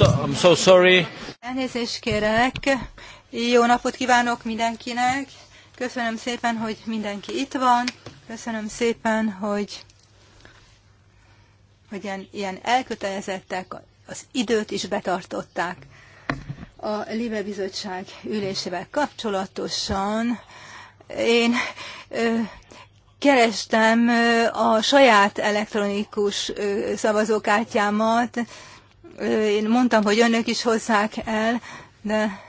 I'm so sorry. Elnézést kérek. Jó napot kívánok mindenkinek. Köszönöm szépen, hogy mindenki itt van. Köszönöm szépen, hogy, hogy ilyen, ilyen elkötelezettek, az időt is betartották. A Libe Bizottság ülésével kapcsolatosan én ö, kerestem a saját elektronikus szavazókártyámat, én mondtam, hogy önök is hozzák el, de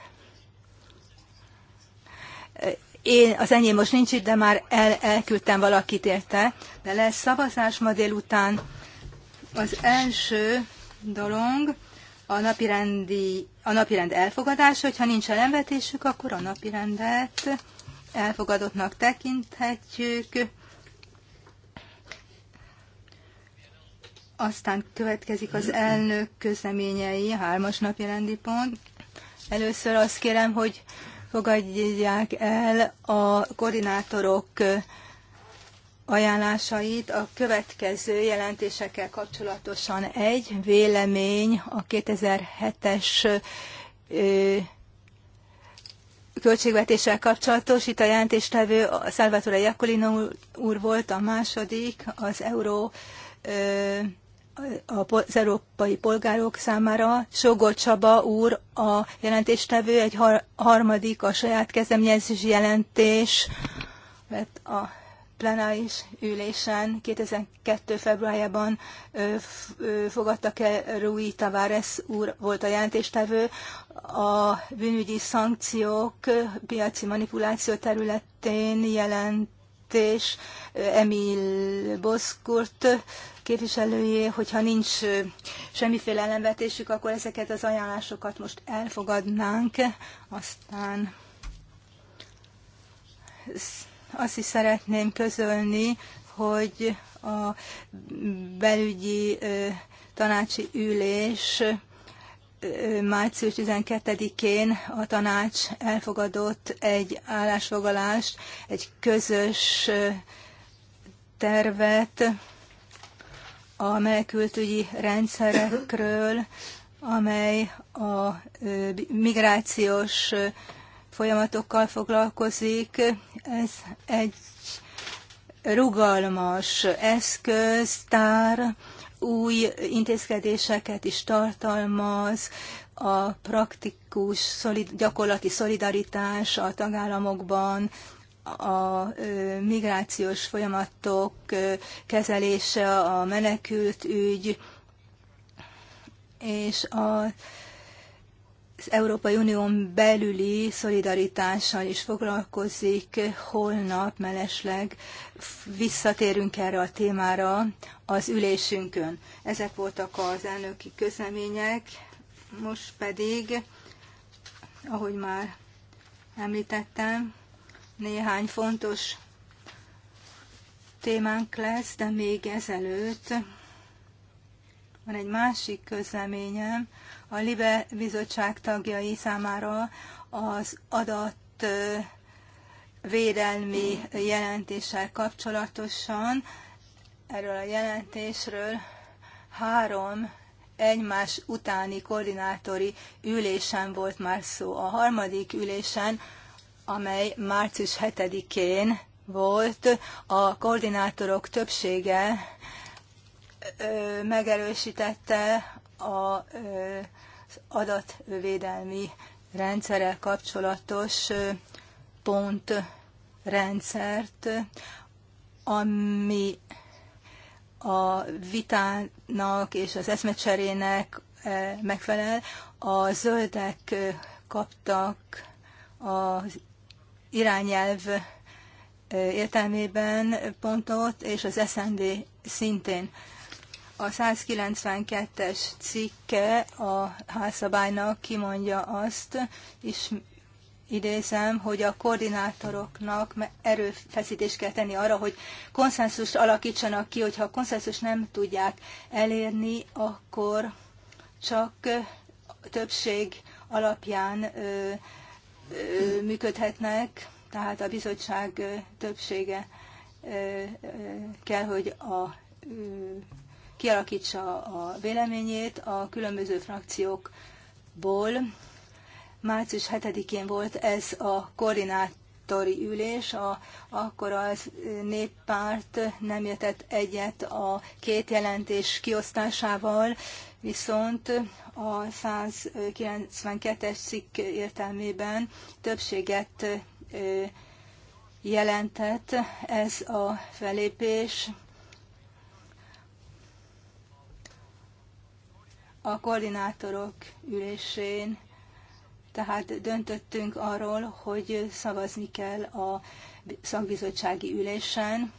én, az enyém most nincs itt, de már el, elküldtem valakit érte, de lesz szavazás ma délután. Az első dolog a napirendi, a napirend elfogadása, hogyha nincs elemvetésük, akkor a napirendet elfogadottnak tekinthetjük. Aztán következik az elnök közleményei, hármas napi rendi pont. Először azt kérem, hogy fogadják el a koordinátorok ajánlásait a következő jelentésekkel kapcsolatosan. Egy vélemény a 2007-es költségvetéssel kapcsolatos. Itt a jelentéstevő a Salvatore úr volt, a második az euró az európai polgárok számára. Sogó Csaba úr a jelentéstevő, egy harmadik a saját kezdeményezés jelentés mert a plenáris ülésen 2002. februárjában ö, ö, fogadtak el Rui Tavares úr volt a jelentéstevő a bűnügyi szankciók piaci manipuláció területén jelentés Emil Boszkurt képviselőjé, hogyha nincs semmiféle ellenvetésük, akkor ezeket az ajánlásokat most elfogadnánk. Aztán azt is szeretném közölni, hogy a belügyi tanácsi ülés március 12-én a tanács elfogadott egy állásfoglalást, egy közös tervet, a menekültügyi rendszerekről, amely a migrációs folyamatokkal foglalkozik. Ez egy rugalmas eszköz, tár, új intézkedéseket is tartalmaz, a praktikus szolid, gyakorlati szolidaritás a tagállamokban, a migrációs folyamatok kezelése, a menekült ügy, és a, az Európai Unión belüli szolidaritással is foglalkozik. Holnap melesleg visszatérünk erre a témára az ülésünkön. Ezek voltak az elnöki közlemények, most pedig, ahogy már említettem, néhány fontos témánk lesz, de még ezelőtt van egy másik közleményem a LIBE bizottság tagjai számára az adat védelmi jelentéssel kapcsolatosan. Erről a jelentésről három egymás utáni koordinátori ülésen volt már szó. A harmadik ülésen amely március 7-én volt, a koordinátorok többsége megerősítette a adatvédelmi rendszerrel kapcsolatos pontrendszert, ami a vitának és az eszmecserének megfelel. A zöldek kaptak az irányelv értelmében pontot, és az SND szintén. A 192-es cikke a házszabálynak kimondja azt, és idézem, hogy a koordinátoroknak erőfeszítést kell tenni arra, hogy konszenzust alakítsanak ki, hogyha a konszenzus nem tudják elérni, akkor csak többség alapján ö, működhetnek, tehát a bizottság többsége kell, hogy a, kialakítsa a véleményét a különböző frakciókból. Március 7-én volt ez a koordinátori ülés, a, akkor az néppárt nem értett egyet a két jelentés kiosztásával, viszont a 192-es cikk értelmében többséget jelentett ez a felépés. A koordinátorok ülésén tehát döntöttünk arról, hogy szavazni kell a szakbizottsági ülésen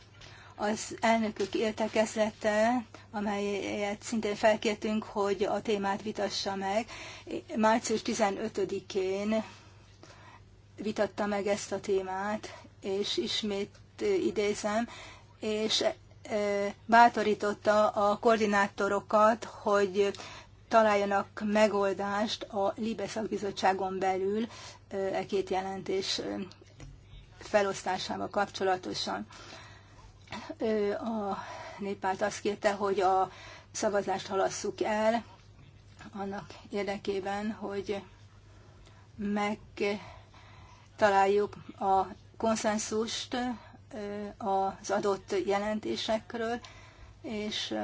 az elnökök értekezlete, amelyet szintén felkértünk, hogy a témát vitassa meg. Március 15-én vitatta meg ezt a témát, és ismét idézem, és bátorította a koordinátorokat, hogy találjanak megoldást a Libe szakbizottságon belül e két jelentés felosztásával kapcsolatosan. A néppárt azt kérte, hogy a szavazást halasszuk el, annak érdekében, hogy megtaláljuk a konszenzust az adott jelentésekről, és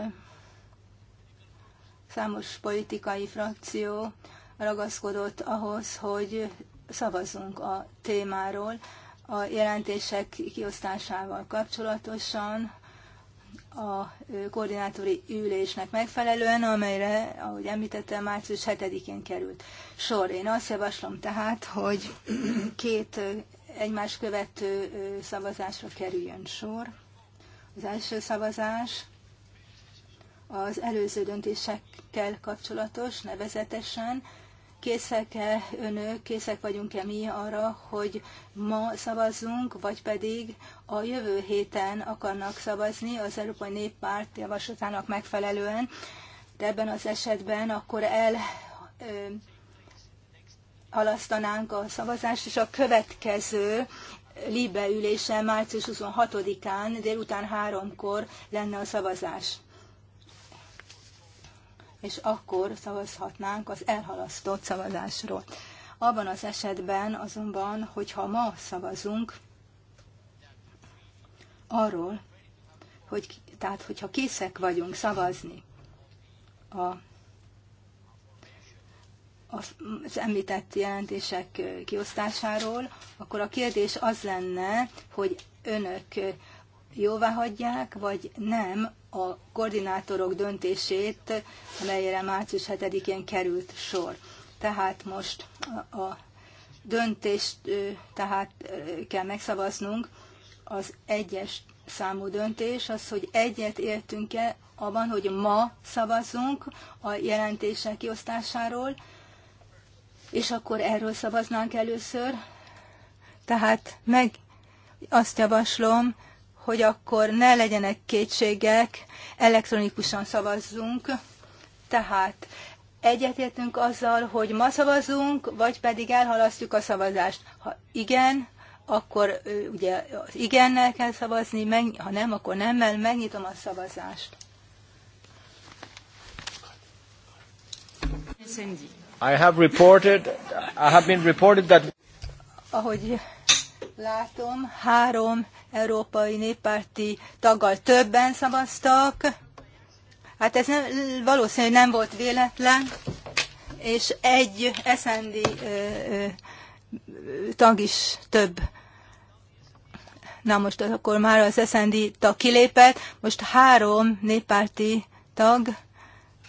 számos politikai frakció ragaszkodott ahhoz, hogy szavazunk a témáról, a jelentések kiosztásával kapcsolatosan a koordinátori ülésnek megfelelően, amelyre, ahogy említettem, március 7-én került sor. Én azt javaslom tehát, hogy két egymás követő szavazásra kerüljön sor. Az első szavazás az előző döntésekkel kapcsolatos, nevezetesen készek-e önök, készek vagyunk-e mi arra, hogy ma szavazzunk, vagy pedig a jövő héten akarnak szavazni az Európai Néppárt javaslatának megfelelően. De ebben az esetben akkor el ö, halasztanánk a szavazást, és a következő Libe ülésen március 26-án délután háromkor lenne a szavazás és akkor szavazhatnánk az elhalasztott szavazásról. Abban az esetben azonban, hogyha ma szavazunk arról, hogy, tehát hogyha készek vagyunk szavazni a, az említett jelentések kiosztásáról, akkor a kérdés az lenne, hogy önök jóvá hagyják, vagy nem a koordinátorok döntését, amelyre március 7-én került sor. Tehát most a döntést tehát kell megszavaznunk, az egyes számú döntés az, hogy egyet értünk-e abban, hogy ma szavazunk a jelentések kiosztásáról, és akkor erről szavaznánk először. Tehát meg azt javaslom, hogy akkor ne legyenek kétségek, elektronikusan szavazzunk. Tehát egyetértünk azzal, hogy ma szavazunk, vagy pedig elhalasztjuk a szavazást. Ha igen, akkor ugye az igennel kell szavazni, meg, ha nem, akkor nemmel, megnyitom a szavazást. I have reported, I have been reported that... Ahogy látom, három európai néppárti taggal többen szavaztak. Hát ez nem, valószínű, nem volt véletlen, és egy SND tag is több. Na most akkor már az SND tag kilépett, most három néppárti tag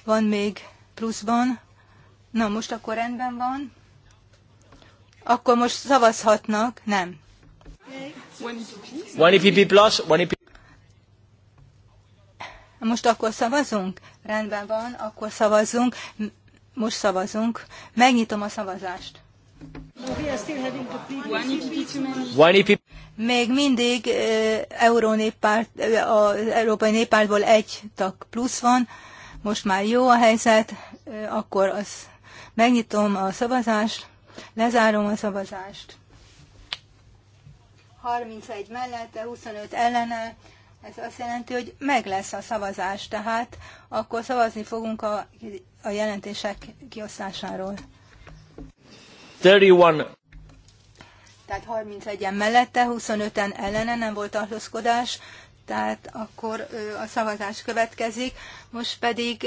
van még pluszban. Na most akkor rendben van. Akkor most szavazhatnak? Nem. One EPP plus, one EPP. Most akkor szavazunk? Rendben van, akkor szavazunk. Most szavazunk. Megnyitom a szavazást. Még mindig Euró néppárt, az Európai Néppártból egy tag plusz van, most már jó a helyzet, akkor az megnyitom a szavazást, lezárom a szavazást. 31 mellette, 25 ellene, ez azt jelenti, hogy meg lesz a szavazás, tehát akkor szavazni fogunk a, a jelentések kiosztásáról. 31. Tehát 31-en mellette, 25-en ellene nem volt tartózkodás, tehát akkor a szavazás következik. Most pedig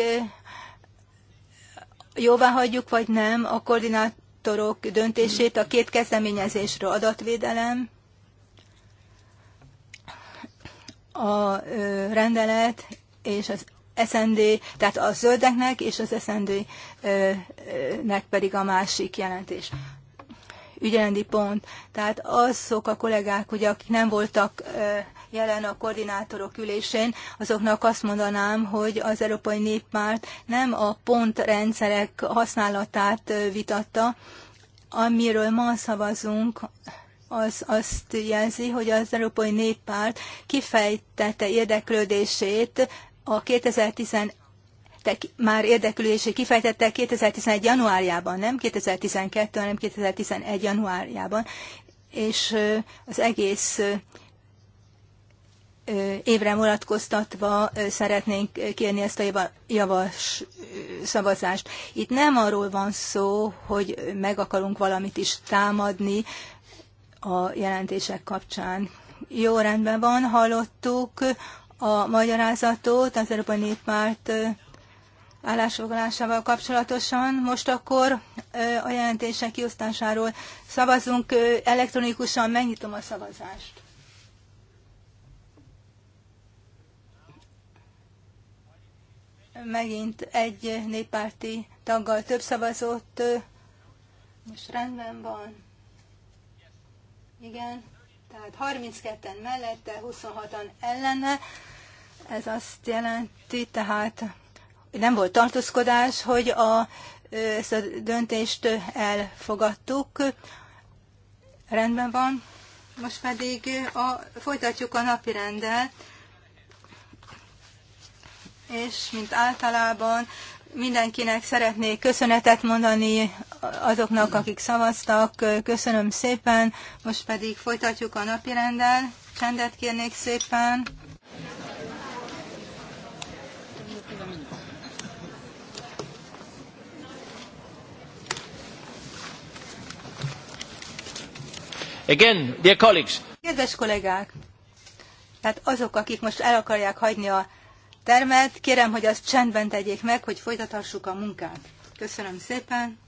jóvá hagyjuk, vagy nem a koordinátorok döntését a két kezdeményezésről adatvédelem, a rendelet és az SND, tehát a zöldeknek és az SND-nek pedig a másik jelentés. Ügyelendi pont. Tehát azok a kollégák, ugye, akik nem voltak jelen a koordinátorok ülésén, azoknak azt mondanám, hogy az Európai Néppárt nem a pontrendszerek használatát vitatta, amiről ma szavazunk, az azt jelzi, hogy az Európai Néppárt kifejtette érdeklődését a 2011 már érdeklődését kifejtette 2011. januárjában, nem 2012, hanem 2011. januárjában, és az egész évre vonatkoztatva szeretnénk kérni ezt a javas szavazást. Itt nem arról van szó, hogy meg akarunk valamit is támadni, a jelentések kapcsán. Jó rendben van, hallottuk a magyarázatot az Európai Néppárt állásfoglalásával kapcsolatosan. Most akkor a jelentések kiosztásáról szavazunk elektronikusan, megnyitom a szavazást. Megint egy néppárti taggal több szavazott, most rendben van. Igen, tehát 32-en mellette, 26-an ellene. Ez azt jelenti, tehát nem volt tartózkodás, hogy a, ezt a döntést elfogadtuk. Rendben van. Most pedig a, folytatjuk a napi rendel, és mint általában mindenkinek szeretnék köszönetet mondani azoknak, akik szavaztak. Köszönöm szépen. Most pedig folytatjuk a rendel. Csendet kérnék szépen. Again, dear colleagues. Kedves kollégák! Tehát azok, akik most el akarják hagyni a termet, kérem, hogy azt csendben tegyék meg, hogy folytathassuk a munkát. Köszönöm szépen!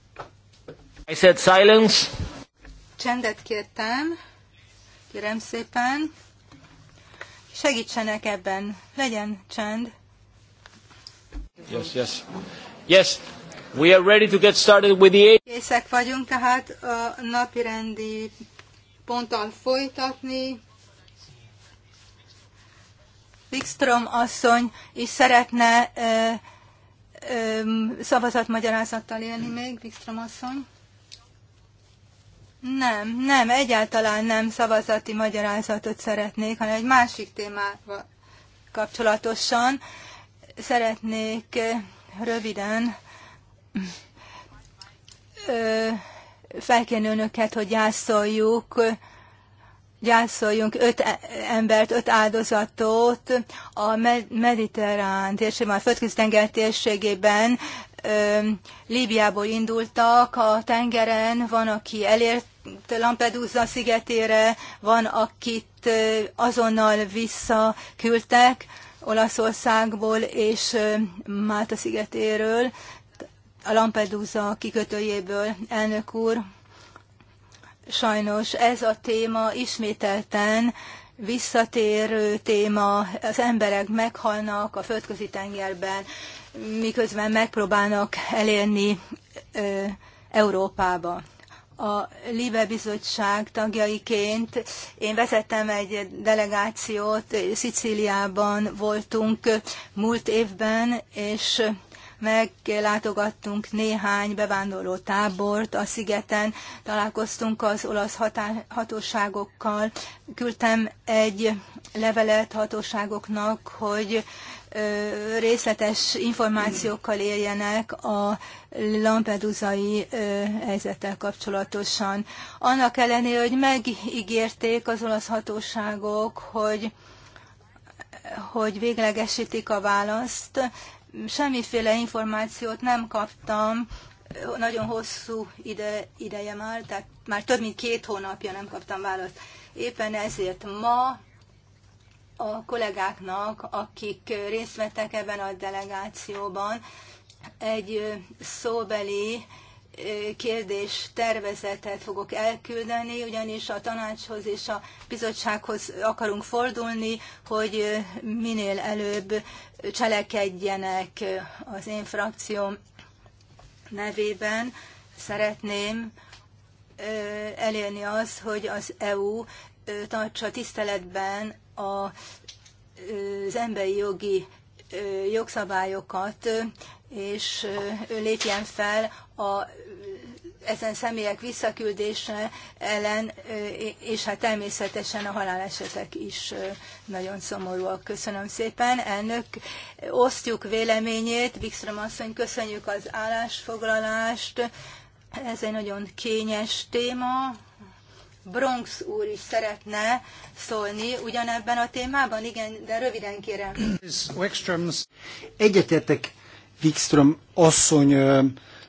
I said silence. Csendet kértem. Kérem szépen. Segítsenek ebben. Legyen csend. Yes, yes. Yes, we are ready to get started with the... Készek vagyunk tehát a napirendi ponttal folytatni. Wikström asszony is szeretne uh, um, szavazatmagyarázattal élni még, Wikström asszony. Nem, nem, egyáltalán nem szavazati magyarázatot szeretnék, hanem egy másik témával kapcsolatosan szeretnék eh, röviden ö, felkérni önöket, hogy gyászoljuk, gyászoljunk öt e- embert, öt áldozatot a mediterrán térségben, a földközi tenger térségében Líbiából indultak a tengeren, van, aki elért Lampedusa szigetére, van, akit azonnal visszaküldtek Olaszországból és Málta szigetéről, a Lampedusa kikötőjéből, elnök úr. Sajnos ez a téma ismételten visszatérő téma, az emberek meghalnak a földközi tengerben, miközben megpróbálnak elérni Európába. A Libe Bizottság tagjaiként én vezettem egy delegációt, Szicíliában voltunk múlt évben, és meglátogattunk néhány bevándorló tábort a szigeten, találkoztunk az olasz hatóságokkal, küldtem egy levelet hatóságoknak, hogy részletes információkkal éljenek a lampedusai helyzettel kapcsolatosan. Annak ellenére, hogy megígérték az olasz hatóságok, hogy, hogy véglegesítik a választ, semmiféle információt nem kaptam, nagyon hosszú ide, ideje már, tehát már több mint két hónapja nem kaptam választ. Éppen ezért ma a kollégáknak, akik részt vettek ebben a delegációban, egy szóbeli kérdés tervezetet fogok elküldeni, ugyanis a tanácshoz és a bizottsághoz akarunk fordulni, hogy minél előbb cselekedjenek az én frakcióm nevében. Szeretném elérni azt, hogy az EU tartsa tiszteletben a, az emberi jogi jogszabályokat, és lépjen fel a ezen személyek visszaküldése ellen, és hát természetesen a halálesetek is nagyon szomorúak. Köszönöm szépen. Elnök, osztjuk véleményét. Wikström asszony, köszönjük az állásfoglalást. Ez egy nagyon kényes téma, Bronx úr is szeretne szólni ugyanebben a témában. Igen, de röviden kérem. Egyetértek Wikström asszony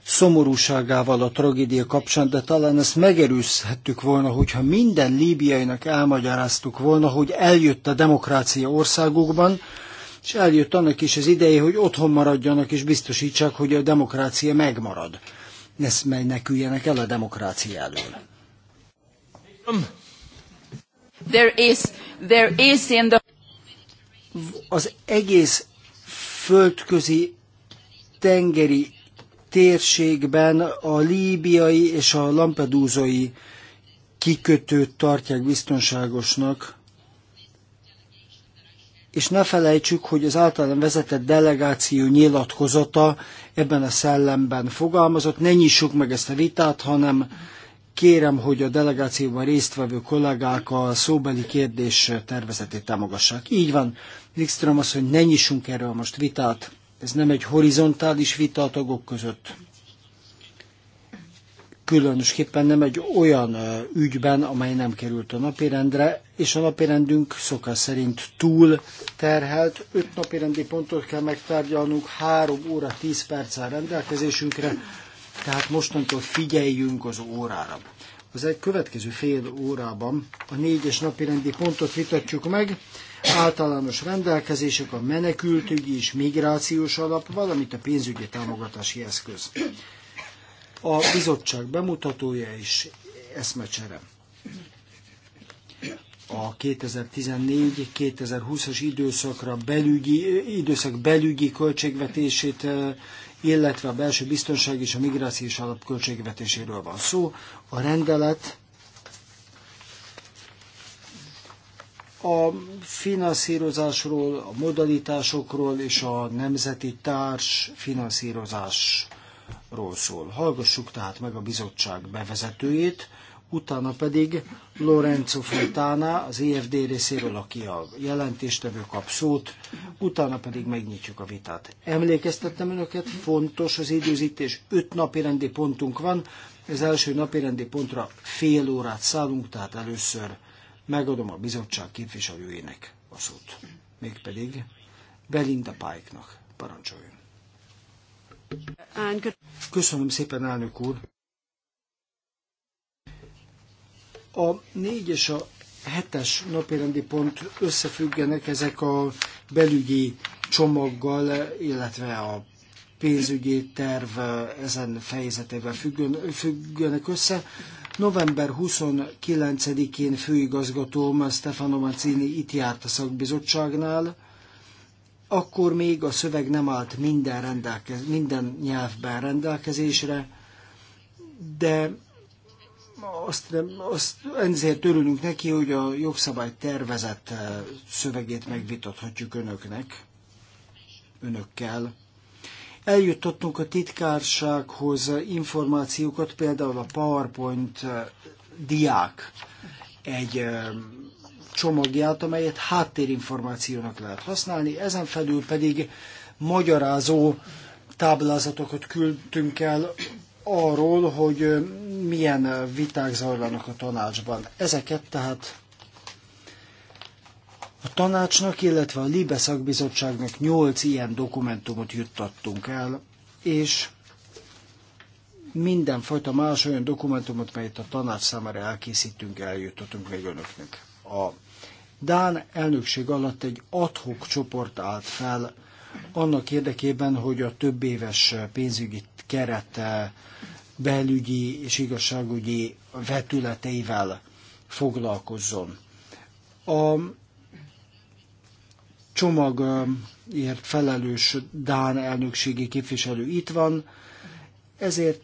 szomorúságával a tragédia kapcsán, de talán ezt megerőzhettük volna, hogyha minden líbiainak elmagyaráztuk volna, hogy eljött a demokrácia országokban, és eljött annak is az ideje, hogy otthon maradjanak, és biztosítsák, hogy a demokrácia megmarad. Ne meneküljenek el a demokrácia elől. There is, there is in the... Az egész földközi tengeri térségben a líbiai és a lampedúzai kikötőt tartják biztonságosnak. És ne felejtsük, hogy az általán vezetett delegáció nyilatkozata ebben a szellemben fogalmazott. Ne nyissuk meg ezt a vitát, hanem kérem, hogy a delegációban résztvevő kollégák a szóbeli kérdés tervezetét támogassák. Így van. Wikström az, hogy ne nyissunk erről most vitát. Ez nem egy horizontális vita a tagok között. Különösképpen nem egy olyan ügyben, amely nem került a napirendre, és a napirendünk szokás szerint túl terhelt. Öt napirendi pontot kell megtárgyalnunk, három óra tíz perccel rendelkezésünkre tehát mostantól figyeljünk az órára. Az egy következő fél órában a négyes napi rendi pontot vitatjuk meg, általános rendelkezések a menekültügyi és migrációs alap, valamint a pénzügyi támogatási eszköz. A bizottság bemutatója és eszmecsere. A 2014-2020-as időszakra belügyi, időszak belügyi költségvetését eh, illetve a belső biztonság és a migrációs alap költségvetéséről van szó. A rendelet a finanszírozásról, a modalitásokról és a nemzeti társ finanszírozásról szól. Hallgassuk tehát meg a bizottság bevezetőjét, utána pedig Lorenzo Fontana az EFD részéről, aki a jelentéstevő kap szót, utána pedig megnyitjuk a vitát. Emlékeztettem önöket, fontos az időzítés, öt napi rendi pontunk van, az első napi rendi pontra fél órát szállunk, tehát először megadom a bizottság képviselőjének a szót. Mégpedig Belinda Pike-nak parancsoljon. Köszönöm szépen, elnök úr! A négy és a hetes es napirendi pont összefüggenek ezek a belügyi csomaggal, illetve a pénzügyi terv ezen fejezetével függenek össze. November 29-én főigazgatóm Stefano Mancini itt járt a szakbizottságnál, akkor még a szöveg nem állt minden, rendelkez, minden nyelvben rendelkezésre, de azt nem, azt ezért örülünk neki, hogy a jogszabály tervezett eh, szövegét megvitathatjuk önöknek, önökkel. Eljutottunk a titkársághoz eh, információkat, például a PowerPoint eh, diák egy csomagját, amelyet háttérinformációnak lehet használni, ezen felül pedig magyarázó táblázatokat küldtünk el arról, hogy milyen viták zajlanak a tanácsban. Ezeket tehát a tanácsnak, illetve a Libe szakbizottságnak nyolc ilyen dokumentumot juttattunk el, és mindenfajta más olyan dokumentumot, melyet a tanács számára elkészítünk, eljuttatunk még önöknek. A Dán elnökség alatt egy adhok csoport állt fel annak érdekében, hogy a több éves pénzügyi kerete belügyi és igazságügyi vetületeivel foglalkozzon. A csomagért felelős Dán elnökségi képviselő itt van, ezért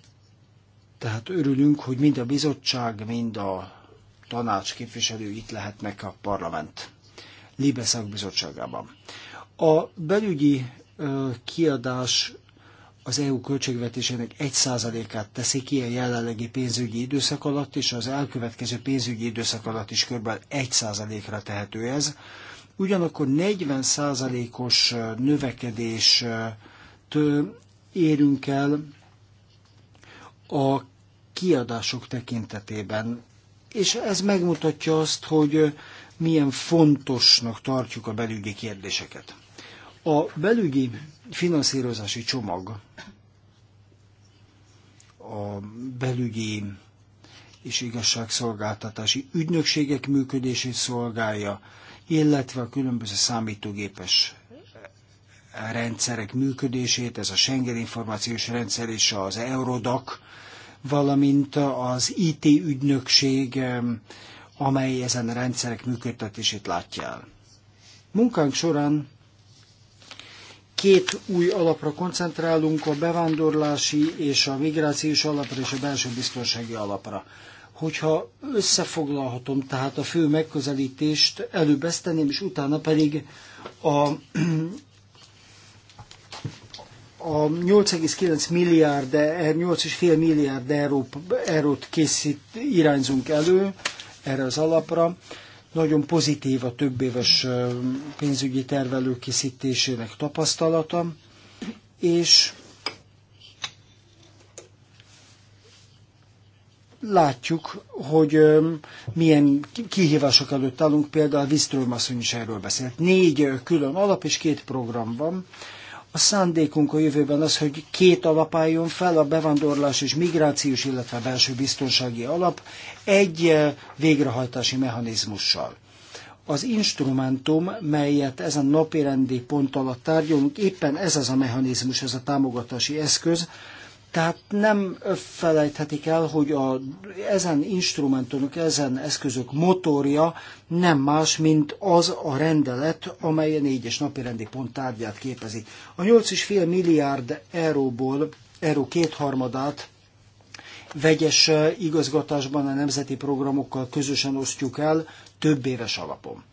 tehát örülünk, hogy mind a bizottság, mind a tanács képviselő itt lehetnek a parlament Libeszak bizottságában. A belügyi kiadás az EU költségvetésének 1%-át teszi ki a jelenlegi pénzügyi időszak alatt, és az elkövetkező pénzügyi időszak alatt is kb. 1%-ra tehető ez. Ugyanakkor 40%-os növekedést érünk el a kiadások tekintetében, és ez megmutatja azt, hogy milyen fontosnak tartjuk a belügyi kérdéseket. A belügyi finanszírozási csomag, a belügyi és igazságszolgáltatási ügynökségek működését szolgálja, illetve a különböző számítógépes rendszerek működését, ez a Schengen információs rendszer és az Eurodac, valamint az IT ügynökség, amely ezen a rendszerek működtetését látja el. Munkánk során két új alapra koncentrálunk, a bevándorlási és a migrációs alapra és a belső biztonsági alapra. Hogyha összefoglalhatom tehát a fő megközelítést, előbb ezt tenném, és utána pedig a, a 8,9 milliárd, 8,5 er, milliárd eurót készít, irányzunk elő erre az alapra nagyon pozitív a több éves pénzügyi terv előkészítésének tapasztalata, és látjuk, hogy milyen kihívások előtt állunk, például Wiström asszony is erről beszélt. Négy külön alap és két program van, a szándékunk a jövőben az, hogy két alap álljon fel, a bevándorlás és migrációs, illetve a belső biztonsági alap egy eh, végrehajtási mechanizmussal. Az instrumentum, melyet ezen napirendi pont alatt tárgyalunk, éppen ez az a mechanizmus, ez a támogatási eszköz, tehát nem felejthetik el, hogy a, ezen instrumentumok, ezen eszközök motorja nem más, mint az a rendelet, amely a négyes napi rendi pont tárgyát képezi. A 8,5 milliárd euróból, euró kétharmadát vegyes eh, igazgatásban a nemzeti programokkal közösen osztjuk el több éves alapon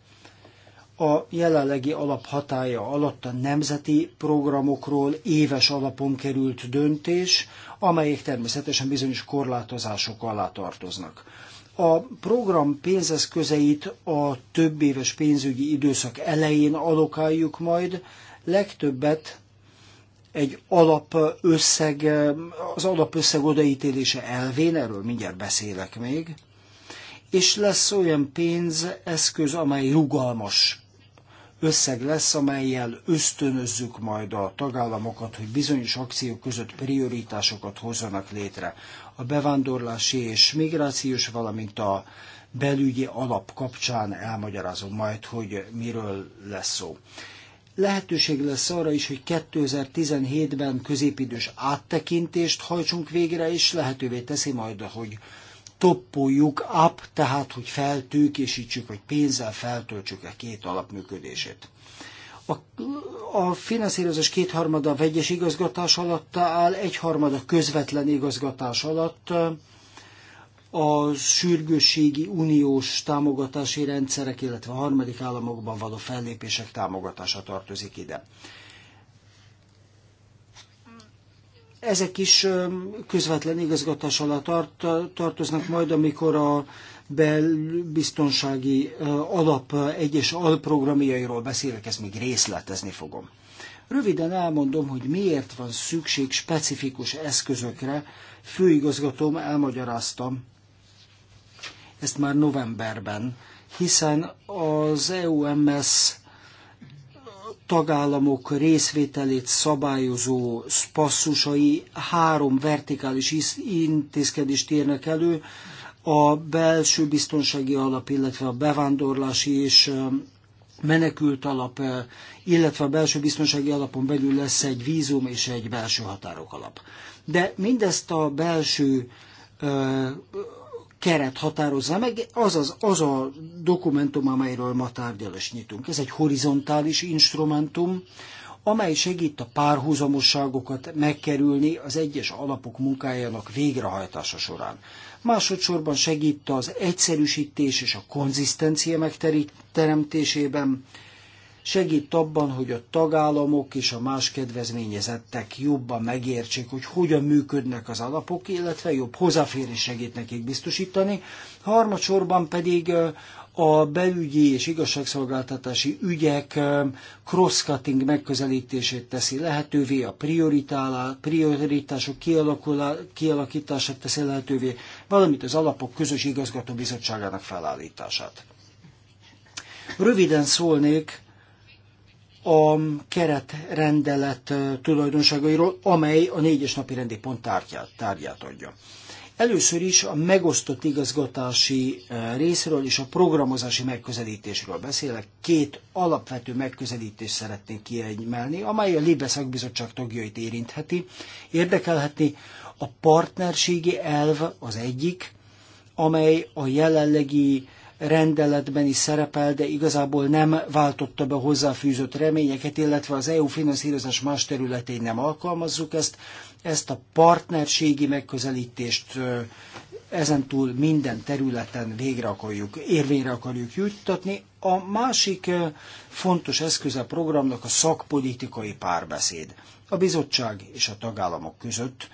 a jelenlegi alap hatája alatt a nemzeti programokról éves alapon került döntés, amelyek természetesen bizonyos korlátozások alá tartoznak. A program pénzeszközeit a több éves pénzügyi időszak elején alokáljuk majd, legtöbbet egy alapösszeg, az alapösszeg odaítélése elvén, erről mindjárt beszélek még, és lesz olyan pénzeszköz, amely rugalmas összeg lesz, amelyel ösztönözzük majd a tagállamokat, hogy bizonyos akciók között prioritásokat hozzanak létre. A bevándorlási és migrációs, valamint a belügyi alap kapcsán elmagyarázom majd, hogy miről lesz szó. Lehetőség lesz arra is, hogy 2017-ben középidős áttekintést hajtsunk végre, és lehetővé teszi majd, hogy toppoljuk up, tehát hogy feltőkésítsük, vagy pénzzel feltöltsük a két alapműködését. A, a finanszírozás kétharmada vegyes igazgatás alatt áll, egyharmada közvetlen igazgatás alatt a sürgősségi uniós támogatási rendszerek, illetve a harmadik államokban való fellépések támogatása tartozik ide. Ezek is közvetlen igazgatás alá tart, tartoznak majd, amikor a belbiztonsági alap egyes alprogramjairól beszélek, ezt még részletezni fogom. Röviden elmondom, hogy miért van szükség specifikus eszközökre. Főigazgatóm elmagyaráztam ezt már novemberben, hiszen az EUMS tagállamok részvételét szabályozó passzusai három vertikális intézkedést írnak elő, a belső biztonsági alap, illetve a bevándorlási és menekült alap, illetve a belső biztonsági alapon belül lesz egy vízum és egy belső határok alap. De mindezt a belső keret határozza meg, azaz az a dokumentum, amelyről ma tárgyalás nyitunk. Ez egy horizontális instrumentum, amely segít a párhuzamosságokat megkerülni az egyes alapok munkájának végrehajtása során. Másodszorban segít az egyszerűsítés és a konzisztencia megteremtésében, segít abban, hogy a tagállamok és a más kedvezményezettek jobban megértsék, hogy hogyan működnek az alapok, illetve jobb hozzáférés segít nekik biztosítani. Harmadsorban pedig a belügyi és igazságszolgáltatási ügyek cross-cutting megközelítését teszi lehetővé, a prioritások kialakítását teszi lehetővé, valamint az alapok közös igazgatóbizottságának felállítását. Röviden szólnék a keretrendelet tulajdonságairól, amely a négyes napi rendi pont tárgyát, tárgyát adja. Először is a megosztott igazgatási részről és a programozási megközelítésről beszélek. Két alapvető megközelítést szeretnék kiemelni, amely a Libe szakbizottság tagjait érintheti, érdekelheti. A partnerségi elv az egyik, amely a jelenlegi rendeletben is szerepel, de igazából nem váltotta be hozzáfűzött reményeket, illetve az EU finanszírozás más területén nem alkalmazzuk ezt. Ezt a partnerségi megközelítést ezentúl minden területen végre akarjuk, érvényre akarjuk juttatni. A másik fontos eszköze a programnak a szakpolitikai párbeszéd. A bizottság és a tagállamok között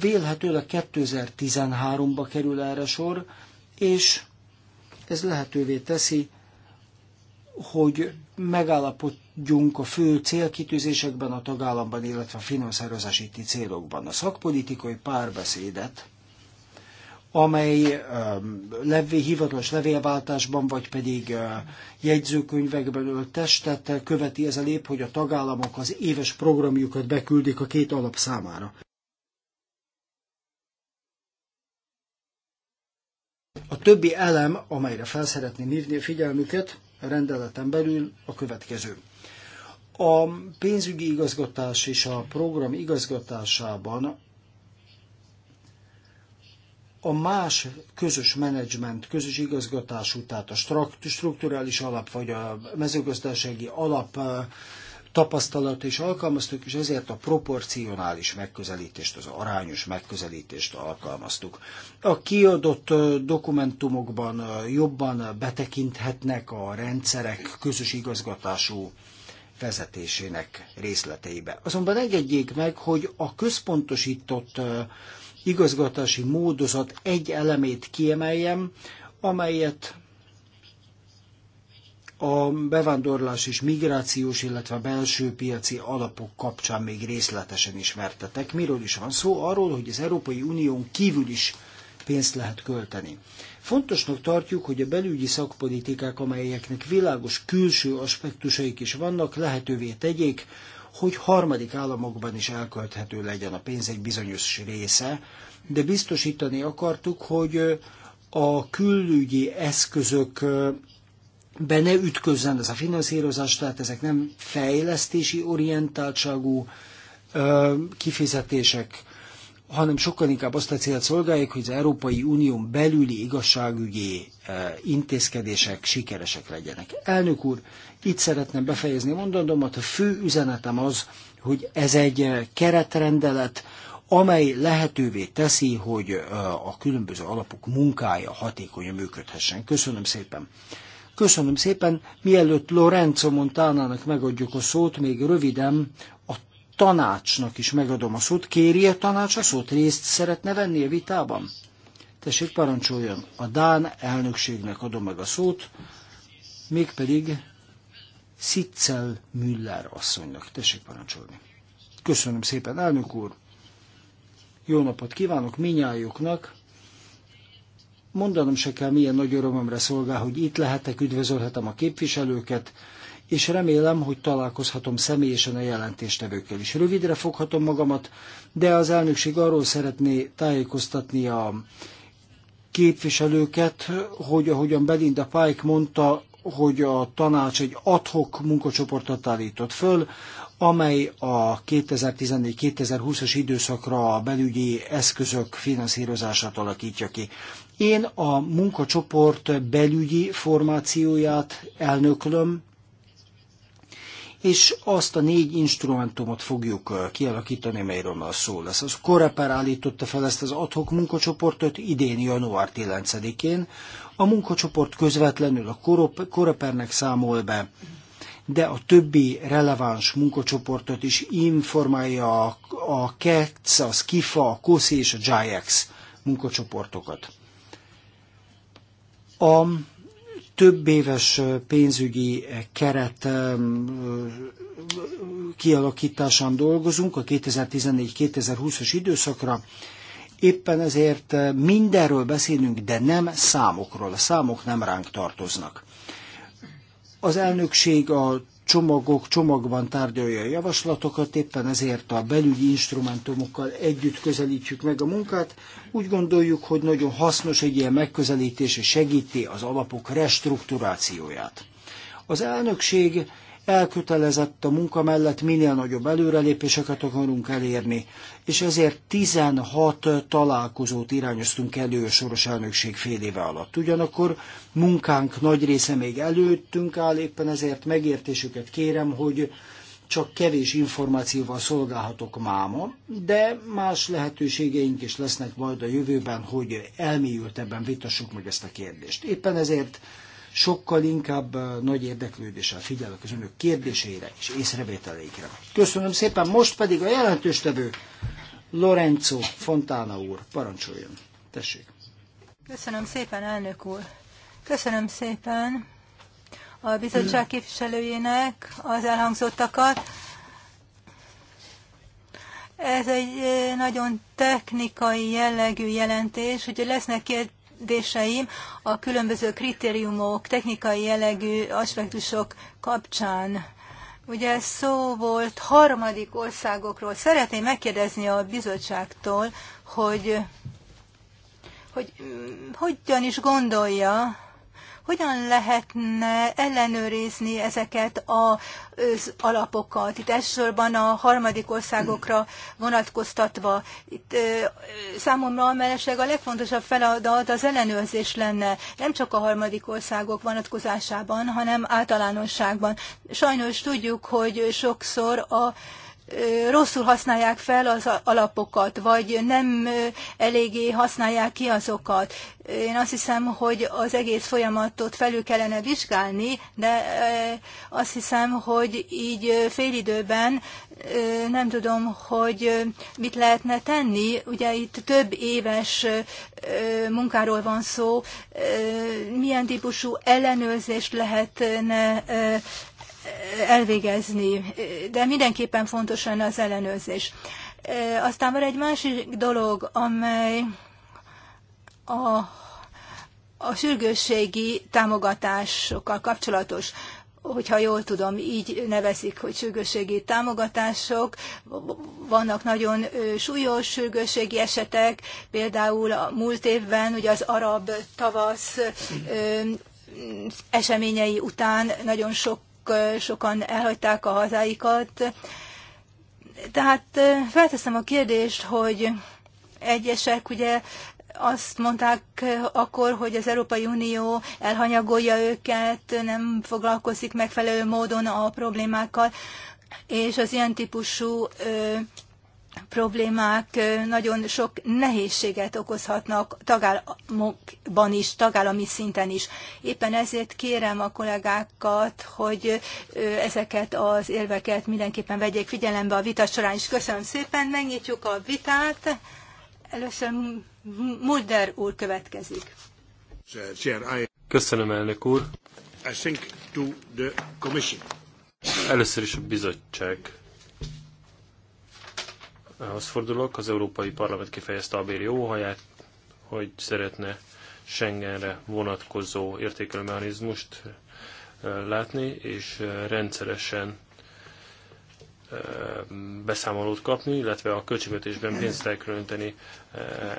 vélhetőleg 2013-ba kerül erre sor, és ez lehetővé teszi, hogy megállapodjunk a fő célkitűzésekben a tagállamban, illetve a finanszírozási célokban. A szakpolitikai párbeszédet, amely um, levé, hivatalos levélváltásban, vagy pedig uh, jegyzőkönyvekben testet követi ez a lép, hogy a tagállamok az éves programjukat beküldik a két alap számára. A többi elem, amelyre fel szeretném hívni a figyelmüket a rendeleten belül a következő. A pénzügyi igazgatás és a program igazgatásában a más közös menedzsment, közös igazgatású, tehát a strukturális alap vagy a mezőgazdasági alap tapasztalat és alkalmaztuk, és ezért a proporcionális megközelítést, az arányos megközelítést alkalmaztuk. A kiadott dokumentumokban jobban betekinthetnek a rendszerek közös igazgatású vezetésének részleteibe. Azonban engedjék meg, hogy a központosított igazgatási módozat egy elemét kiemeljem, amelyet a bevándorlás és migrációs, illetve belső piaci alapok kapcsán még részletesen ismertetek. Miről is van szó? Arról, hogy az Európai Unión kívül is pénzt lehet költeni. Fontosnak tartjuk, hogy a belügyi szakpolitikák, amelyeknek világos külső aspektusaik is vannak, lehetővé tegyék, hogy harmadik államokban is elkölthető legyen a pénz egy bizonyos része, de biztosítani akartuk, hogy a külügyi eszközök be ne ütközzen ez a finanszírozás, tehát ezek nem fejlesztési orientáltságú ö, kifizetések, hanem sokkal inkább azt a célt szolgálják, hogy az Európai Unión belüli igazságügyi ö, intézkedések sikeresek legyenek. Elnök úr, itt szeretném befejezni mondandómat, a fő üzenetem az, hogy ez egy keretrendelet, amely lehetővé teszi, hogy a különböző alapok munkája hatékonyan működhessen. Köszönöm szépen! Köszönöm szépen, mielőtt Lorenzo Montánának megadjuk a szót, még röviden a tanácsnak is megadom a szót. Kéri a tanács a szót? Részt szeretne venni a vitában? Tessék, parancsoljon. A Dán elnökségnek adom meg a szót, mégpedig Sitzel Müller asszonynak. Tessék parancsolni. Köszönöm szépen, elnök úr. Jó napot kívánok minnyájuknak mondanom se kell, milyen nagy örömömre szolgál, hogy itt lehetek, üdvözölhetem a képviselőket, és remélem, hogy találkozhatom személyesen a jelentéstevőkkel is. Rövidre foghatom magamat, de az elnökség arról szeretné tájékoztatni a képviselőket, hogy ahogyan Belinda Pike mondta, hogy a tanács egy adhok munkacsoportot állított föl, amely a 2014-2020-as időszakra a belügyi eszközök finanszírozását alakítja ki. Én a munkacsoport belügyi formációját elnöklöm, és azt a négy instrumentumot fogjuk uh, kialakítani, melyről már szó lesz. Az Koreper állította fel ezt az adhok munkacsoportot idén január 9-én. A munkacsoport közvetlenül a Korepernek számol be, de a többi releváns munkacsoportot is informálja a, a KECS, a SKIFA, a KOSZI és a JAX munkacsoportokat. A több éves pénzügyi keret kialakításán dolgozunk a 2014-2020-as időszakra. Éppen ezért mindenről beszélünk, de nem számokról. A számok nem ránk tartoznak. Az elnökség a csomagok csomagban tárgyalja a javaslatokat, éppen ezért a belügyi instrumentumokkal együtt közelítjük meg a munkát. Úgy gondoljuk, hogy nagyon hasznos egy ilyen megközelítés, és segíti az alapok restrukturációját. Az elnökség elkötelezett a munka mellett minél nagyobb előrelépéseket akarunk elérni, és ezért 16 találkozót irányoztunk elő a soros elnökség fél éve alatt. Ugyanakkor munkánk nagy része még előttünk áll, éppen ezért megértésüket kérem, hogy csak kevés információval szolgálhatok máma, de más lehetőségeink is lesznek majd a jövőben, hogy elmélyültebben vitassuk meg ezt a kérdést. Éppen ezért sokkal inkább nagy érdeklődéssel figyelek az önök kérdéseire és észrevételeikre. Köszönöm szépen, most pedig a jelentős tevő Lorenzo Fontana úr, parancsoljon. Tessék. Köszönöm szépen, elnök úr. Köszönöm szépen a bizottság képviselőjének az elhangzottakat. Ez egy nagyon technikai jellegű jelentés, hogy lesznek kérdéseim a különböző kritériumok, technikai jellegű aspektusok kapcsán. Ugye szó volt harmadik országokról. Szeretném megkérdezni a bizottságtól, hogy hogy hogyan is gondolja hogyan lehetne ellenőrizni ezeket az alapokat? Itt elsősorban a harmadik országokra vonatkoztatva. Itt számomra mellesleg a legfontosabb feladat az ellenőrzés lenne, nem csak a harmadik országok vonatkozásában, hanem általánosságban. Sajnos tudjuk, hogy sokszor a rosszul használják fel az alapokat, vagy nem eléggé használják ki azokat. Én azt hiszem, hogy az egész folyamatot felül kellene vizsgálni, de azt hiszem, hogy így félidőben nem tudom, hogy mit lehetne tenni. Ugye itt több éves munkáról van szó, milyen típusú ellenőrzést lehetne elvégezni, de mindenképpen fontos lenne az ellenőrzés. Aztán van egy másik dolog, amely a, a sürgősségi támogatásokkal kapcsolatos hogyha jól tudom, így nevezik, hogy sürgősségi támogatások. Vannak nagyon súlyos sürgősségi esetek, például a múlt évben ugye az arab tavasz eseményei után nagyon sok sokan elhagyták a hazáikat. Tehát felteszem a kérdést, hogy egyesek ugye azt mondták akkor, hogy az Európai Unió elhanyagolja őket, nem foglalkozik megfelelő módon a problémákkal, és az ilyen típusú problémák nagyon sok nehézséget okozhatnak tagállamokban is, tagállami szinten is. Éppen ezért kérem a kollégákat, hogy ezeket az érveket mindenképpen vegyék figyelembe a vita során is. Köszönöm szépen, megnyitjuk a vitát. Először Mulder úr következik. Köszönöm, elnök úr. Először is a bizottság ahhoz fordulok, az Európai Parlament kifejezte a béri óhaját, hogy szeretne Schengenre vonatkozó értékelő látni, és rendszeresen beszámolót kapni, illetve a költségvetésben pénzt elkülöníteni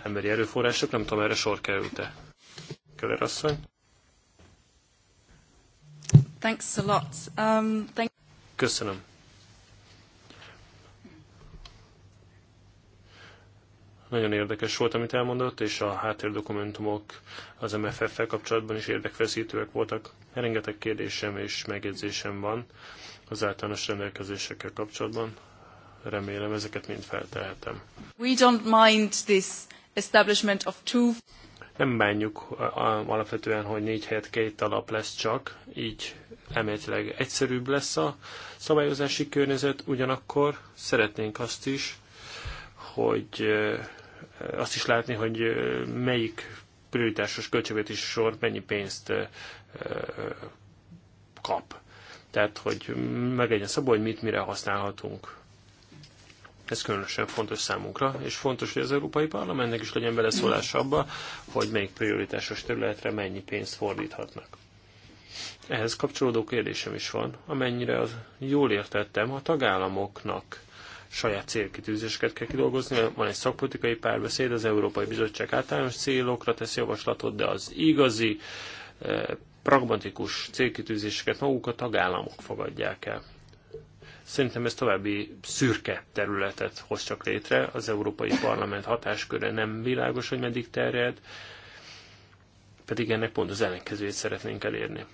emberi erőforrások. Nem tudom, erre sor került-e. Köler asszony. Thanks a lot. Um, thank- Köszönöm. Nagyon érdekes volt, amit elmondott, és a háttérdokumentumok az MFF-fel kapcsolatban is érdekfeszítőek voltak. Rengeteg kérdésem és megjegyzésem van az általános rendelkezésekkel kapcsolatban. Remélem, ezeket mind feltehetem. We don't mind this establishment of two nem bánjuk alapvetően, hogy négy helyet két alap lesz csak, így emléletileg egyszerűbb lesz a szabályozási környezet, ugyanakkor szeretnénk azt is, hogy azt is látni, hogy melyik prioritásos költségvetési sor mennyi pénzt kap. Tehát, hogy meglegyen szabó, hogy mit mire használhatunk. Ez különösen fontos számunkra, és fontos, hogy az Európai Parlamentnek is legyen beleszólása abba, hogy melyik prioritásos területre mennyi pénzt fordíthatnak. Ehhez kapcsolódó kérdésem is van, amennyire az jól értettem, a tagállamoknak saját célkitűzéseket kell kidolgozni, van egy szakpolitikai párbeszéd, az Európai Bizottság általános célokra tesz javaslatot, de az igazi, eh, pragmatikus célkitűzéseket maguk a tagállamok fogadják el. Szerintem ez további szürke területet hoz csak létre, az Európai Parlament hatásköre nem világos, hogy meddig terjed, pedig ennek pont az ellenkezőjét szeretnénk elérni.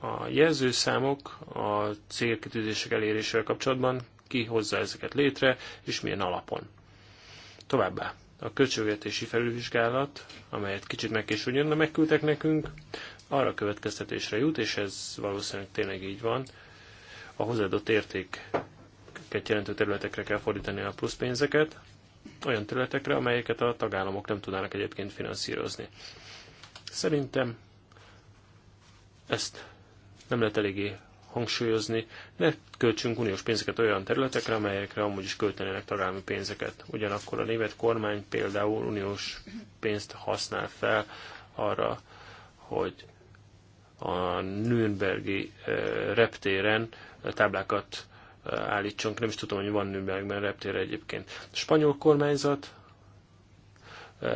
A jelzőszámok a célkitűzések elérésével kapcsolatban ki hozza ezeket létre, és milyen alapon. Továbbá a költségvetési felülvizsgálat, amelyet kicsit megkésőbb jönne megküldtek nekünk, arra következtetésre jut, és ez valószínűleg tényleg így van, a hozzáadott értéket jelentő területekre kell fordítani a plusz pénzeket, olyan területekre, amelyeket a tagállamok nem tudnának egyébként finanszírozni. Szerintem ezt nem lehet eléggé hangsúlyozni, ne költsünk uniós pénzeket olyan területekre, amelyekre amúgy is költenének tagállami pénzeket. Ugyanakkor a német kormány például uniós pénzt használ fel arra, hogy a Nürnbergi eh, reptéren eh, táblákat eh, állítsunk. Nem is tudom, hogy van Nürnbergben reptér egyébként. A spanyol kormányzat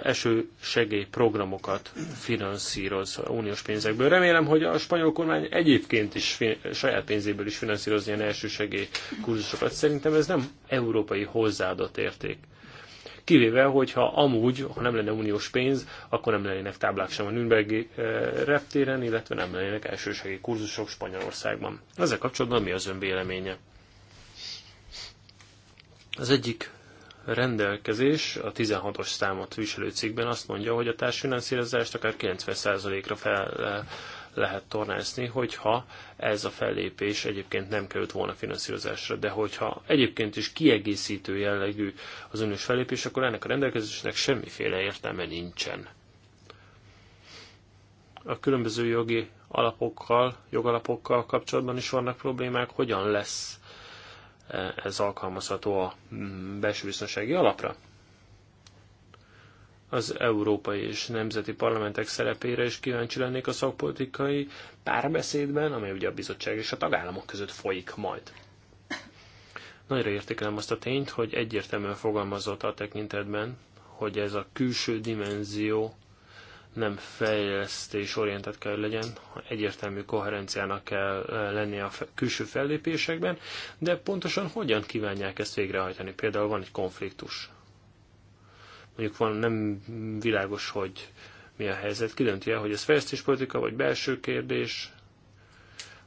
esősegély segélyprogramokat finanszíroz uniós pénzekből. Remélem, hogy a spanyol kormány egyébként is saját pénzéből is finanszíroz ilyen első kurzusokat. Szerintem ez nem európai hozzáadott érték. Kivéve, hogyha amúgy, ha nem lenne uniós pénz, akkor nem lennének táblák sem a Nürnbergi eh, reptéren, illetve nem lennének elsősegély kurzusok Spanyolországban. Ezzel kapcsolatban mi az ön véleménye? Az egyik rendelkezés a 16-os számot viselő cikkben azt mondja, hogy a társfinanszírozást akár 90%-ra fel lehet tornázni, hogyha ez a fellépés egyébként nem került volna finanszírozásra, de hogyha egyébként is kiegészítő jellegű az önös fellépés, akkor ennek a rendelkezésnek semmiféle értelme nincsen. A különböző jogi alapokkal, jogalapokkal kapcsolatban is vannak problémák, hogyan lesz ez alkalmazható a belső biztonsági alapra? Az európai és nemzeti parlamentek szerepére is kíváncsi lennék a szakpolitikai párbeszédben, amely ugye a bizottság és a tagállamok között folyik majd. Nagyra értékelem azt a tényt, hogy egyértelműen fogalmazott a tekintetben, hogy ez a külső dimenzió nem orientált kell, hogy legyen, egyértelmű koherenciának kell lennie a külső fellépésekben, de pontosan hogyan kívánják ezt végrehajtani? Például van egy konfliktus. Mondjuk van, nem világos, hogy mi a helyzet, kidönti el, hogy ez fejlesztéspolitika vagy belső kérdés,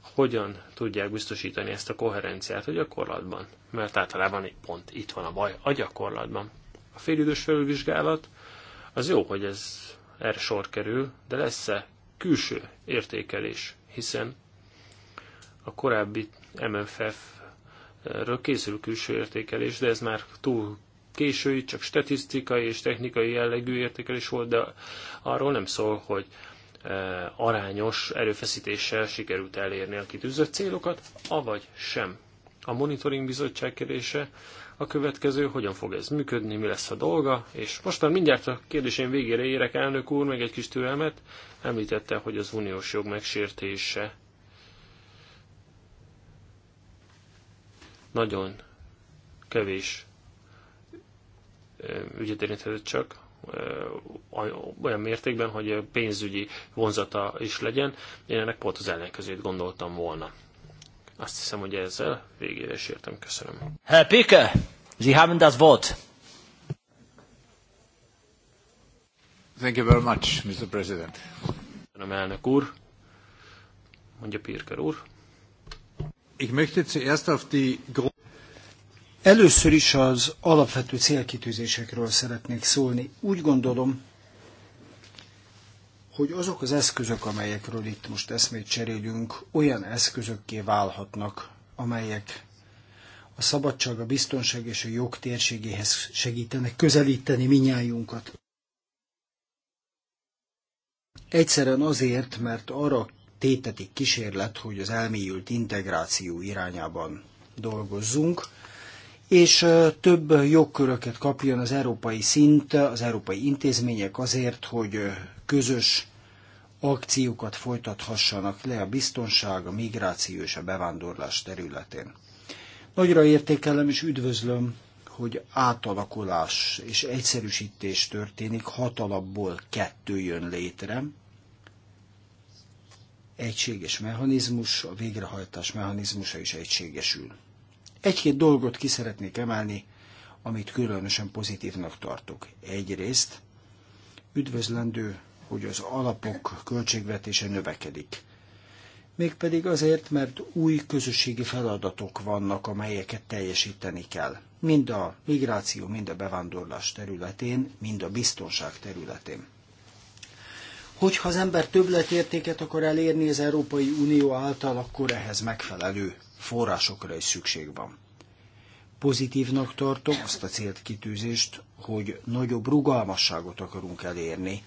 hogyan tudják biztosítani ezt a koherenciát a gyakorlatban. Mert általában egy pont itt van a baj, a gyakorlatban. A félidős felülvizsgálat, az jó, hogy ez erre sor kerül, de lesz-e külső értékelés, hiszen a korábbi MFF-ről készül külső értékelés, de ez már túl késői, csak statisztikai és technikai jellegű értékelés volt, de arról nem szól, hogy e, arányos erőfeszítéssel sikerült elérni a kitűzött célokat, avagy sem. A monitoring bizottság kérdése a következő, hogyan fog ez működni, mi lesz a dolga, és most már mindjárt a kérdésén végére érek, elnök úr, meg egy kis türelmet, említette, hogy az uniós jog megsértése nagyon kevés ügyet érinthetett csak, olyan mértékben, hogy pénzügyi vonzata is legyen. Én ennek pont az ellenkezőjét gondoltam volna. Azt hiszem, hogy ezzel végére értem. Köszönöm. Herr Pike, Sie haben das Wort. Thank you very much, Mr. President. Köszönöm, elnök úr. Mondja Pirker úr. Ich möchte zuerst auf die Először is az alapvető célkitűzésekről szeretnék szólni. Úgy gondolom, hogy azok az eszközök, amelyekről itt most eszmét cserélünk, olyan eszközökké válhatnak, amelyek a szabadság, a biztonság és a jog térségéhez segítenek közelíteni minnyájunkat. Egyszerűen azért, mert arra tétetik kísérlet, hogy az elmélyült integráció irányában dolgozzunk, és több jogköröket kapjon az európai szint, az európai intézmények azért, hogy közös akciókat folytathassanak le a biztonság, a migráció és a bevándorlás területén. Nagyra értékelem és üdvözlöm, hogy átalakulás és egyszerűsítés történik, hat alapból kettő jön létre. Egységes mechanizmus, a végrehajtás mechanizmusa is egységesül. Egy-két dolgot ki szeretnék emelni, amit különösen pozitívnak tartok. Egyrészt üdvözlendő, hogy az alapok költségvetése növekedik. Mégpedig azért, mert új közösségi feladatok vannak, amelyeket teljesíteni kell. Mind a migráció, mind a bevándorlás területén, mind a biztonság területén. Hogyha az ember többletértéket akar elérni az Európai Unió által, akkor ehhez megfelelő forrásokra is szükség van. Pozitívnak tartom azt a célkitűzést, hogy nagyobb rugalmasságot akarunk elérni,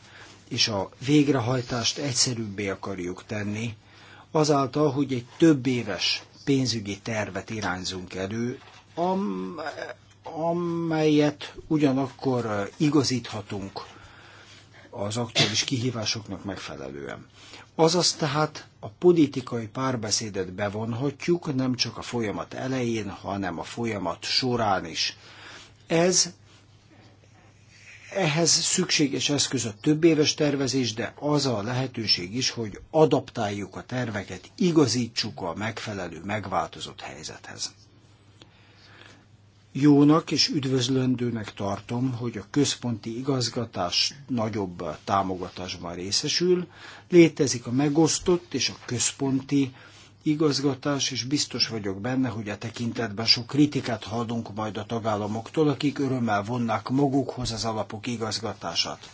és a végrehajtást egyszerűbbé akarjuk tenni, azáltal, hogy egy több éves pénzügyi tervet irányzunk elő, am, amelyet ugyanakkor eh, igazíthatunk az aktuális kihívásoknak megfelelően. Azaz tehát a politikai párbeszédet bevonhatjuk nem csak a folyamat elején, hanem a folyamat során is. Ez ehhez szükséges eszköz a több éves tervezés, de az a lehetőség is, hogy adaptáljuk a terveket, igazítsuk a megfelelő megváltozott helyzethez jónak és üdvözlendőnek tartom, hogy a központi igazgatás nagyobb támogatásban részesül. Létezik a megosztott és a központi igazgatás, és biztos vagyok benne, hogy a e tekintetben sok kritikát hallunk majd a tagállamoktól, akik örömmel vonnák magukhoz az alapok igazgatását.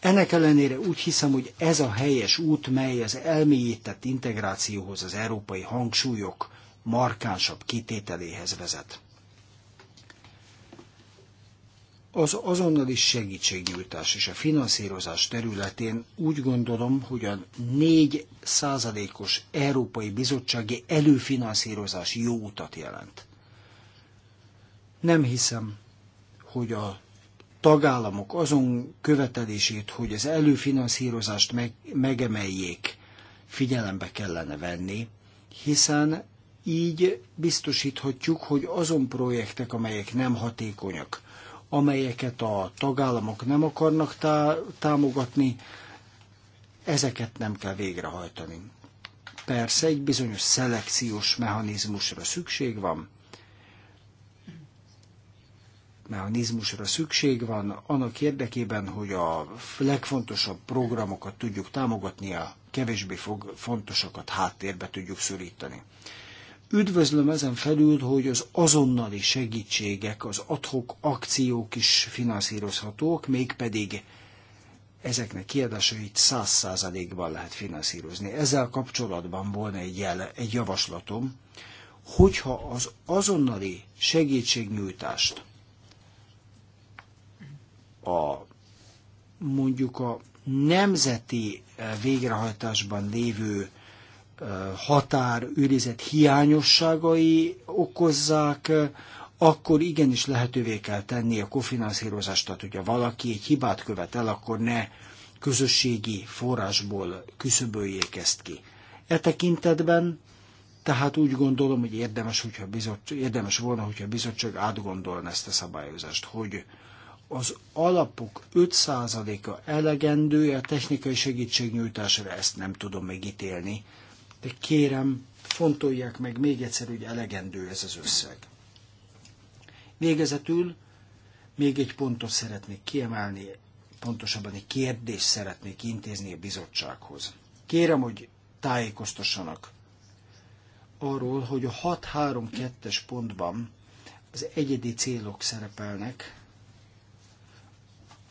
Ennek ellenére úgy hiszem, hogy ez a helyes út, mely az elmélyített integrációhoz, az európai hangsúlyok markánsabb kitételéhez vezet. az azonnali segítségnyújtás és a finanszírozás területén úgy gondolom, hogy a 4 százalékos Európai Bizottsági előfinanszírozás jó utat jelent. Nem hiszem, hogy a tagállamok azon követelését, hogy az előfinanszírozást meg, megemeljék, figyelembe kellene venni, hiszen így biztosíthatjuk, hogy azon projektek, amelyek nem hatékonyak, amelyeket a tagállamok nem akarnak tá- támogatni, ezeket nem kell végrehajtani. Persze egy bizonyos szelekciós mechanizmusra szükség van, mechanizmusra szükség van, annak érdekében, hogy a legfontosabb programokat tudjuk támogatni, a kevésbé fontosakat háttérbe tudjuk szorítani. Üdvözlöm ezen felül, hogy az azonnali segítségek, az adhok akciók is finanszírozhatók, mégpedig ezeknek kiadásait száz százalékban lehet finanszírozni. Ezzel kapcsolatban volna egy, jel, egy javaslatom, hogyha az azonnali segítségnyújtást a mondjuk a nemzeti eh, végrehajtásban lévő határőrizet hiányosságai okozzák, akkor igenis lehetővé kell tenni a kofinanszírozást, tehát hogyha valaki egy hibát követ el, akkor ne közösségi forrásból küszöböljék ezt ki. E tekintetben tehát úgy gondolom, hogy érdemes, hogyha bizottság, érdemes volna, hogyha a bizottság átgondolna ezt a szabályozást, hogy az alapok 5%-a elegendő a technikai segítségnyújtásra, ezt nem tudom megítélni, de kérem, fontolják meg még egyszer, hogy elegendő ez az összeg. Végezetül még egy pontot szeretnék kiemelni, pontosabban egy kérdést szeretnék intézni a bizottsághoz. Kérem, hogy tájékoztassanak arról, hogy a 6-3-2-es pontban az egyedi célok szerepelnek,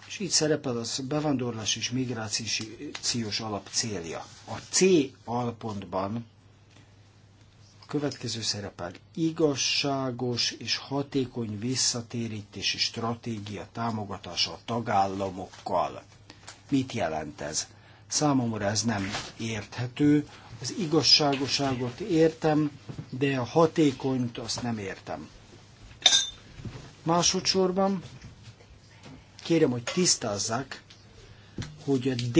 és így szerepel az bevándorlás és migrációs alap célja. A C alpontban a következő szerepel igazságos és hatékony visszatérítési stratégia támogatása a tagállamokkal. Mit jelent ez? Számomra ez nem érthető. Az igazságoságot értem, de a hatékonyt azt nem értem. Másodszorban kérem, hogy tisztázzák, hogy a D,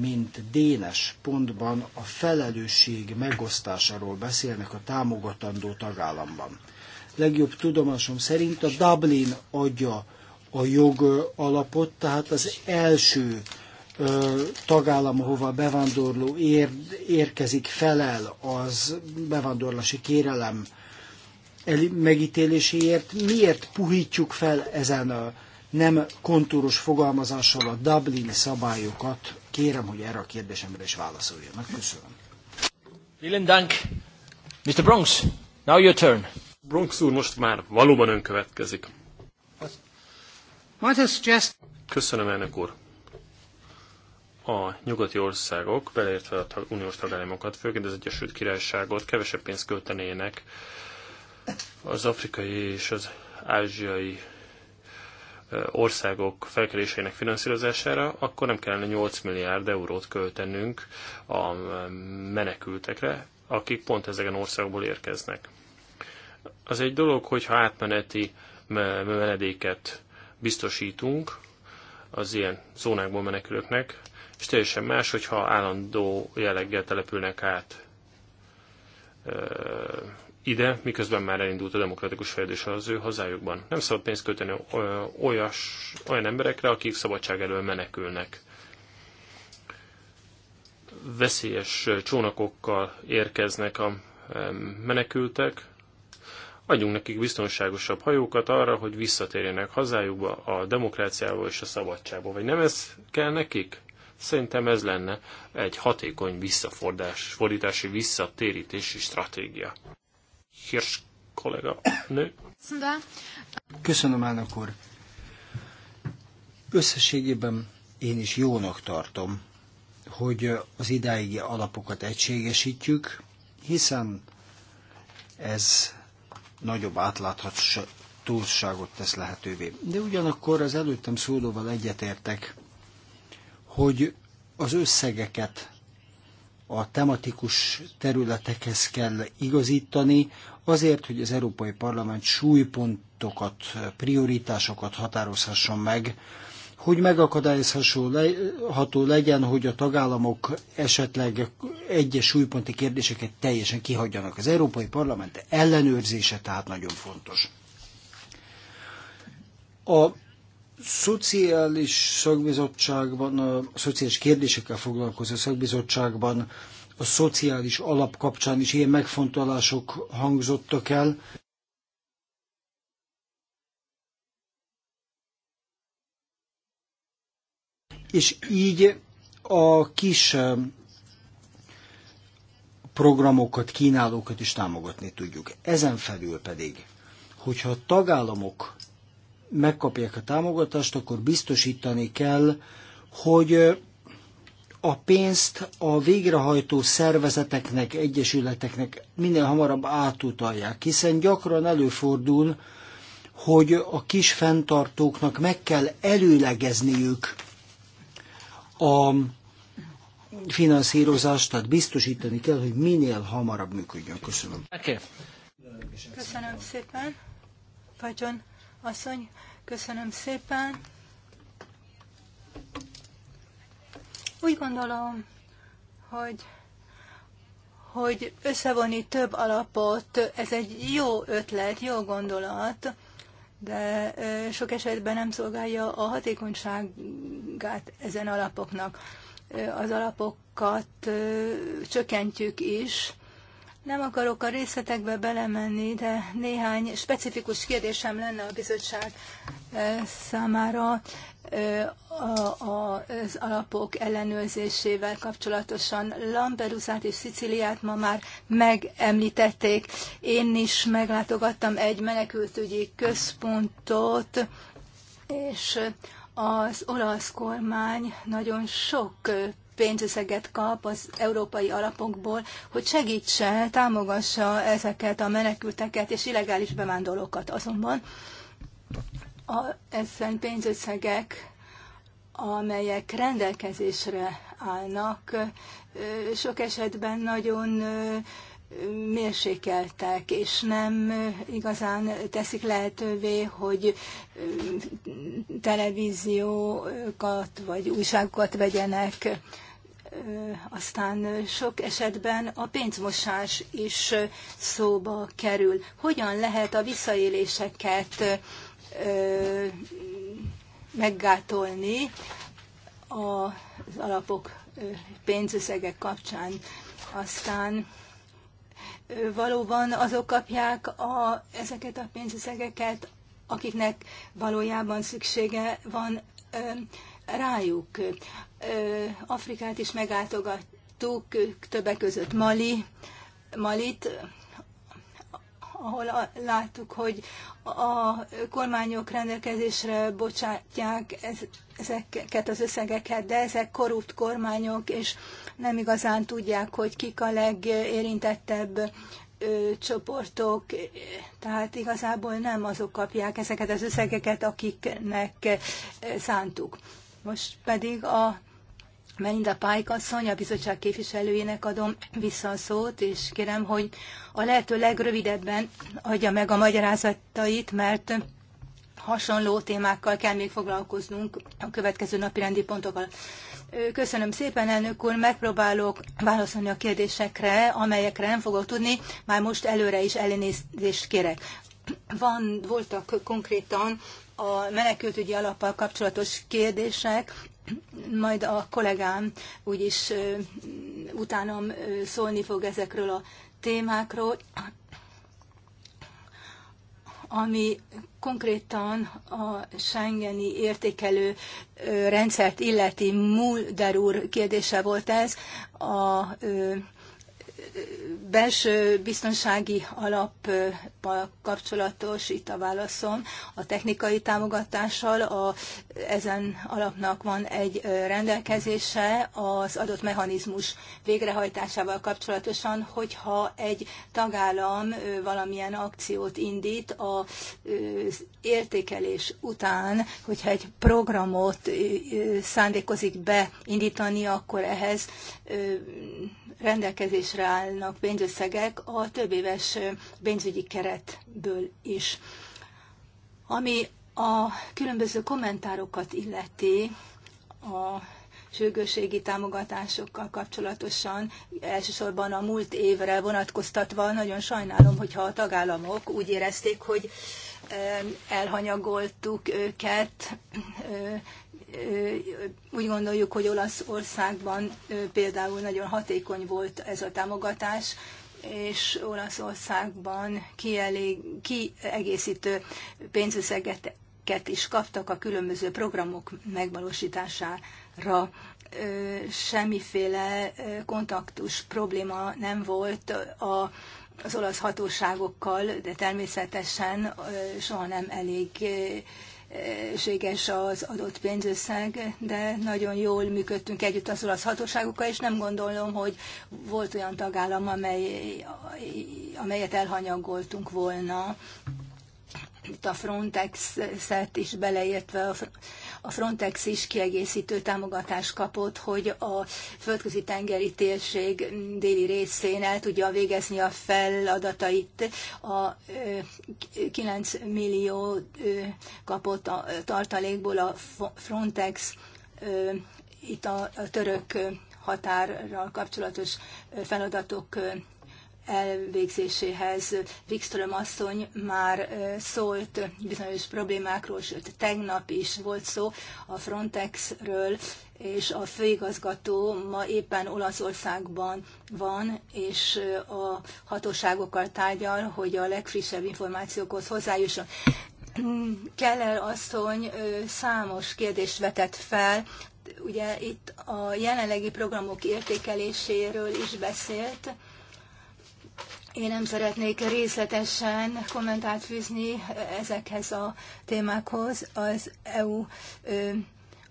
mint dénes pontban a felelősség megosztásáról beszélnek a támogatandó tagállamban. Legjobb tudomásom szerint a Dublin adja a jog alapot, tehát az első ö, tagállam, ahova a bevándorló ér, érkezik, felel az bevándorlási kérelem megítéléséért. Miért puhítjuk fel ezen a nem kontúros fogalmazással a Dublini szabályokat. Kérem, hogy erre a kérdésemre is válaszoljanak. Köszönöm. Vielen Dank. Mr. Bronx, now your turn. Bronx úr most már valóban ön következik. What Köszönöm, elnök úr. A nyugati országok, beleértve a uniós tagállamokat, főként az Egyesült Királyságot kevesebb pénzt költenének az afrikai és az ázsiai országok felkerésének finanszírozására, akkor nem kellene 8 milliárd eurót költenünk a menekültekre, akik pont ezeken országból érkeznek. Az egy dolog, hogyha átmeneti menedéket biztosítunk az ilyen zónákból menekülőknek, és teljesen más, hogyha állandó jelleggel települnek át ide, miközben már elindult a demokratikus fejlődés az ő hazájukban. Nem szabad pénzt költeni olyas, olyan emberekre, akik szabadság elől menekülnek. Veszélyes csónakokkal érkeznek a menekültek. Adjunk nekik biztonságosabb hajókat arra, hogy visszatérjenek hazájukba a demokráciába és a szabadságba. Vagy nem ez kell nekik? Szerintem ez lenne egy hatékony visszafordítási visszatérítési stratégia kollega nő. Köszönöm, elnök úr. Összességében én is jónak tartom, hogy az idáigi alapokat egységesítjük, hiszen ez nagyobb átláthatóságot tesz lehetővé. De ugyanakkor az előttem szólóval egyetértek, hogy az összegeket a tematikus területekhez kell igazítani, azért, hogy az Európai Parlament súlypontokat, prioritásokat határozhasson meg, hogy megakadályozható legyen, hogy a tagállamok esetleg egyes súlyponti kérdéseket teljesen kihagyjanak. Az Európai Parlament ellenőrzése tehát nagyon fontos. A szociális szakbizottságban, a szociális kérdésekkel foglalkozó szakbizottságban a szociális alap kapcsán is ilyen megfontolások hangzottak el. És így a kis programokat, kínálókat is támogatni tudjuk. Ezen felül pedig, hogyha a tagállamok megkapják a támogatást, akkor biztosítani kell, hogy a pénzt a végrehajtó szervezeteknek, egyesületeknek minél hamarabb átutalják, hiszen gyakran előfordul, hogy a kis fenntartóknak meg kell előlegezniük a finanszírozást, tehát biztosítani kell, hogy minél hamarabb működjön. Köszönöm. Okay. Köszönöm szépen, Vagyon asszony, köszönöm szépen. Úgy gondolom, hogy hogy összevonni több alapot, ez egy jó ötlet, jó gondolat, de sok esetben nem szolgálja a hatékonyságát ezen alapoknak. Az alapokat csökkentjük is, nem akarok a részletekbe belemenni, de néhány specifikus kérdésem lenne a bizottság eh, számára eh, az alapok ellenőrzésével kapcsolatosan. Lamperusát és Sziciliát ma már megemlítették. Én is meglátogattam egy menekültügyi központot, és az olasz kormány nagyon sok eh, pénzösszeget kap az európai alapokból, hogy segítse, támogassa ezeket a menekülteket és illegális bevándorlókat. Azonban a, ezen pénzösszegek, amelyek rendelkezésre állnak, sok esetben nagyon mérsékeltek, és nem igazán teszik lehetővé, hogy televíziókat vagy újságokat vegyenek aztán sok esetben a pénzmosás is szóba kerül. Hogyan lehet a visszaéléseket meggátolni az alapok pénzösszegek kapcsán? Aztán valóban azok kapják a, ezeket a pénzösszegeket, akiknek valójában szüksége van rájuk. Afrikát is megáltogattuk, többek között Mali, Malit, ahol láttuk, hogy a kormányok rendelkezésre bocsátják ezeket az összegeket, de ezek korrupt kormányok, és nem igazán tudják, hogy kik a legérintettebb csoportok, tehát igazából nem azok kapják ezeket az összegeket, akiknek szántuk. Most pedig a Melinda Pike asszony, a bizottság képviselőjének adom vissza a szót, és kérem, hogy a lehető legrövidebben adja meg a magyarázatait, mert hasonló témákkal kell még foglalkoznunk a következő napi rendi pontokkal. Köszönöm szépen, elnök úr, megpróbálok válaszolni a kérdésekre, amelyekre nem fogok tudni, már most előre is elnézést kérek. Van, voltak konkrétan a menekültügyi alappal kapcsolatos kérdések, majd a kollégám úgyis utánam szólni fog ezekről a témákról, ami konkrétan a Schengeni értékelő rendszert illeti Mulder úr kérdése volt ez. A belső biztonsági alappal kapcsolatos itt a válaszom. A technikai támogatással a, ezen alapnak van egy rendelkezése az adott mechanizmus végrehajtásával kapcsolatosan, hogyha egy tagállam valamilyen akciót indít az értékelés után, hogyha egy programot szándékozik beindítani, akkor ehhez rendelkezésre állnak pénzösszegek a éves pénzügyi keretből is. Ami a különböző kommentárokat illeti, a sürgőségi támogatásokkal kapcsolatosan, elsősorban a múlt évre vonatkoztatva, nagyon sajnálom, hogyha a tagállamok úgy érezték, hogy elhanyagoltuk őket, úgy gondoljuk, hogy Olaszországban például nagyon hatékony volt ez a támogatás, és Olaszországban kielég, kiegészítő pénzösszegeket is kaptak a különböző programok megvalósítására. Semmiféle kontaktus probléma nem volt a az olasz hatóságokkal, de természetesen soha nem elég lehetséges az adott pénzösszeg, de nagyon jól működtünk együtt az olasz hatóságokkal, és nem gondolom, hogy volt olyan tagállam, amely, amelyet elhanyagoltunk volna. Itt a Frontex-et is beleértve, a Frontex is kiegészítő támogatást kapott, hogy a földközi tengeri térség déli részén el tudja végezni a feladatait. A 9 millió kapott a tartalékból a Frontex itt a török határral kapcsolatos feladatok elvégzéséhez. Wikström asszony már szólt bizonyos problémákról, sőt tegnap is volt szó a Frontexről, és a főigazgató ma éppen Olaszországban van, és a hatóságokkal tárgyal, hogy a legfrissebb információkhoz hozzájusson. Keller asszony számos kérdést vetett fel, ugye itt a jelenlegi programok értékeléséről is beszélt, én nem szeretnék részletesen kommentát fűzni ezekhez a témákhoz. Az EU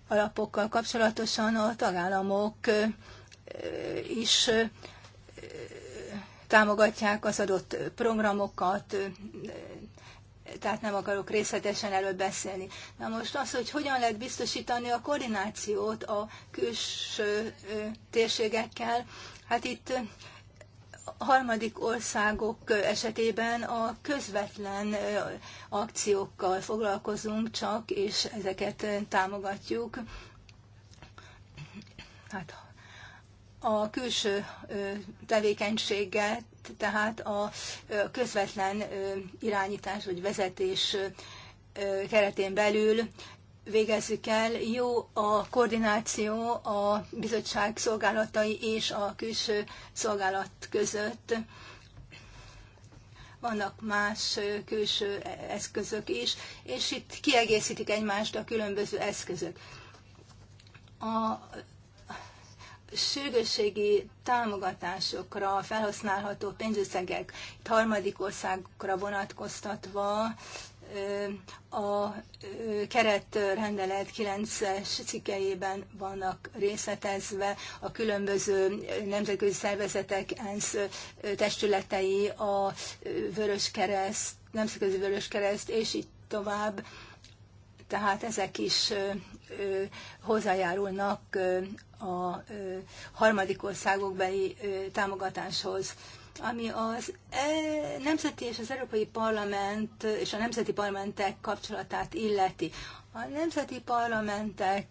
alapokkal kapcsolatosan a tagállamok is támogatják az adott programokat, tehát nem akarok részletesen erről beszélni. Na most az, hogy hogyan lehet biztosítani a koordinációt a külső térségekkel, hát itt harmadik országok esetében a közvetlen akciókkal foglalkozunk csak, és ezeket támogatjuk. Hát a külső tevékenységet, tehát a közvetlen irányítás vagy vezetés keretén belül végezzük el. Jó a koordináció a bizottság szolgálatai és a külső szolgálat között. Vannak más külső eszközök is, és itt kiegészítik egymást a különböző eszközök. A sürgősségi támogatásokra felhasználható pénzösszegek harmadik országokra vonatkoztatva a keretrendelet 9-es cikkeiben vannak részletezve a különböző nemzetközi szervezetek, ENSZ testületei, a Vörös Kereszt, Nemzetközi Vörös Kereszt, és így tovább. Tehát ezek is hozzájárulnak a harmadik országokbeli támogatáshoz ami az e, nemzeti és az európai parlament és a nemzeti parlamentek kapcsolatát illeti. A nemzeti parlamentek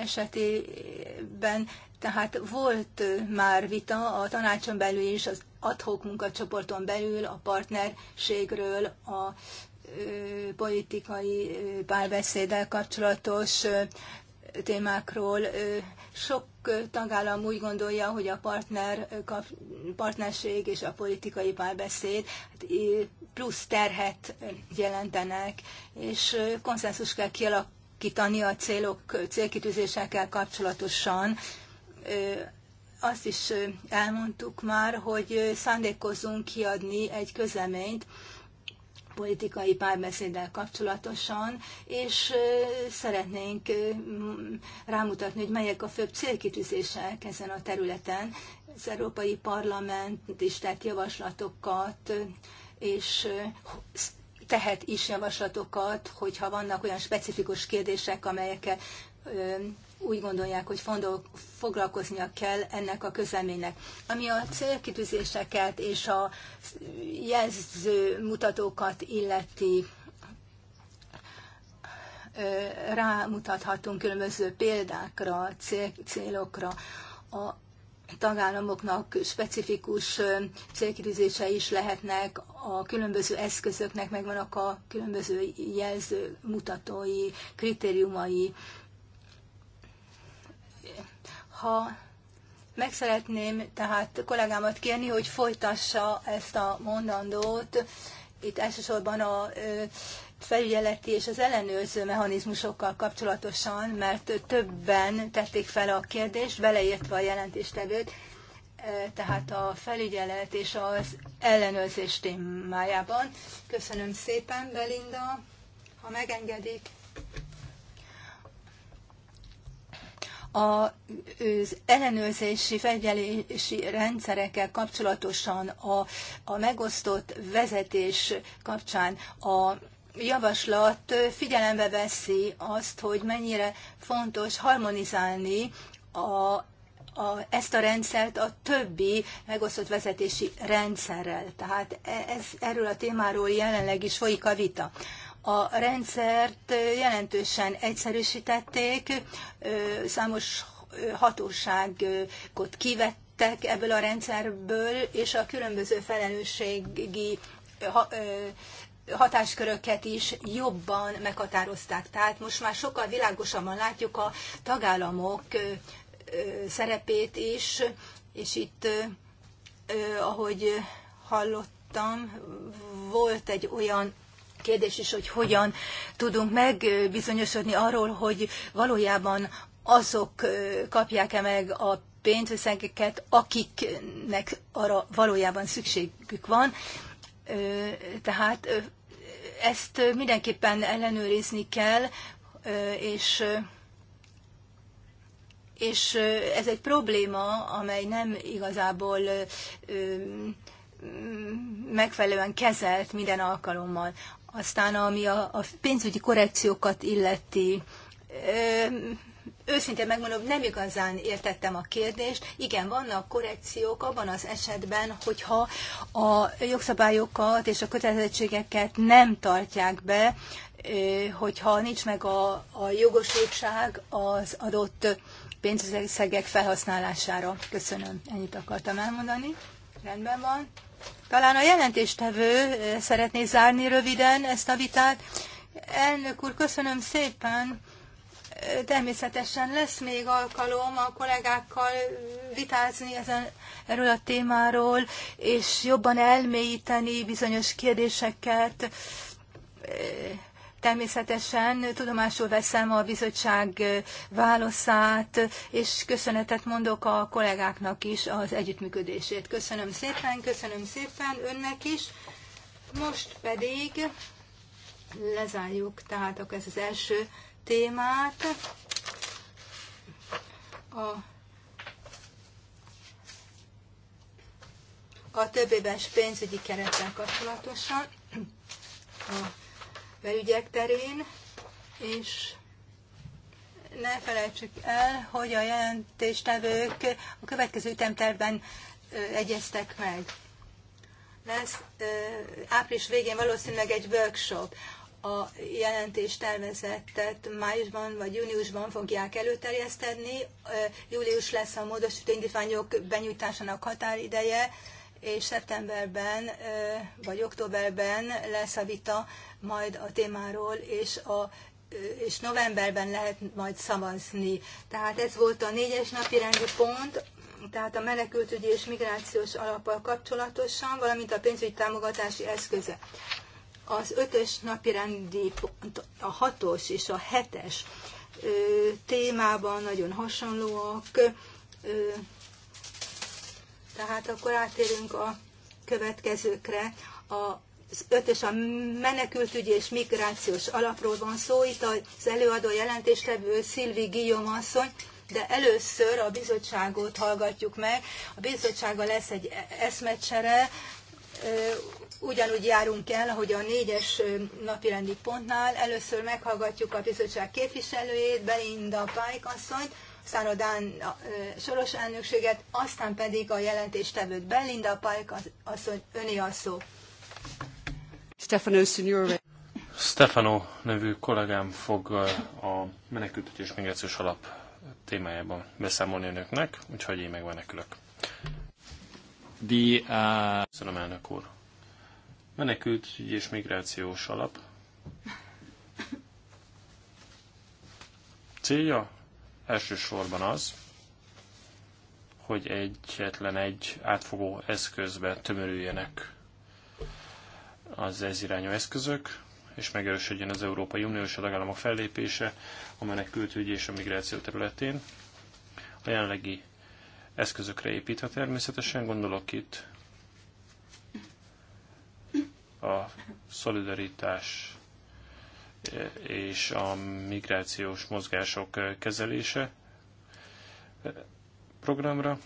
esetében tehát volt már vita a tanácson belül is, az adhok munkacsoporton belül a partnerségről, a politikai párbeszéddel kapcsolatos témákról. Sok tagállam úgy gondolja, hogy a partner, partnerség és a politikai párbeszéd hát plusz terhet jelentenek, és konszenzus kell kialakítani a célok, célkitűzésekkel kapcsolatosan. Azt is elmondtuk már, hogy szándékozunk kiadni egy közleményt, politikai párbeszéddel kapcsolatosan, és szeretnénk rámutatni, hogy melyek a főbb célkitűzések ezen a területen. Az Európai Parlament is tett javaslatokat, és tehet is javaslatokat, hogyha vannak olyan specifikus kérdések, amelyekkel úgy gondolják, hogy fondol, foglalkoznia kell ennek a közleménynek. Ami a célkitűzéseket és a jelző mutatókat illeti, rámutathatunk különböző példákra, cél, célokra. A tagállamoknak specifikus célkitűzései is lehetnek, a különböző eszközöknek megvannak a különböző jelző mutatói, kritériumai, ha meg szeretném tehát kollégámat kérni, hogy folytassa ezt a mondandót. Itt elsősorban a felügyeleti és az ellenőrző mechanizmusokkal kapcsolatosan, mert többen tették fel a kérdést, beleértve a jelentéstevőt, tehát a felügyelet és az ellenőrzés témájában. Köszönöm szépen, Belinda, ha megengedik. az ellenőrzési, fegyelési rendszerekkel kapcsolatosan, a, a megosztott vezetés kapcsán a javaslat figyelembe veszi azt, hogy mennyire fontos harmonizálni a a, ezt a rendszert a többi megosztott vezetési rendszerrel. Tehát e, ez, erről a témáról jelenleg is folyik a vita. A rendszert jelentősen egyszerűsítették, számos hatóságot kivettek ebből a rendszerből, és a különböző felelősségi hatásköröket is jobban meghatározták. Tehát most már sokkal világosabban látjuk a tagállamok szerepét is, és itt, ahogy hallottam, volt egy olyan kérdés is, hogy hogyan tudunk megbizonyosodni arról, hogy valójában azok kapják-e meg a pénzösszegeket, akiknek arra valójában szükségük van. Tehát ezt mindenképpen ellenőrizni kell, és és ez egy probléma, amely nem igazából megfelelően kezelt minden alkalommal. Aztán ami a, a pénzügyi korrekciókat illeti, őszintén megmondom, nem igazán értettem a kérdést. Igen, vannak korrekciók abban az esetben, hogyha a jogszabályokat és a kötelezettségeket nem tartják be, hogyha nincs meg a, a jogosultság az adott pénzösszegek felhasználására. Köszönöm, ennyit akartam elmondani. Rendben van. Talán a jelentéstevő szeretné zárni röviden ezt a vitát. Elnök úr, köszönöm szépen. Természetesen lesz még alkalom a kollégákkal vitázni ezen, erről a témáról, és jobban elmélyíteni bizonyos kérdéseket Természetesen tudomásul veszem a bizottság válaszát, és köszönetet mondok a kollégáknak is az együttműködését. Köszönöm szépen, köszönöm szépen önnek is. Most pedig lezárjuk, tehát akkor ez az első témát. A a több éves pénzügyi kerettel kapcsolatosan. A belügyek terén, és ne felejtsük el, hogy a jelentéstevők a következő ütemtervben egyeztek meg. Lesz április végén valószínűleg egy workshop. A jelentéstervezetet májusban vagy júniusban fogják előterjeszteni. Július lesz a módosítő indítványok benyújtásának határideje és szeptemberben vagy októberben lesz a vita majd a témáról, és, a, és novemberben lehet majd szavazni. Tehát ez volt a négyes napi rendi pont, tehát a menekültügyi és migrációs alappal kapcsolatosan, valamint a pénzügyi támogatási eszköze. Az ötös napi rendi pont, a hatos és a hetes témában nagyon hasonlóak. Tehát akkor átérünk a következőkre. A az ötös a menekültügyi és migrációs alapról van szó. Itt az előadó jelentéstevő Szilvi Guillaume asszony, de először a bizottságot hallgatjuk meg. A bizottsága lesz egy eszmecsere, ugyanúgy járunk el, ahogy a négyes napirendi pontnál. Először meghallgatjuk a bizottság képviselőjét, Belinda Pike asszonyt, száradán soros elnökséget, aztán pedig a jelentéstevőt Belinda Pajk asszony öné a szó. Stefano Signore. Stefano nevű kollégám fog a menekültügy és migrációs alap témájában beszámolni önöknek, úgyhogy én megmenekülök. The, uh... Köszönöm, elnök úr. Menekült és migrációs alap. Célja Elsősorban az, hogy egyetlen egy átfogó eszközbe tömörüljenek az ez irányú eszközök, és megerősödjön az Európai Unió és a tagállamok fellépése a menekültügy és a migráció területén. A jelenlegi eszközökre építve természetesen gondolok itt a szolidaritás és a migrációs mozgások kezelése programra.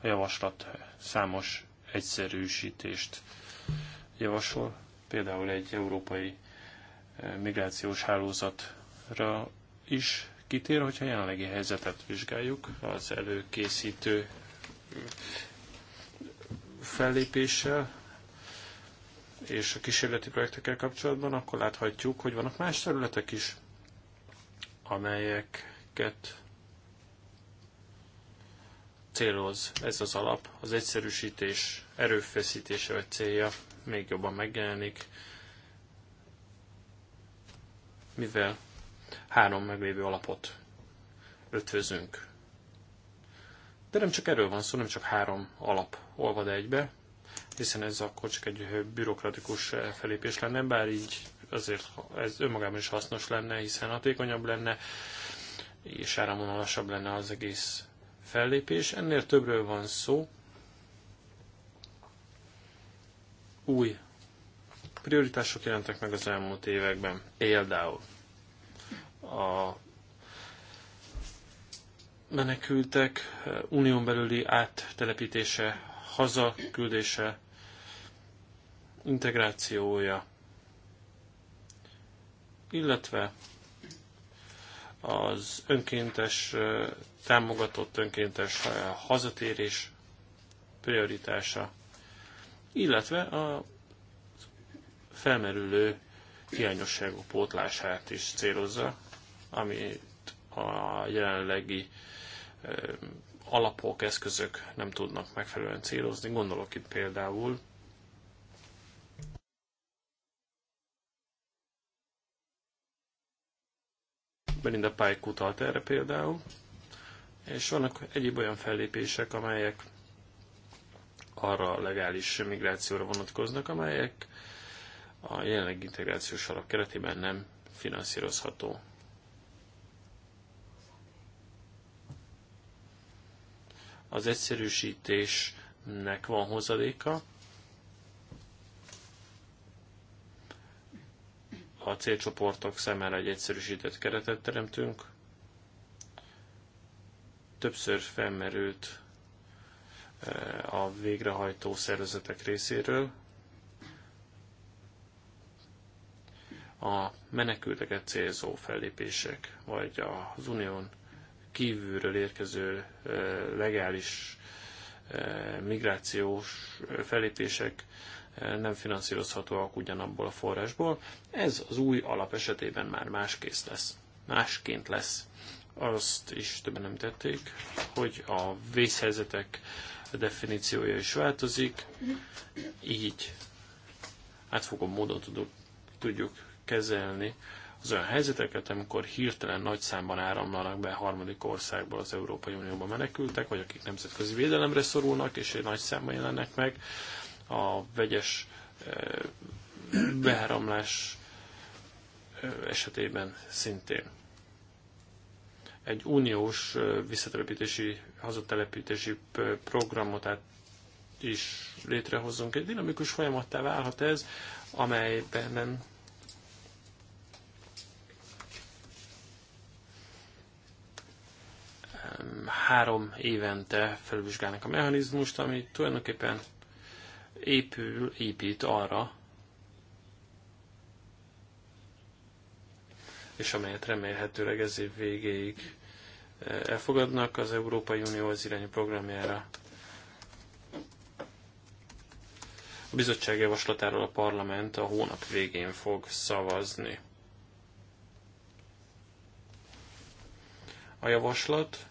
A javaslat számos egyszerűsítést javasol, például egy európai eh, migrációs hálózatra is kitér, hogyha jelenlegi helyzetet vizsgáljuk, az előkészítő mm, fellépéssel és a kísérleti projektekkel kapcsolatban, akkor láthatjuk, hogy vannak más területek is, amelyeket céloz ez az alap, az egyszerűsítés erőfeszítése vagy célja még jobban megjelenik, mivel három meglévő alapot ötvözünk. De nem csak erről van szó, nem csak három alap olvad egybe, hiszen ez akkor csak egy bürokratikus eh, felépés lenne, bár így azért ez önmagában is hasznos lenne, hiszen hatékonyabb lenne, és áramvonalasabb lenne az egész fellépés. Ennél többről van szó. Új prioritások jelentek meg az elmúlt években. Például a menekültek eh, unión belüli áttelepítése, hazaküldése integrációja, illetve az önkéntes, támogatott önkéntes hazatérés prioritása, illetve a felmerülő hiányosságok pótlását is célozza, amit a jelenlegi alapok, eszközök nem tudnak megfelelően célozni. Gondolok itt például Belinda Pike utalt erre például, és vannak egyéb olyan fellépések, amelyek arra a legális migrációra vonatkoznak, amelyek a jelenleg integrációs alap keretében nem finanszírozható. Az egyszerűsítésnek van hozadéka, a célcsoportok számára egy egyszerűsített keretet teremtünk. Többször felmerült eh, a végrehajtó szervezetek részéről. A menekülteket célzó fellépések, vagy az unión kívülről érkező eh, legális eh, migrációs fellépések nem finanszírozhatóak ugyanabból a forrásból. Ez az új alap esetében már máskész lesz. Másként lesz. Azt is többen nem tették, hogy a vészhelyzetek definíciója is változik, így átfogó módon tudok, tudjuk kezelni az olyan helyzeteket, amikor hirtelen nagy számban áramlanak be harmadik országból az Európai Unióba menekültek, vagy akik nemzetközi védelemre szorulnak, és egy nagy számban jelennek meg, a vegyes eh, beáramlás eh, esetében szintén. Egy uniós eh, visszatelepítési, hazatelepítési programot is létrehozzunk. Egy dinamikus folyamattá válhat ez, amelyben nem három évente felvizsgálnak a mechanizmust, ami tulajdonképpen épül, épít arra, és amelyet remélhetőleg ez év végéig eh, elfogadnak az Európai Unió az irányú programjára. A bizottság javaslatáról a parlament a hónap végén fog szavazni. A javaslat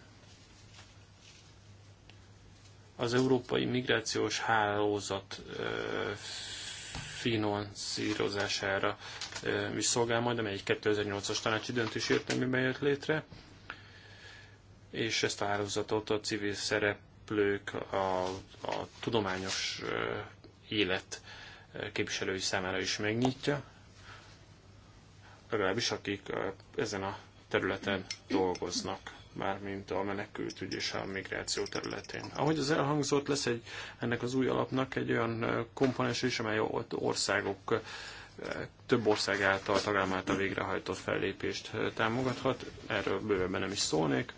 az európai migrációs hálózat finanszírozására is szolgál majd, amely egy 2008-as tanácsi döntés értelmében jött létre, és ezt a hálózatot a civil szereplők, a, a tudományos élet képviselői számára is megnyitja, legalábbis akik ezen a területen dolgoznak mármint a ügy és a migráció területén. Ahogy az elhangzott, lesz egy, ennek az új alapnak egy olyan komponens is, amely országok több ország által, tagállam által végrehajtott fellépést támogathat. Erről bővebben nem is szólnék.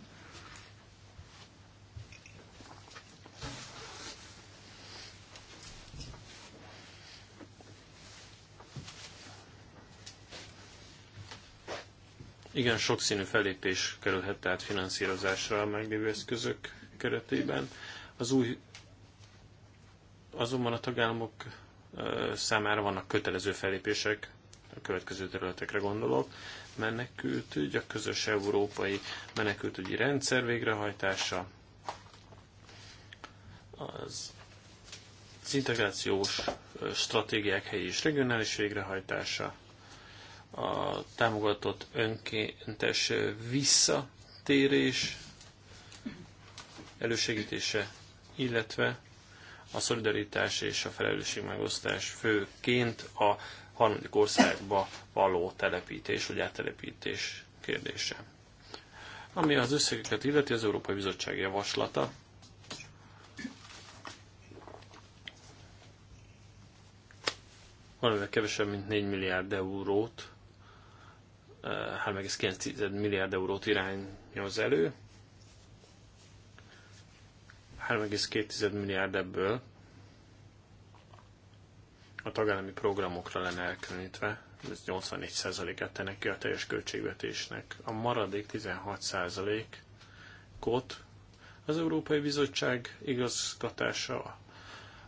Igen, sokszínű felépés kerülhet tehát finanszírozásra a meglévő eszközök keretében. Az új, azonban a tagállamok számára vannak kötelező felépések, a következő területekre gondolok, menekültügy, a közös európai menekültügyi rendszer végrehajtása, az, az integrációs stratégiák helyi és regionális végrehajtása, a támogatott önkéntes visszatérés elősegítése, illetve a szolidaritás és a megosztás főként a harmadik országba való telepítés vagy áttelepítés kérdése. Ami az összegeket illeti, az Európai Bizottság javaslata valamivel kevesebb, mint 4 milliárd eurót 3,9 milliárd eurót irányoz elő. 3,2 milliárd ebből a tagállami programokra lenne elkülönítve, ez 84%-át tenne ki a teljes költségvetésnek. A maradék 16%-ot az Európai Bizottság igazgatása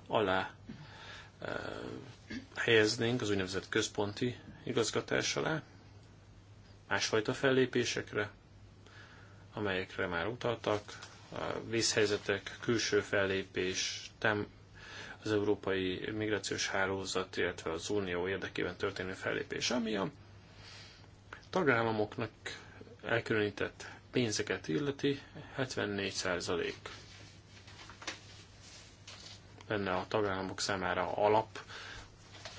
alá e, helyeznénk, az úgynevezett központi igazgatás alá másfajta fellépésekre, amelyekre már utaltak, a vészhelyzetek, külső fellépés, tem, az európai migrációs hálózat, illetve az unió érdekében történő fellépés, ami a tagállamoknak elkülönített pénzeket illeti 74% lenne a tagállamok számára alap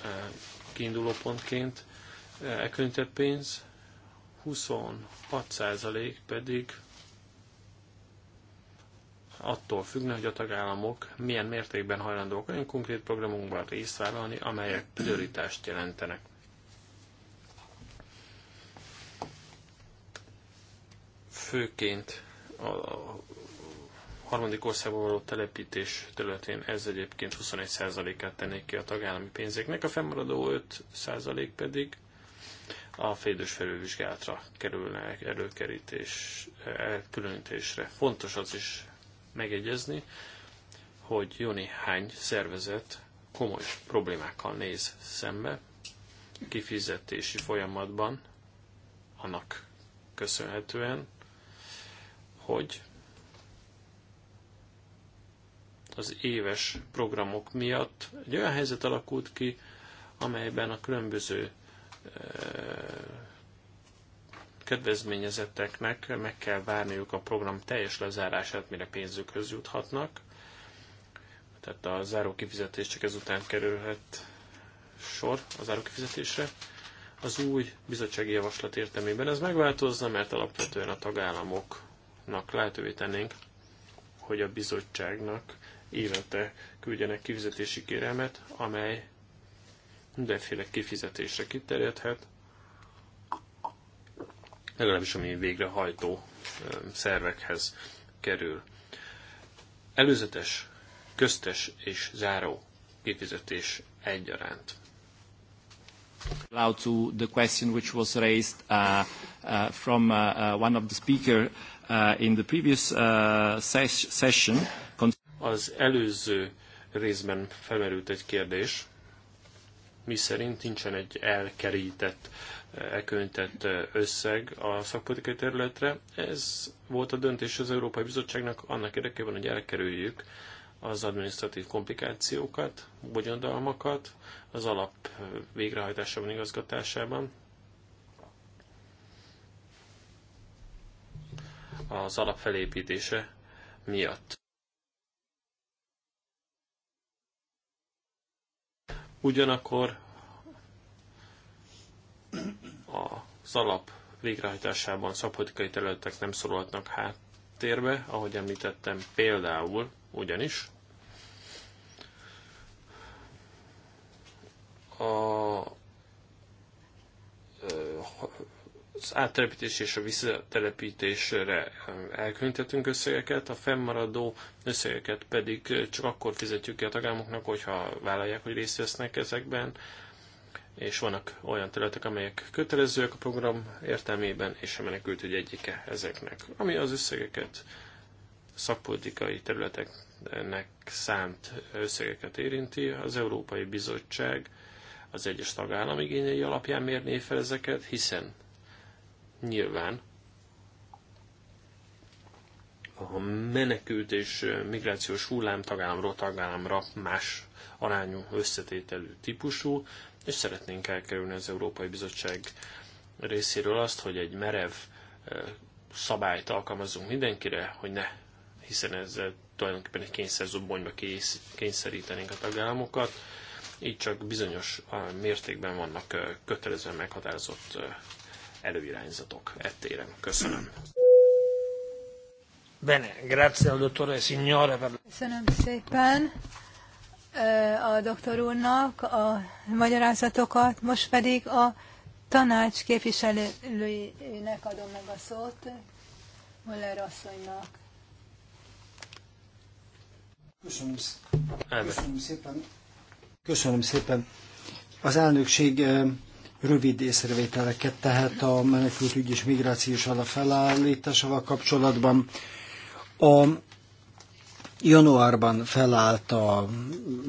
eh, kiinduló pontként eh, elkülönített pénz, 26% pedig attól függne, hogy a tagállamok milyen mértékben hajlandók olyan konkrét programunkban részt vállalni, amelyek prioritást jelentenek. Főként a harmadik országba való telepítés területén ez egyébként 21%-át tennék ki a tagállami pénzeknek, a fennmaradó 5% pedig a félidős felülvizsgálatra kerülne előkerítés, elkülönítésre. Fontos az is megegyezni, hogy jó néhány szervezet komoly problémákkal néz szembe kifizetési folyamatban, annak köszönhetően, hogy az éves programok miatt egy olyan helyzet alakult ki, amelyben a különböző kedvezményezetteknek meg kell várniuk a program teljes lezárását, mire pénzükhöz juthatnak. Tehát a záró kifizetés csak ezután kerülhet sor a záró kifizetésre. Az új bizottsági javaslat értelmében ez megváltozna, mert alapvetően a tagállamoknak lehetővé tennénk, hogy a bizottságnak évente küldjenek kifizetési kérelmet, amely mindenféle kifizetésre kiterjedhet, legalábbis ami végrehajtó szervekhez kerül. Előzetes, köztes és záró kifizetés egyaránt. Now to the question which was raised uh, uh, from uh, uh, one of the speakers uh, in the previous uh, ses session. Az előző részben felmerült egy kérdés mi szerint nincsen egy elkerített, eköntett összeg a szakpolitikai területre. Ez volt a döntés az Európai Bizottságnak annak érdekében, hogy elkerüljük az administratív komplikációkat, bogyondalmakat az alap végrehajtásában, igazgatásában, az alap felépítése miatt. Ugyanakkor az alap végrehajtásában szabhatikai területek nem szorulhatnak háttérbe, ahogy említettem például, ugyanis a az áttelepítés és a visszatelepítésre eh, elkülönítettünk összegeket, a fennmaradó összegeket pedig eh, csak akkor fizetjük ki a tagállamoknak, hogyha vállalják, hogy részt vesznek ezekben, és vannak olyan területek, amelyek kötelezőek a program értelmében, és a menekült ügy egyike ezeknek. Ami az összegeket, szakpolitikai területeknek szánt összegeket érinti, az Európai Bizottság az egyes tagállam igényei alapján mérné fel ezeket, hiszen Nyilván a menekült és migrációs hullám tagállamról tagállamra más arányú összetételű típusú, és szeretnénk elkerülni az Európai Bizottság részéről azt, hogy egy merev szabályt alkalmazunk mindenkire, hogy ne, hiszen ez tulajdonképpen egy kényszerzubbonyba kényszerítenénk a tagállamokat, így csak bizonyos mértékben vannak kötelezően meghatározott előirányzatok ettéren. Köszönöm. Bene, grazie al dottore signore per... Köszönöm szépen a doktor úrnak a magyarázatokat, most pedig a tanács képviselőinek adom meg a szót, Müller asszonynak. Köszönöm, Köszönöm szépen. Köszönöm szépen. Az elnökség rövid észrevételeket tehet a menekültügy és migrációs alap felállításával kapcsolatban. A januárban felállt a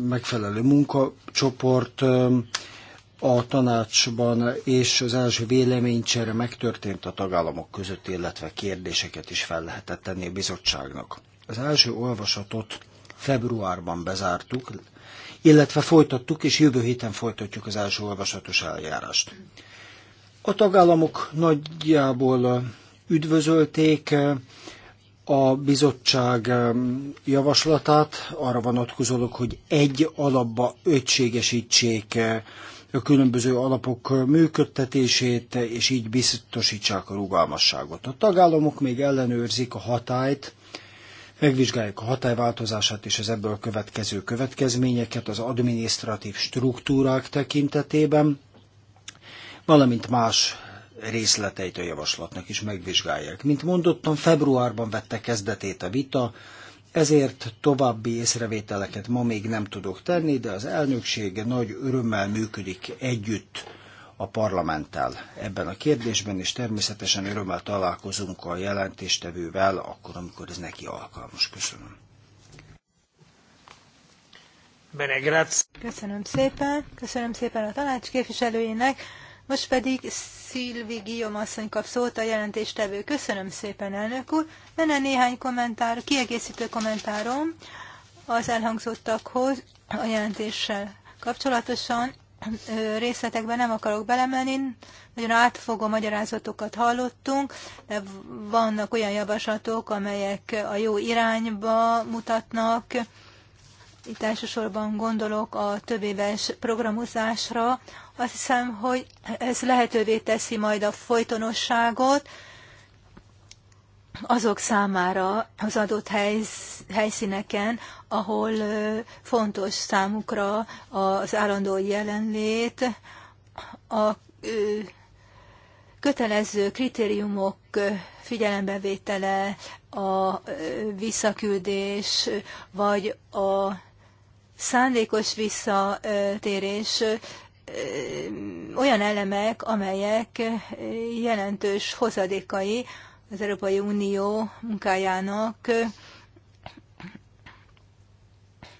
megfelelő munkacsoport a tanácsban, és az első véleménycsere megtörtént a tagállamok között, illetve kérdéseket is fel lehetett tenni a bizottságnak. Az első olvasatot februárban bezártuk, illetve folytattuk, és jövő héten folytatjuk az első olvasatos eljárást. A tagállamok nagyjából üdvözölték a bizottság javaslatát, arra vonatkozólag, hogy egy alapba ötségesítsék a különböző alapok működtetését, és így biztosítsák a rugalmasságot. A tagállamok még ellenőrzik a hatályt, Megvizsgáljuk a hatályváltozását és az ebből következő következményeket az adminisztratív struktúrák tekintetében, valamint más részleteit a javaslatnak is megvizsgálják. Mint mondottam, februárban vette kezdetét a vita, ezért további észrevételeket ma még nem tudok tenni, de az elnökség nagy örömmel működik együtt a parlamenttel ebben a kérdésben, és természetesen örömmel találkozunk a jelentéstevővel, akkor, amikor ez neki alkalmas. Köszönöm. Bene, Köszönöm szépen, köszönöm szépen a tanács képviselőjének. Most pedig Szilvi Guillaume asszony kap szót a jelentéstevő. Köszönöm szépen, elnök úr. Lenne néhány kommentár, kiegészítő kommentárom az elhangzottakhoz a jelentéssel kapcsolatosan részletekben nem akarok belemenni, nagyon átfogó magyarázatokat hallottunk, de vannak olyan javaslatok, amelyek a jó irányba mutatnak. Itt elsősorban gondolok a többéves programozásra. Azt hiszem, hogy ez lehetővé teszi majd a folytonosságot, azok számára az adott helysz, helyszíneken, ahol fontos számukra az állandó jelenlét, a kötelező kritériumok figyelembevétele, a visszaküldés, vagy a szándékos visszatérés olyan elemek, amelyek jelentős hozadékai az Európai Unió munkájának.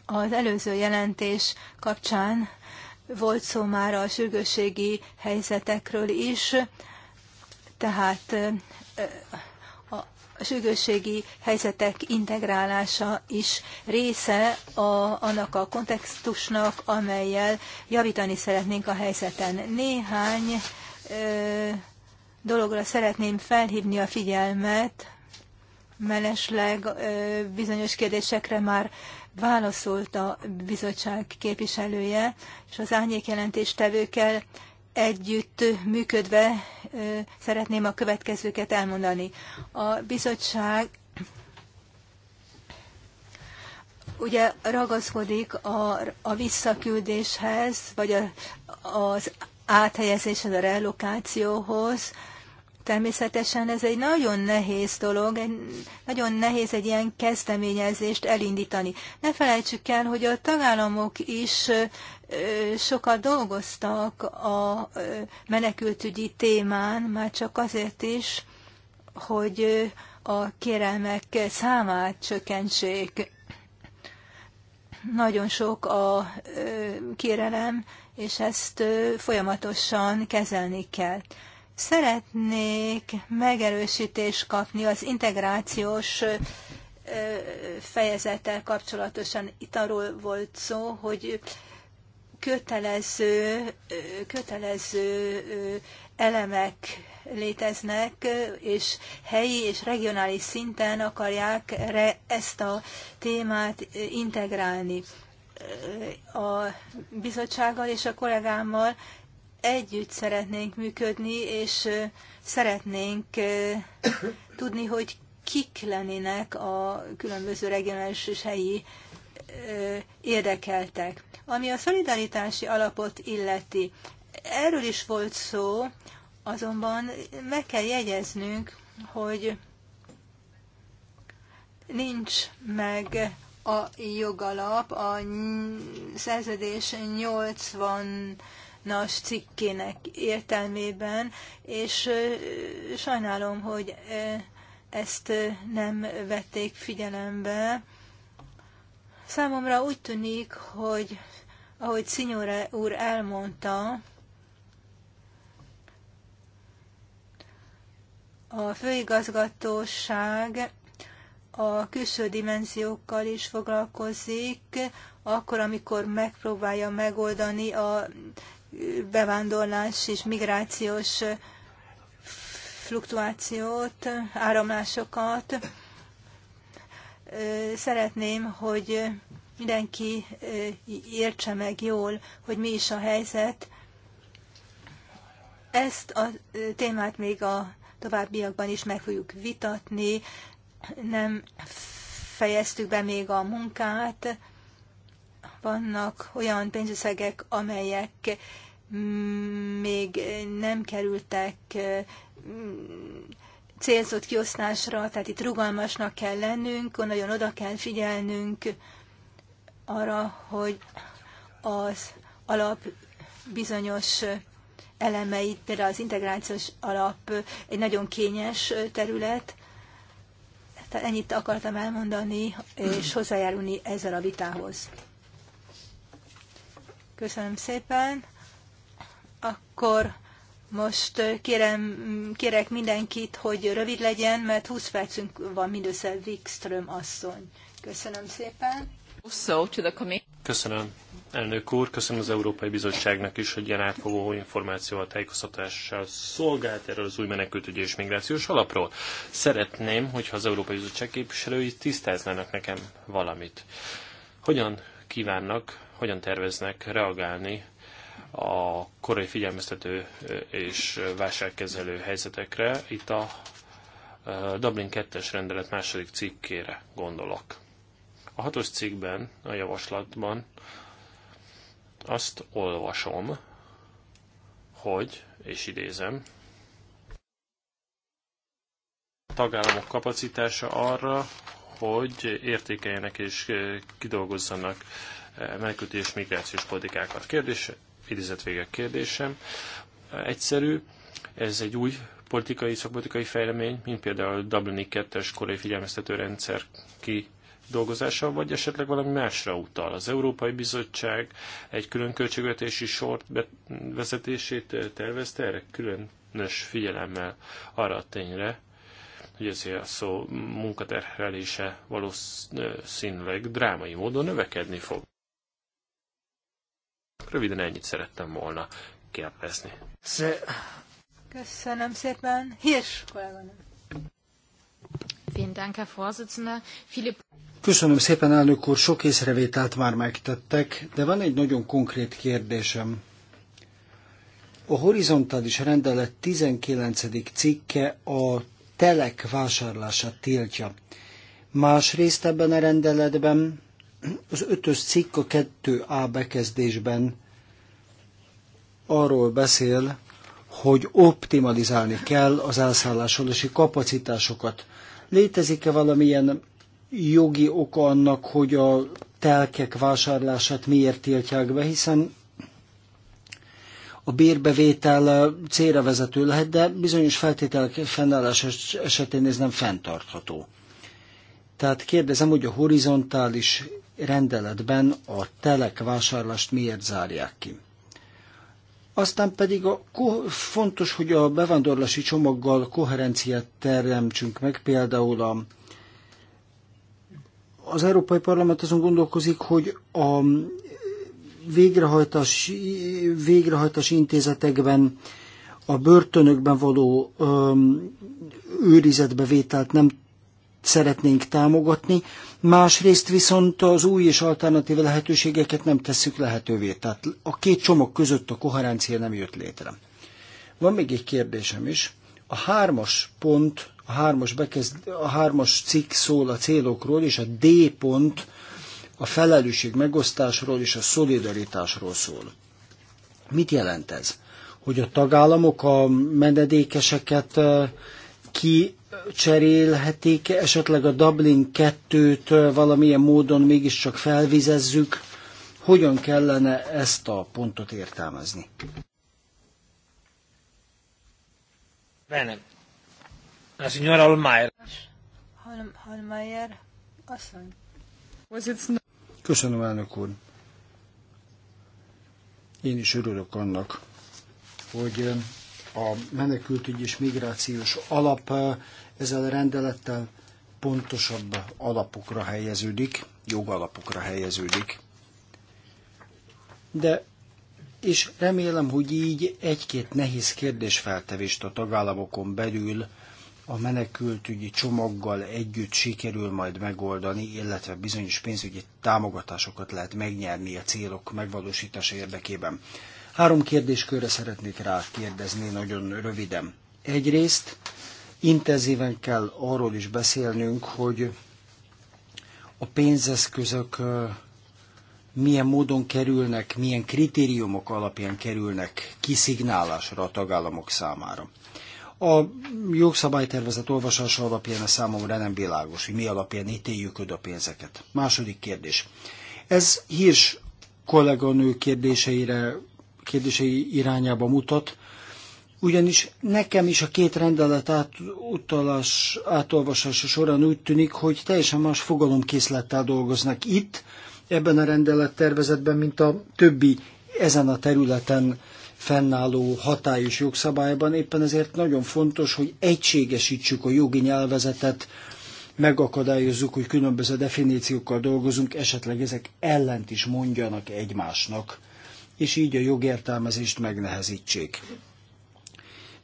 Az előző jelentés kapcsán volt szó már a sürgősségi helyzetekről is, tehát a sürgősségi helyzetek integrálása is része a, annak a kontextusnak, amelyel javítani szeretnénk a helyzeten. Néhány ö, dologra szeretném felhívni a figyelmet, mellesleg bizonyos kérdésekre már válaszolt a bizottság képviselője, és az jelentéstevőkkel együtt működve szeretném a következőket elmondani. A bizottság ugye ragaszkodik a, a visszaküldéshez, vagy a, az áthelyezéshez, a relokációhoz, Természetesen ez egy nagyon nehéz dolog, egy, nagyon nehéz egy ilyen kezdeményezést elindítani. Ne felejtsük el, hogy a tagállamok is sokat dolgoztak a menekültügyi témán, már csak azért is, hogy a kérelmek számát csökkentsék. Nagyon sok a kérelem, és ezt folyamatosan kezelni kell. Szeretnék megerősítést kapni az integrációs fejezettel kapcsolatosan. Itt arról volt szó, hogy kötelező, kötelező elemek léteznek, és helyi és regionális szinten akarják ezt a témát integrálni. A bizottsággal és a kollégámmal együtt szeretnénk működni, és szeretnénk tudni, hogy kik lennének a különböző regionális és helyi érdekeltek. Ami a szolidaritási alapot illeti, erről is volt szó, azonban meg kell jegyeznünk, hogy nincs meg a jogalap, a szerződés 80 nas cikkének értelmében, és sajnálom, hogy ezt nem vették figyelembe. Számomra úgy tűnik, hogy ahogy Szinyóra úr elmondta, a főigazgatóság a külső dimenziókkal is foglalkozik, akkor, amikor megpróbálja megoldani a bevándorlás és migrációs fluktuációt, áramlásokat. Szeretném, hogy mindenki értse meg jól, hogy mi is a helyzet. Ezt a témát még a továbbiakban is meg fogjuk vitatni. Nem fejeztük be még a munkát, vannak olyan pénzösszegek, amelyek mm, még nem kerültek mm, célzott kiosztásra, tehát itt rugalmasnak kell lennünk, nagyon oda kell figyelnünk arra, hogy az alap bizonyos elemeit, például az integrációs alap egy nagyon kényes terület, tehát ennyit akartam elmondani és hozzájárulni ezzel a vitához. Köszönöm szépen. Akkor most kérem, kérek mindenkit, hogy rövid legyen, mert 20 percünk van mindössze Wikström asszony. Köszönöm szépen. Köszönöm, elnök úr, köszönöm az Európai Bizottságnak is, hogy ilyen átfogó információval, tájékoztatással szolgált erről az új menekültügyi és migrációs alapról. Szeretném, hogyha az Európai Bizottság képviselői tisztáznának nekem valamit. Hogyan kívánnak hogyan terveznek reagálni a korai figyelmeztető és válságkezelő helyzetekre. Itt a Dublin 2-es rendelet második cikkére gondolok. A hatos cikkben, a javaslatban azt olvasom, hogy, és idézem, a tagállamok kapacitása arra, hogy értékeljenek és kidolgozzanak menekülti és migrációs politikákat. Kérdés, idézett végek kérdésem, egyszerű, ez egy új politikai, szakpolitikai fejlemény, mint például a Dublini 2-es korai figyelmeztető rendszer ki dolgozása, vagy esetleg valami másra utal. Az Európai Bizottság egy külön költségvetési sort vezetését tervezte erre különös figyelemmel arra a tényre, hogy ezért a szó munkaterhelése valószínűleg drámai módon növekedni fog. Röviden ennyit szerettem volna kérdezni. Köszönöm szépen. Hirs kolléganő. Köszönöm szépen, elnök úr. Sok észrevételt már megtettek, de van egy nagyon konkrét kérdésem. A horizontális rendelet 19. cikke a telek vásárlását tiltja. Másrészt ebben a rendeletben az ötös cikk a 2A bekezdésben arról beszél, hogy optimalizálni kell az elszállásolási kapacitásokat. Létezik-e valamilyen jogi oka annak, hogy a telkek vásárlását miért tiltják be, hiszen a bérbevétel célra vezető lehet, de bizonyos feltételek fennállás esetén ez nem fenntartható. Tehát kérdezem, hogy a horizontális rendeletben a telek vásárlást miért zárják ki. Aztán pedig a, fontos, hogy a bevándorlási csomaggal koherenciát teremtsünk meg, például a, az Európai Parlament azon gondolkozik, hogy a végrehajtás, végrehajtási intézetekben, a börtönökben való öm, őrizetbevételt nem szeretnénk támogatni, másrészt viszont az új és alternatív lehetőségeket nem tesszük lehetővé. Tehát a két csomag között a koherencia nem jött létre. Van még egy kérdésem is. A hármas pont, a hármas, bekezd, a hármas cikk szól a célokról, és a D pont a felelősség megosztásról és a szolidaritásról szól. Mit jelent ez? Hogy a tagállamok a menedékeseket eh, ki cserélhetik, esetleg a Dublin 2-t valamilyen módon mégiscsak felvizezzük. Hogyan kellene ezt a pontot értelmezni? Bene. La signora Olmaier. Holmeier asszony. Köszönöm, elnök úr. Én is örülök annak, hogy a menekültügy és migrációs alap ezzel a rendelettel pontosabb alapokra helyeződik, jogalapokra helyeződik. De és remélem, hogy így egy-két nehéz kérdésfeltevést a tagállamokon belül a menekültügyi csomaggal együtt sikerül majd megoldani, illetve bizonyos pénzügyi támogatásokat lehet megnyerni a célok megvalósítása érdekében. Három kérdéskörre szeretnék rá kérdezni nagyon röviden. Egyrészt Intenzíven kell arról is beszélnünk, hogy a pénzeszközök milyen módon kerülnek, milyen kritériumok alapján kerülnek kiszignálásra a tagállamok számára. A jogszabálytervezet olvasása alapján a számomra nem világos, hogy mi alapján ítéljük oda a pénzeket. Második kérdés. Ez Hírs kolléganő kérdéseire, kérdései irányába mutat ugyanis nekem is a két rendelet át, utalás, átolvasása során úgy tűnik, hogy teljesen más fogalomkészlettel dolgoznak itt, ebben a rendelettervezetben, mint a többi ezen a területen fennálló hatályos jogszabályban. Éppen ezért nagyon fontos, hogy egységesítsük a jogi nyelvezetet, megakadályozzuk, hogy különböző definíciókkal dolgozunk, esetleg ezek ellent is mondjanak egymásnak, és így a jogértelmezést megnehezítsék.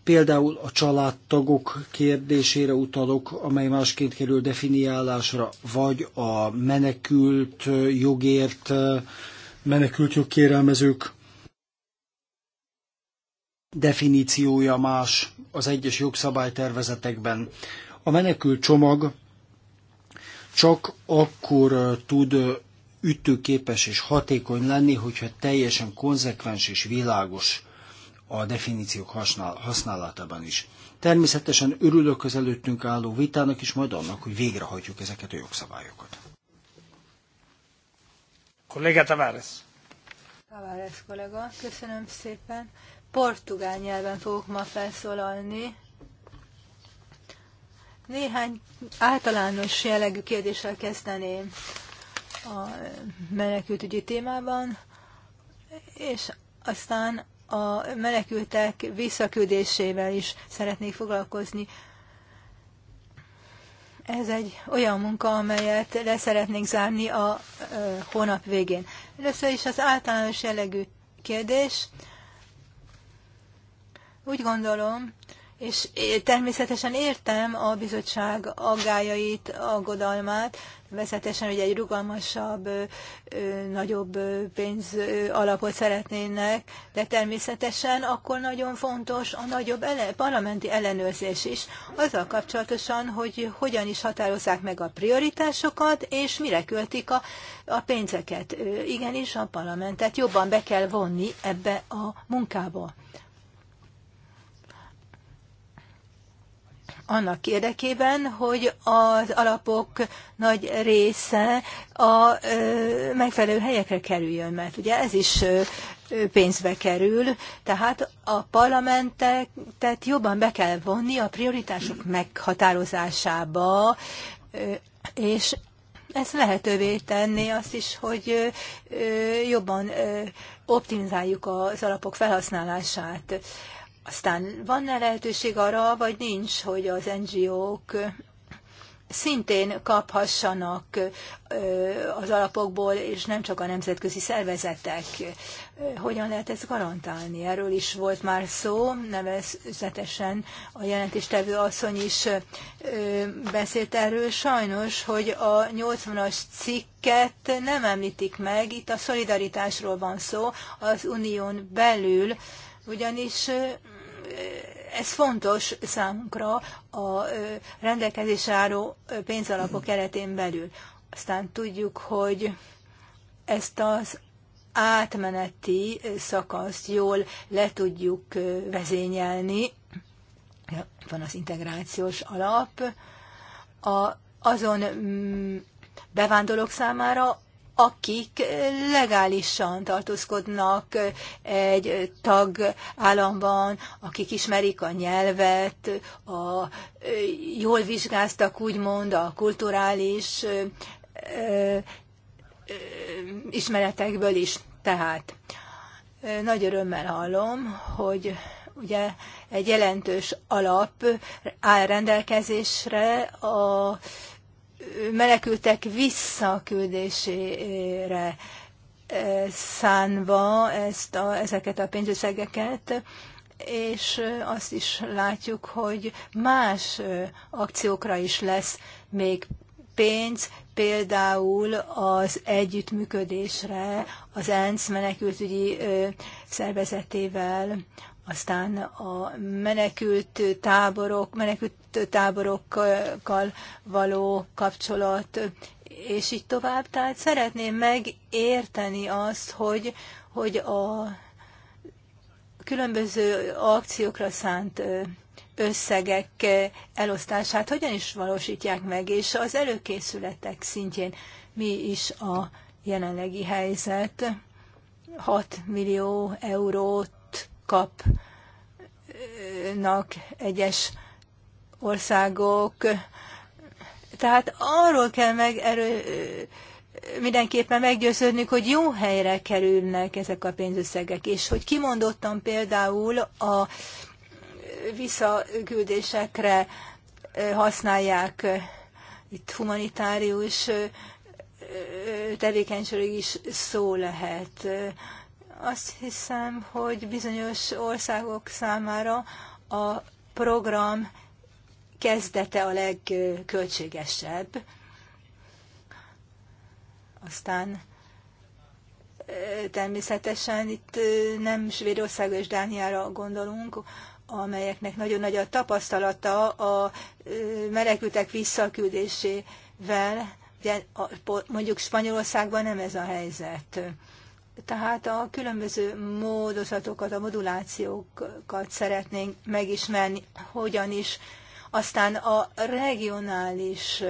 Például a családtagok kérdésére utalok, amely másként kerül definiálásra, vagy a menekült jogért, menekült jogkérelmezők definíciója más az egyes jogszabálytervezetekben. A menekült csomag csak akkor tud ütőképes és hatékony lenni, hogyha teljesen konzekvens és világos a definíciók használatában is. Természetesen örülök az előttünk álló vitának, is majd annak, hogy végrehajtjuk ezeket a jogszabályokat. Kollega Tavares. Tavares kollega, köszönöm szépen. Portugál nyelven fogok ma felszólalni. Néhány általános jellegű kérdéssel kezdeném a menekültügyi témában, és aztán a menekültek visszaküldésével is szeretnék foglalkozni. Ez egy olyan munka, amelyet le szeretnénk zárni a hónap végén. Először is az általános jellegű kérdés. Úgy gondolom, és természetesen értem a bizottság aggájait, aggodalmát, természetesen hogy egy rugalmasabb, nagyobb pénz alapot szeretnének, de természetesen akkor nagyon fontos a nagyobb ele- parlamenti ellenőrzés is, azzal kapcsolatosan, hogy hogyan is határozzák meg a prioritásokat, és mire költik a, a pénzeket. Igenis, a parlamentet jobban be kell vonni ebbe a munkába. annak érdekében, hogy az alapok nagy része a megfelelő helyekre kerüljön, mert ugye ez is pénzbe kerül, tehát a parlamentet jobban be kell vonni a prioritások meghatározásába, és ez lehetővé tenni azt is, hogy jobban optimizáljuk az alapok felhasználását. Aztán van-e lehetőség arra, vagy nincs, hogy az NGO-k szintén kaphassanak az alapokból, és nem csak a nemzetközi szervezetek. Hogyan lehet ezt garantálni? Erről is volt már szó, nevezetesen a jelentéstevő asszony is beszélt erről. Sajnos, hogy a 80-as cikket nem említik meg, itt a szolidaritásról van szó az unión belül, ugyanis ez fontos számunkra a rendelkezésre álló pénzalapok keretén belül. Aztán tudjuk, hogy ezt az átmeneti szakaszt jól le tudjuk vezényelni. Van az integrációs alap, a, azon mm, bevándorlók számára, akik legálisan tartózkodnak egy tag akik ismerik a nyelvet, a, jól vizsgáztak úgymond a kulturális ismeretekből is. Tehát nagy örömmel hallom, hogy ugye egy jelentős alap áll rendelkezésre a menekültek visszaküldésére eh, szánva ezt a, ezeket a pénzösszegeket, és eh, azt is látjuk, hogy más eh, akciókra is lesz még pénz, például az együttműködésre az ENSZ menekültügyi szervezetével, aztán a menekült táborok, menekült táborokkal való kapcsolat, és így tovább. Tehát szeretném megérteni azt, hogy, hogy a különböző akciókra szánt összegek elosztását hogyan is valósítják meg, és az előkészületek szintjén mi is a jelenlegi helyzet. 6 millió eurót kapnak egyes országok. Tehát arról kell meg erő, mindenképpen meggyőződnünk, hogy jó helyre kerülnek ezek a pénzösszegek, és hogy kimondottan például a visszaküldésekre használják itt humanitárius tevékenység is szó lehet. Azt hiszem, hogy bizonyos országok számára a program kezdete a legköltségesebb, aztán természetesen itt nem Svédország és Dániára gondolunk, amelyeknek nagyon nagy a tapasztalata a menekültek visszaküldésével, mondjuk Spanyolországban nem ez a helyzet. Tehát a különböző módozatokat, a modulációkat szeretnénk megismerni, hogyan is, aztán a regionális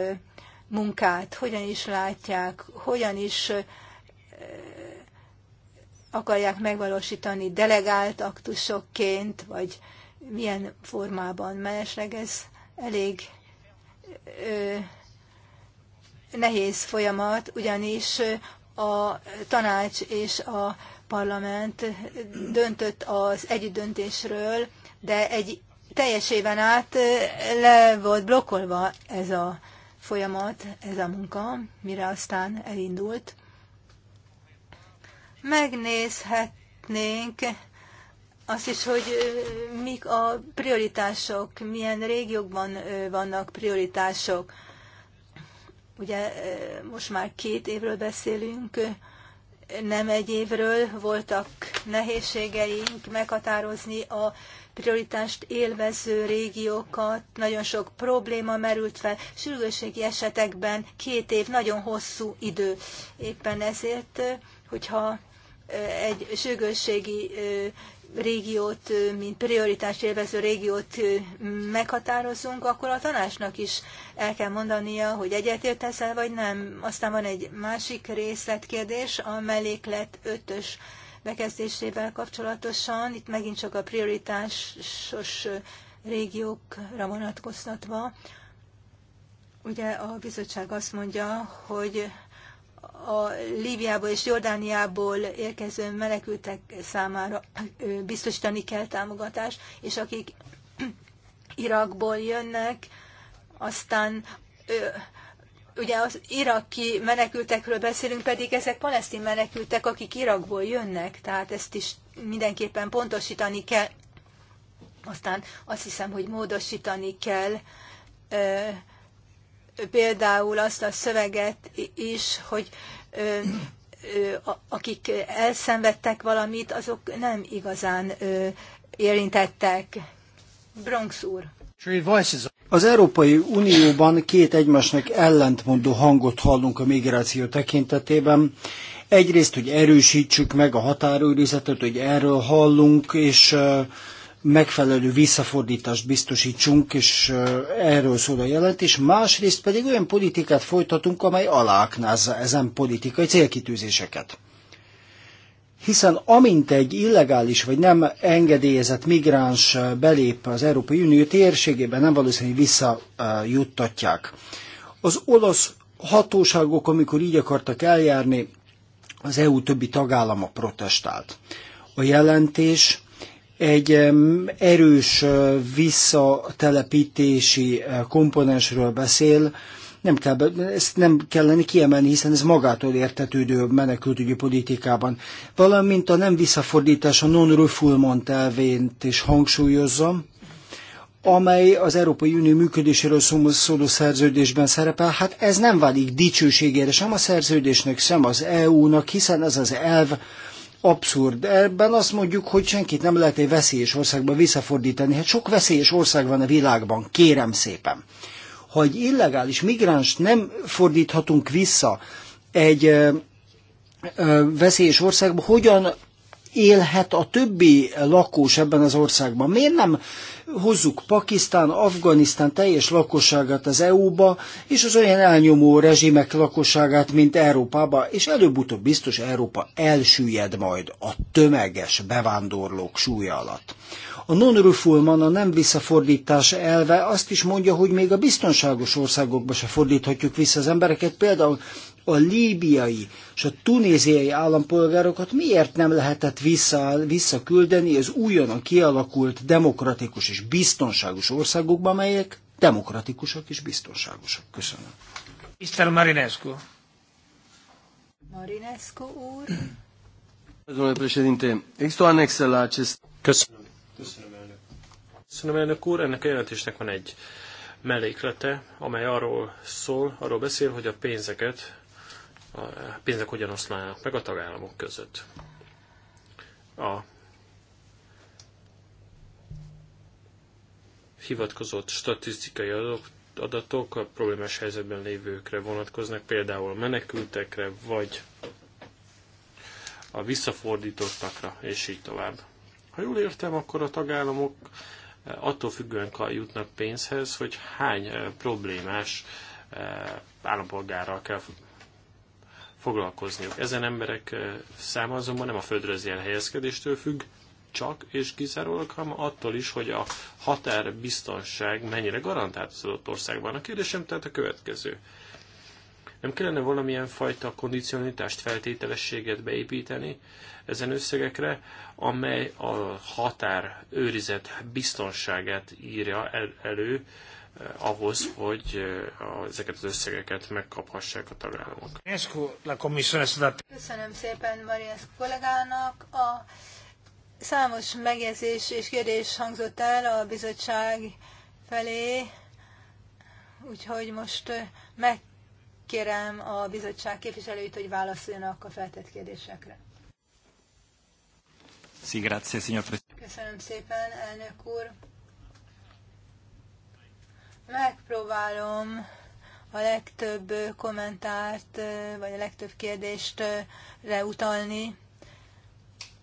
munkát hogyan is látják, hogyan is akarják megvalósítani delegált aktusokként, vagy milyen formában mellesleg ez elég ö, nehéz folyamat, ugyanis a tanács és a parlament döntött az döntésről, de egy teljesében át le volt blokkolva ez a folyamat, ez a munka, mire aztán elindult. Megnézhetnénk azt is, hogy mik a prioritások, milyen régiókban vannak prioritások. Ugye most már két évről beszélünk, nem egy évről voltak nehézségeink meghatározni a prioritást élvező régiókat, nagyon sok probléma merült fel, sürgőségi esetekben két év nagyon hosszú idő. Éppen ezért, hogyha egy sürgősségi régiót, mint prioritás élvező régiót meghatározunk, akkor a tanácsnak is el kell mondania, hogy egyetért ezzel, vagy nem. Aztán van egy másik részletkérdés, a melléklet ötös bekezdésével kapcsolatosan, itt megint csak a prioritásos régiókra vonatkoztatva. Ugye a bizottság azt mondja, hogy a Líbiából és Jordániából érkező menekültek számára biztosítani kell támogatást, és akik Irakból jönnek, aztán ugye az iraki menekültekről beszélünk, pedig ezek palesztin menekültek, akik Irakból jönnek, tehát ezt is mindenképpen pontosítani kell. Aztán azt hiszem, hogy módosítani kell például azt a szöveget is, hogy akik elszenvedtek valamit, azok nem igazán érintettek. Bronx úr. Az Európai Unióban két egymásnak ellentmondó hangot hallunk a migráció tekintetében. Egyrészt, hogy erősítsük meg a határőrizetet, hogy erről hallunk, és megfelelő visszafordítást biztosítsunk, és erről szól a jelentés, másrészt pedig olyan politikát folytatunk, amely aláknázza ezen politikai célkitűzéseket. Hiszen amint egy illegális vagy nem engedélyezett migráns belép az Európai Unió térségében, nem valószínű, hogy visszajuttatják. Az olasz hatóságok, amikor így akartak eljárni, az EU többi tagállama protestált. A jelentés egy erős visszatelepítési komponensről beszél, nem kell, ezt nem kellene kiemelni, hiszen ez magától értetődő menekültügyi politikában. Valamint a nem visszafordítás, a non-refoulement elvént is hangsúlyozza, amely az Európai Unió működéséről szóló szerződésben szerepel, hát ez nem válik dicsőségére sem a szerződésnek, sem az EU-nak, hiszen ez az elv abszurd. Ebben azt mondjuk, hogy senkit nem lehet egy veszélyes országba visszafordítani. Hát sok veszélyes ország van a világban, kérem szépen. Ha egy illegális migráns nem fordíthatunk vissza egy ö, ö, veszélyes országba, hogyan élhet a többi lakós ebben az országban? Miért nem hozzuk Pakisztán, Afganisztán teljes lakosságát az EU-ba, és az olyan elnyomó rezsimek lakosságát, mint Európába, és előbb-utóbb biztos Európa elsüllyed majd a tömeges bevándorlók súlya alatt. A non-refoulement, a nem visszafordítás elve azt is mondja, hogy még a biztonságos országokba se fordíthatjuk vissza az embereket, például a líbiai és a tunéziai állampolgárokat miért nem lehetett vissza, visszaküldeni az újonnan kialakult demokratikus és biztonságos országokba, melyek demokratikusak és biztonságosak. Köszönöm. Mr. Marinescu. Marinescu úr. Köszönöm, președinte, există o Köszönöm. Köszönöm, elnök. Köszönöm, elnök úr. Ennek a jelentésnek van egy melléklete, amely arról szól, arról beszél, hogy a pénzeket a pénzek hogyan oszlanak meg a tagállamok között. A hivatkozott statisztikai adatok a problémás helyzetben lévőkre vonatkoznak, például a menekültekre, vagy a visszafordítottakra, és így tovább. Ha jól értem, akkor a tagállamok eh, attól függően jutnak pénzhez, hogy hány eh, problémás eh, állampolgárral kell foglalkozniuk. Ezen emberek eh, száma azonban nem a földrajzi elhelyezkedéstől függ, csak és kizárólag, hanem attól is, hogy a határbiztonság mennyire garantált az adott országban. A kérdésem tehát a következő. Nem kellene valamilyen fajta kondicionitást feltételességet beépíteni ezen összegekre, amely a határ őrizet biztonságát írja el, elő, Eh, ahhoz, hogy eh, ezeket az összegeket megkaphassák a tagállamok. Köszönöm szépen Marias kollégának. A számos megjegyzés és kérdés hangzott el a bizottság felé, úgyhogy most eh, megkérem a bizottság képviselőit, hogy válaszoljanak a feltett kérdésekre. Köszönöm szépen, elnök úr. Megpróbálom a legtöbb kommentárt, vagy a legtöbb kérdést reutalni.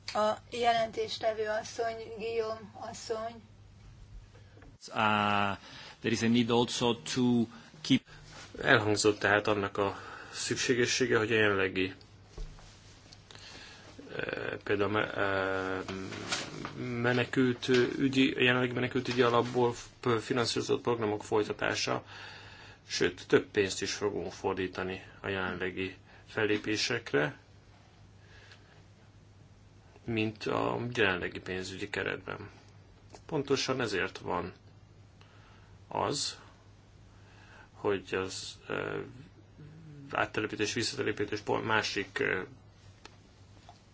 A jelentéstevő asszony, Guillaume asszony. Uh, there is a need also to keep... Elhangzott tehát annak a szükségessége, hogy a jelenlegi például menekült ügyi, jelenleg menekült ügyi alapból finanszírozott programok folytatása, sőt, több pénzt is fogunk fordítani a jelenlegi fellépésekre, mint a jelenlegi pénzügyi keretben. Pontosan ezért van az, hogy az áttelepítés, visszatelepítés másik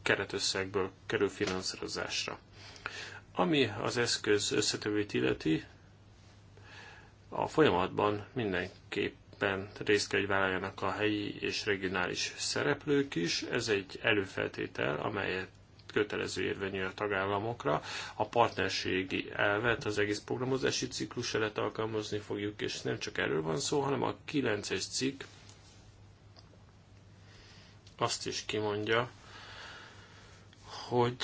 keretösszegből kerül finanszírozásra. Ami az eszköz összetevőt illeti, a folyamatban mindenképpen részt kell, hogy vállaljanak a helyi és regionális szereplők is. Ez egy előfeltétel, amelyet kötelező érvényű a tagállamokra. A partnerségi elvet az egész programozási ciklus elett alkalmazni fogjuk, és nem csak erről van szó, hanem a 9-es cikk azt is kimondja, hogy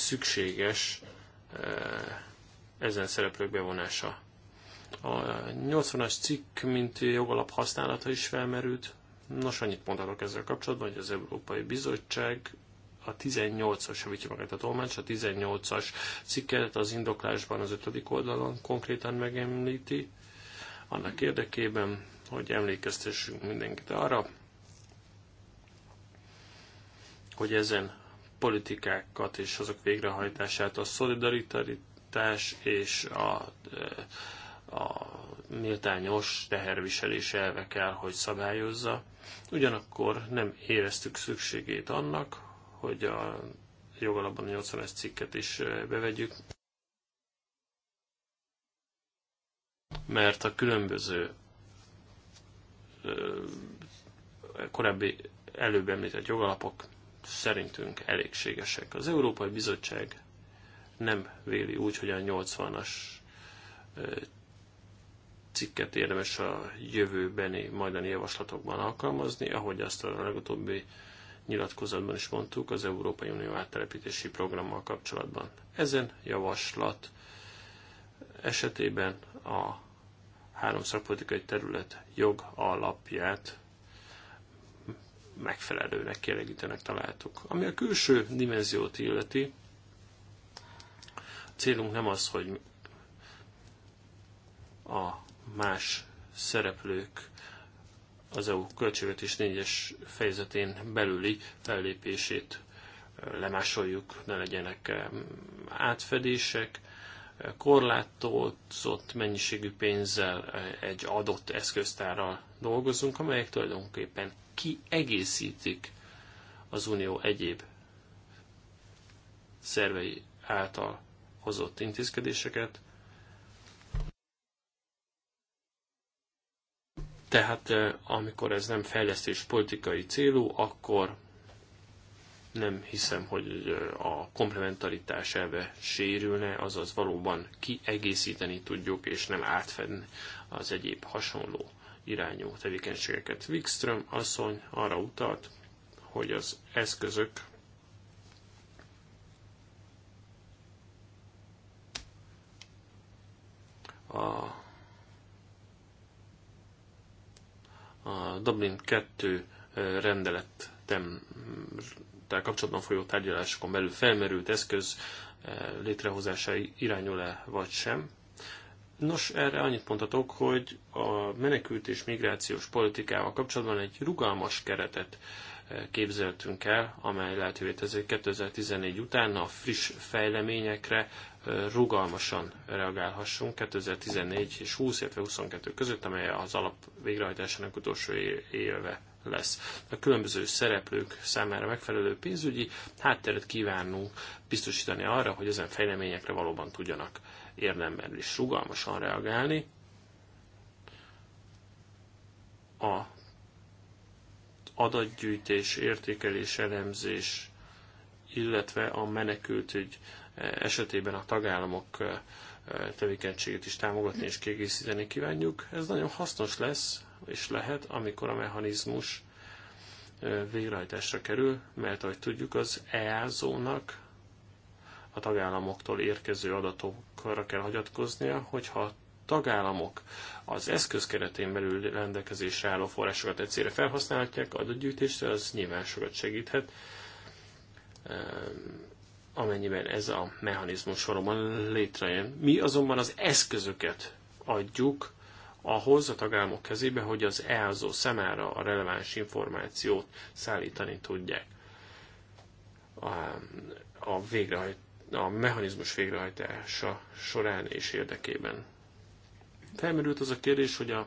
szükséges eh, ezen szereplők bevonása. A 80-as cikk, mint jogalap használata is felmerült. Nos, annyit mondhatok ezzel kapcsolatban, hogy az Európai Bizottság a 18-as, javítja magát a tolmács, a 18-as cikket az indoklásban az ötödik oldalon konkrétan megemlíti, annak érdekében, hogy emlékeztessünk mindenkit arra, hogy ezen politikákat és azok végrehajtását, a szolidaritás és a, eh, a méltányos teherviselés elve kell, hogy szabályozza. Ugyanakkor nem éreztük szükségét annak, hogy a jogalapban a 80-es cikket is eh, bevegyük, mert a különböző eh, korábbi előbb említett jogalapok szerintünk elégségesek. Az Európai Bizottság nem véli úgy, hogy a 80-as cikket érdemes a jövőbeni majdani javaslatokban alkalmazni, ahogy azt a legutóbbi nyilatkozatban is mondtuk az Európai Unió áttelepítési programmal kapcsolatban. Ezen javaslat esetében a három szakpolitikai terület jog alapját megfelelőnek, kielégítőnek találtuk. Ami a külső dimenziót illeti, a célunk nem az, hogy a más szereplők az EU költségvetés négyes fejezetén belüli fellépését lemásoljuk, ne legyenek átfedések, korlátozott mennyiségű pénzzel egy adott eszköztárral dolgozunk, amelyek tulajdonképpen kiegészítik az unió egyéb szervei által hozott intézkedéseket. Tehát eh, amikor ez nem fejlesztés politikai célú, akkor nem hiszem, hogy eh, a komplementaritás elve sérülne, azaz valóban kiegészíteni tudjuk, és nem átfedni az egyéb hasonló irányú tevékenységeket. Wikström asszony arra utalt, hogy az eszközök a, a Dublin 2 tehát kapcsolatban folyó tárgyalásokon belül felmerült eszköz létrehozásai irányul-e vagy sem. Nos, erre annyit mondhatok, hogy a menekült és migrációs politikával kapcsolatban egy rugalmas keretet eh, képzeltünk el, amely lehetővé teszi 2014 után a friss fejleményekre eh, rugalmasan reagálhassunk 2014 és 20, illetve 22 között, amely az alap végrehajtásának utolsó éve lesz. A különböző szereplők számára megfelelő pénzügyi hátteret kívánunk biztosítani arra, hogy ezen fejleményekre valóban tudjanak érdemben is rugalmasan reagálni. A adatgyűjtés, értékelés, elemzés, illetve a ügy eh, esetében a tagállamok eh, eh, tevékenységét is támogatni és kiegészíteni kívánjuk. Ez nagyon hasznos lesz, és lehet, amikor a mechanizmus végrehajtásra kerül, mert ahogy tudjuk, az EASO-nak a tagállamoktól érkező adatokra kell hagyatkoznia, hogyha tagállamok az eszköz keretén belül rendelkezésre álló forrásokat egyszerre felhasználhatják adatgyűjtésre, az nyilván sokat segíthet ehm, amennyiben ez a mechanizmus soromban létrejön. Mi azonban az eszközöket adjuk ahhoz a tagállamok kezébe, hogy az elzó szemára a releváns információt szállítani tudják. A, ehm, a végrehajt a mechanizmus végrehajtása során és érdekében. Felmerült az a kérdés, hogy a,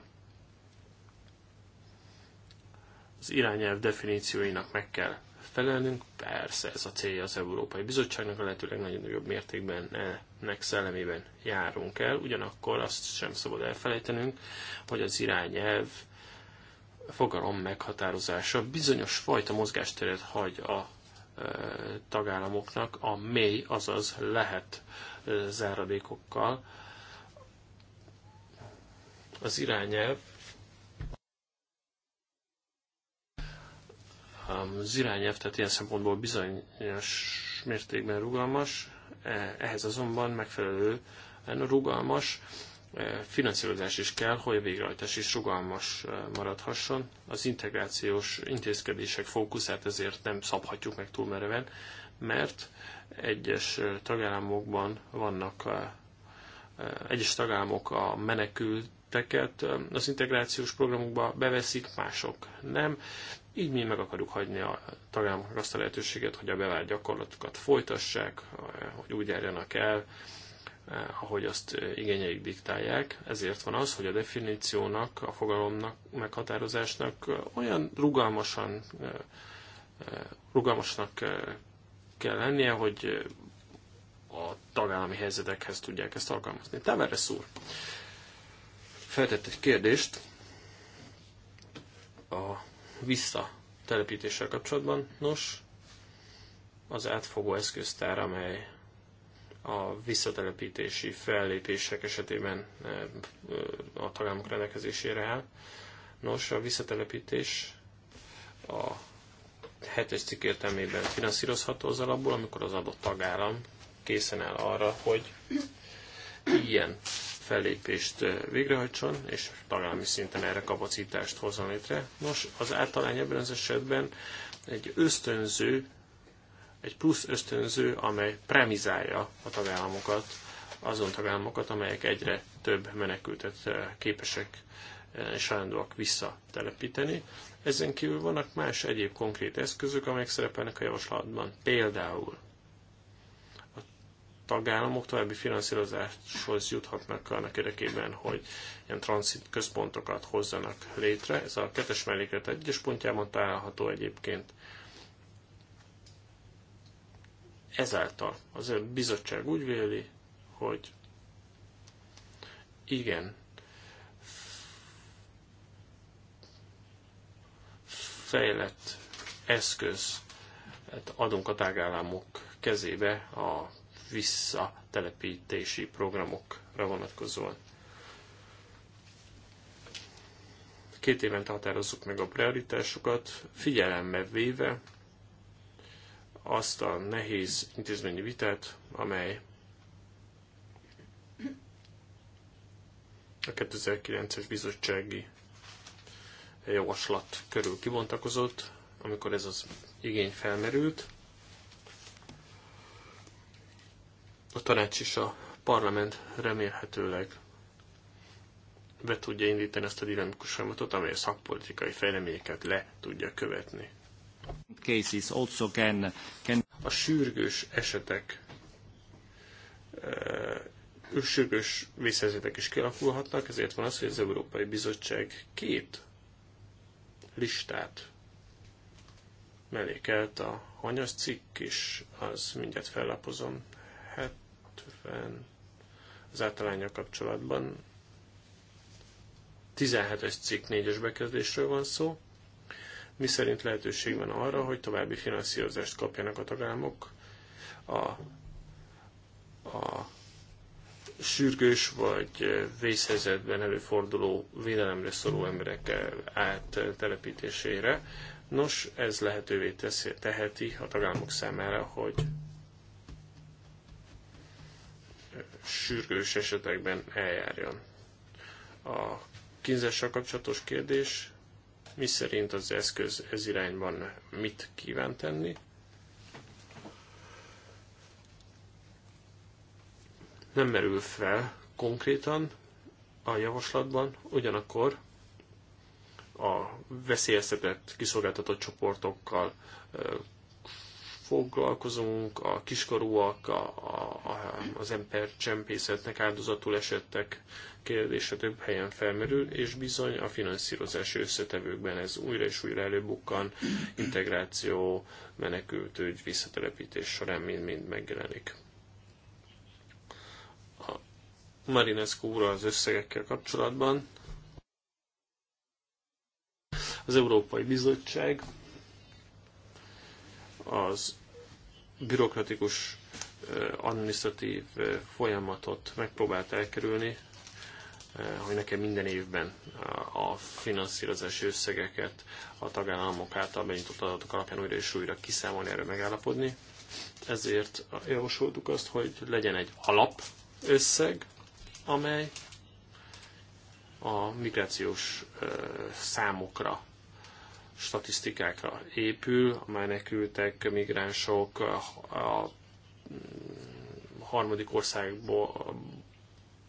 az irányelv definícióinak meg kell felelnünk. Persze ez a célja az Európai Bizottságnak, a lehető legnagyobb mértékben ennek szellemében járunk el. Ugyanakkor azt sem szabad elfelejtenünk, hogy az irányelv fogalom meghatározása bizonyos fajta mozgásteret hagy a tagállamoknak a mély, azaz lehet záradékokkal. Az irányelv az irányelv, tehát ilyen szempontból bizonyos mértékben rugalmas, e, ehhez azonban megfelelően rugalmas finanszírozás is kell, hogy a végrehajtás is rugalmas maradhasson. Az integrációs intézkedések fókuszát ezért nem szabhatjuk meg túl mereven, mert egyes tagállamokban vannak egyes tagállamok a menekülteket az integrációs programokba beveszik, mások nem. Így mi meg akarjuk hagyni a tagállamoknak azt a lehetőséget, hogy a bevált gyakorlatokat folytassák, hogy úgy járjanak el, Eh, ahogy azt eh, igényeik diktálják. Ezért van az, hogy a definíciónak, a fogalomnak, meghatározásnak eh, olyan rugalmasan, rugalmasnak kell lennie, hogy a tagállami helyzetekhez tudják ezt alkalmazni. Tevere szúr. Feltett egy kérdést a visszatelepítéssel kapcsolatban. Nos, az átfogó eszköztár, amely a visszatelepítési fellépések esetében eh, eh, a tagállamok rendelkezésére áll. Nos, a visszatelepítés a hetes cikk értelmében finanszírozható az alapból, amikor az adott tagállam készen áll arra, hogy ilyen fellépést eh, végrehajtson, és tagállami szinten erre kapacitást hozzon létre. Nos, az általány ebben az esetben egy ösztönző egy plusz ösztönző, amely premizálja a tagállamokat, azon tagállamokat, amelyek egyre több menekültet eh, képesek és eh, hajlandóak visszatelepíteni. Ezen kívül vannak más egyéb konkrét eszközök, amelyek szerepelnek a javaslatban. Például a tagállamok további finanszírozáshoz juthatnak annak érdekében, hogy ilyen transzit központokat hozzanak létre. Ez a kettes melléklet egyes pontjában található egyébként. Ezáltal az bizottság úgy véli, hogy igen, fejlett eszköz adunk a tágállamok kezébe a visszatelepítési programokra vonatkozóan. Két évente határozzuk meg a prioritásokat, figyelembe véve azt a nehéz intézményi vitát, amely a 2009-es bizottsági javaslat körül kibontakozott, amikor ez az igény felmerült. A tanács és a parlament remélhetőleg be tudja indítani ezt a dinamikus folyamatot, amely a szakpolitikai fejleményeket le tudja követni cases also can, can... A sürgős esetek eh, sürgős vészhelyzetek is kialakulhatnak, ezért van az, hogy az Európai Bizottság két listát mellékelt a hanyas cikk is, az mindjárt fellapozom, 70 az általánya kapcsolatban 17-es cikk 4-es bekezdésről van szó, szerint lehetőség van arra, hogy további finanszírozást kapjanak a tagállamok a, a sürgős vagy vészhelyzetben előforduló védelemre szoruló emberek áttelepítésére. Nos, ez lehetővé teszi, teheti a tagállamok számára, hogy sürgős esetekben eljárjon. A kínzással kapcsolatos kérdés mi szerint az eszköz ez irányban mit kíván tenni. Nem merül fel konkrétan a javaslatban, ugyanakkor a veszélyeztetett, kiszolgáltatott csoportokkal foglalkozunk, a kiskorúak, a, a, az csempészetnek áldozatul esettek kérdése több helyen felmerül, és bizony a finanszírozási összetevőkben ez újra és újra előbukkan, integráció, menekültügy, visszatelepítés során mind-mind megjelenik. A Marinescu úr az összegekkel kapcsolatban az Európai Bizottság az bürokratikus administratív folyamatot megpróbált elkerülni, hogy nekem minden évben a finanszírozási összegeket a tagállamok által benyitott adatok alapján újra és újra kiszámolni, erről megállapodni. Ezért javasoltuk azt, hogy legyen egy alap összeg, amely a migrációs számokra statisztikákra épül, a menekültek, migránsok, a harmadik országból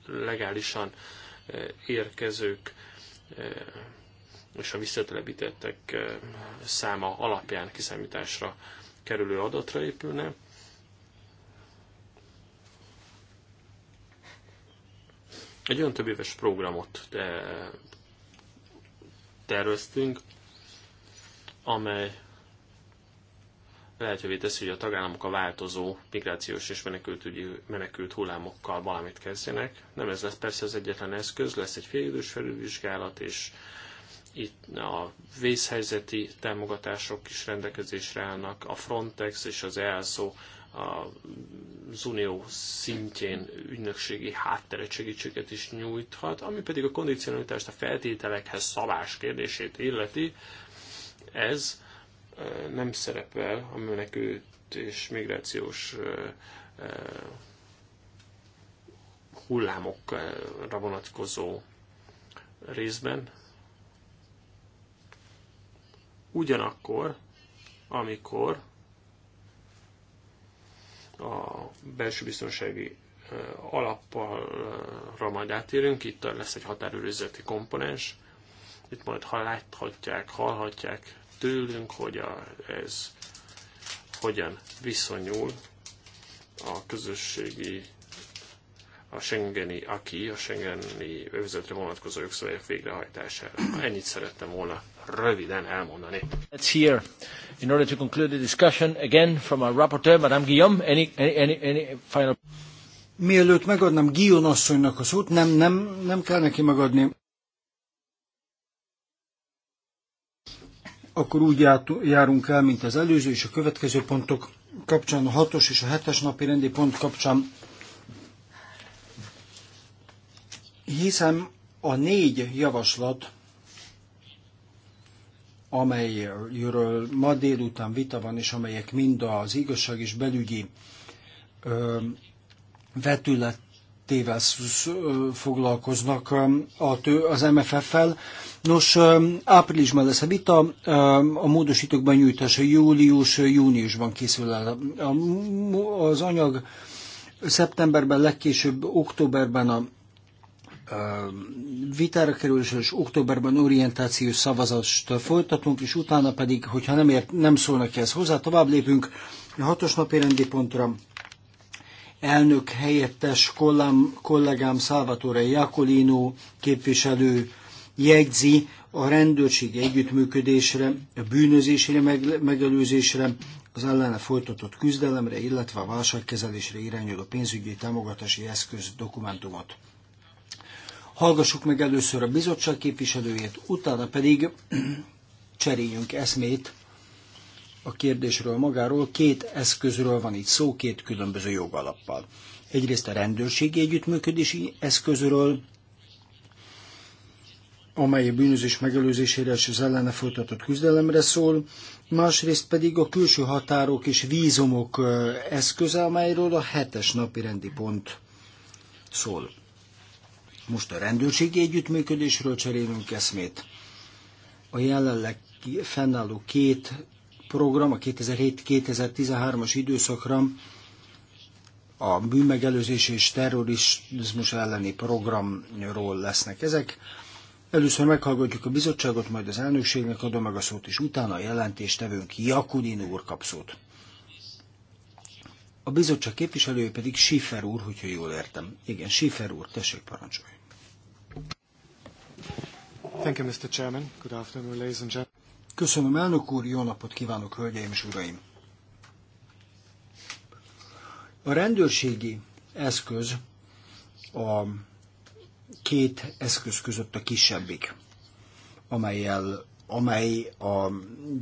legálisan e, érkezők e, és a visszatelepítettek e, száma alapján kiszámításra kerülő adatra épülne. Egy olyan több éves programot terveztünk, amely lehetővé teszi, hogy a tagállamok a változó migrációs és menekültügyi, menekült hullámokkal valamit kezdjenek. Nem ez lesz persze az egyetlen eszköz, lesz egy félidős felülvizsgálat, és itt a vészhelyzeti támogatások is rendelkezésre állnak, a Frontex és az ELSO az unió szintjén ügynökségi hátteret segítséget is nyújthat, ami pedig a kondicionalitást a feltételekhez szabás kérdését illeti, ez nem szerepel a menekült és migrációs hullámokra vonatkozó részben. Ugyanakkor, amikor a belső biztonsági alappalra majd átérünk, itt lesz egy határőrizeti komponens, itt majd ha láthatják, hallhatják tőlünk, hogy a, ez hogyan viszonyul a közösségi, a Schengeni aki, a Schengeni övezetre vonatkozó jogszabályok végrehajtására. Ennyit szerettem volna röviden elmondani. Let's hear, in order to conclude the discussion, again from our rapporteur, Madame Guillaume, any, any, any, any final... Mielőtt megadnám Guillaume asszonynak a szót, nem, nem, nem kell neki megadni akkor úgy járunk el, mint az előző és a következő pontok kapcsán, a hatos és a hetes napi rendi pont kapcsán, hiszen a négy javaslat, amelyről ma délután vita van, és amelyek mind az igazság és belügyi ö, vetület tével foglalkoznak az MFF-fel. Nos, áprilisban lesz a vita, a módosítók benyújtása július-júniusban készül el az anyag. Szeptemberben, legkésőbb októberben a vitára kerül, és októberben orientációs szavazást folytatunk, és utána pedig, hogyha nem, ért, nem szólnak ehhez hozzá, tovább lépünk a hatos napi rendi pontra, elnök helyettes kollám, kollégám Salvatore Jakolino képviselő jegyzi a rendőrség együttműködésre, a bűnözésre megelőzésre, az ellene folytatott küzdelemre, illetve a válságkezelésre irányuló pénzügyi támogatási eszköz dokumentumot. Hallgassuk meg először a bizottság képviselőjét, utána pedig cseréljünk eszmét a kérdésről magáról. Két eszközről van itt szó, két különböző jogalappal. Egyrészt a rendőrségi együttműködési eszközről, amely a bűnözés megelőzésére és az ellene folytatott küzdelemre szól, másrészt pedig a külső határok és vízumok eszköze, amelyről a hetes napi rendi pont szól. Most a rendőrségi együttműködésről cserélünk eszmét. A jelenleg fennálló két program a 2007-2013-as időszakra a bűnmegelőzés és terrorizmus elleni programról lesznek ezek. Először meghallgatjuk a bizottságot, majd az elnökségnek adom meg a szót, és utána a jelentéstevőnk Jakudin úr kap szót. A bizottság képviselője pedig Schiffer úr, hogyha jól értem. Igen, Schiffer úr, tessék parancsolj. Thank you, Mr. Chairman. Good afternoon, ladies and gentlemen. Köszönöm, elnök úr, jó napot kívánok, hölgyeim és uraim! A rendőrségi eszköz a két eszköz között a kisebbik, amelyel, amely a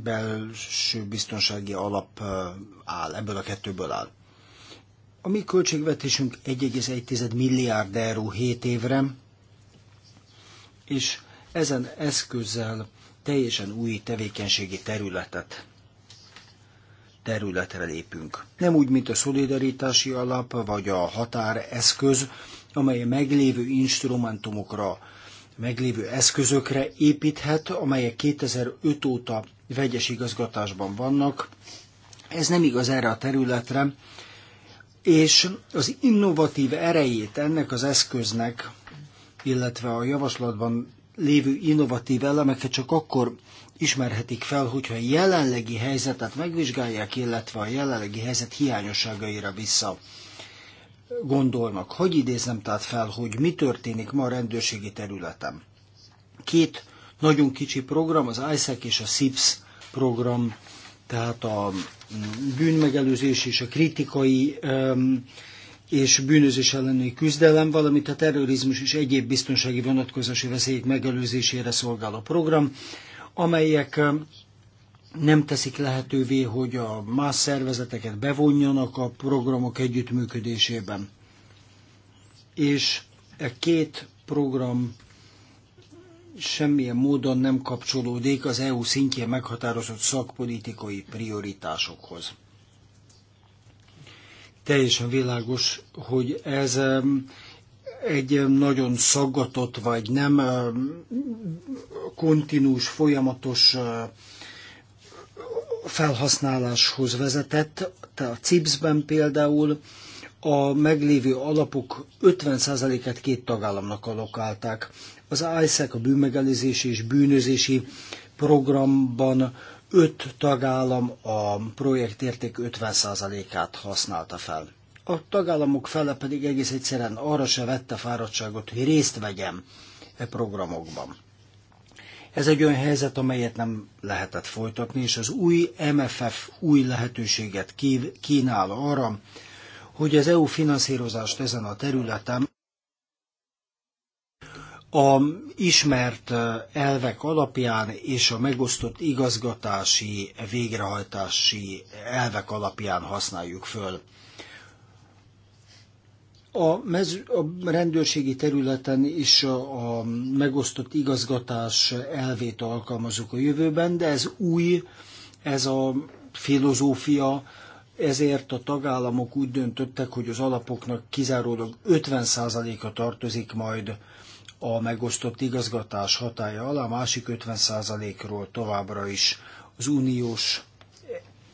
belső biztonsági alap áll, ebből a kettőből áll. A mi költségvetésünk 1,1 milliárd euró 7 évre, és ezen eszközzel teljesen új tevékenységi területet területre lépünk. Nem úgy, mint a szolidaritási alap vagy a határeszköz, amely a meglévő instrumentumokra, meglévő eszközökre építhet, amelyek 2005 óta vegyes igazgatásban vannak. Ez nem igaz erre a területre, és az innovatív erejét ennek az eszköznek, illetve a javaslatban lévő innovatív elemeket csak akkor ismerhetik fel, hogyha a jelenlegi helyzetet megvizsgálják, illetve a jelenlegi helyzet hiányosságaira vissza gondolnak. Hogy idézem tehát fel, hogy mi történik ma a rendőrségi területen? Két nagyon kicsi program, az ISEC és a SIPS program, tehát a mm, bűnmegelőzés és a kritikai um, és bűnözés elleni küzdelem, valamint a terrorizmus és egyéb biztonsági vonatkozási veszélyek megelőzésére szolgáló program, amelyek um, nem teszik lehetővé, hogy a más szervezeteket bevonjanak a programok együttműködésében. És e két program semmilyen módon nem kapcsolódik az EU szintjén meghatározott szakpolitikai prioritásokhoz. Teljesen világos, hogy ez egy nagyon szaggatott, vagy nem kontinús, folyamatos felhasználáshoz vezetett. Tehát a CIPS-ben például a meglévő alapok 50%-át két tagállamnak alokálták. Az ISEC, a bűnmegelőzési és bűnözési programban öt tagállam a projektérték 50%-át használta fel. A tagállamok fele pedig egész egyszerűen arra se vette fáradtságot, hogy részt vegyem e programokban. Ez egy olyan helyzet, amelyet nem lehetett folytatni, és az új MFF új lehetőséget kínál arra, hogy az EU finanszírozást ezen a területen a ismert elvek alapján és a megosztott igazgatási, végrehajtási elvek alapján használjuk föl. A, mező, a rendőrségi területen is a, a megosztott igazgatás elvét alkalmazunk a jövőben, de ez új, ez a filozófia, ezért a tagállamok úgy döntöttek, hogy az alapoknak kizárólag 50%-a tartozik majd a megosztott igazgatás hatája alá, másik 50%-ról továbbra is az uniós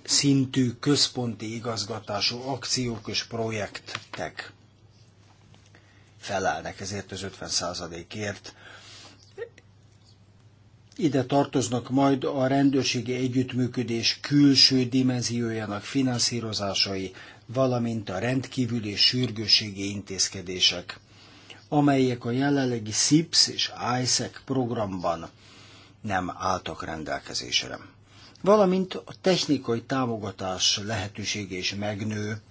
szintű központi igazgatású akciók és projektek felelnek ezért az 50%-ért. Ide tartoznak majd a rendőrségi együttműködés külső dimenziójának finanszírozásai, valamint a rendkívüli sürgősségi intézkedések amelyek a jelenlegi SIPS és ISEC programban nem álltak rendelkezésre. Valamint a technikai támogatás lehetősége is megnő,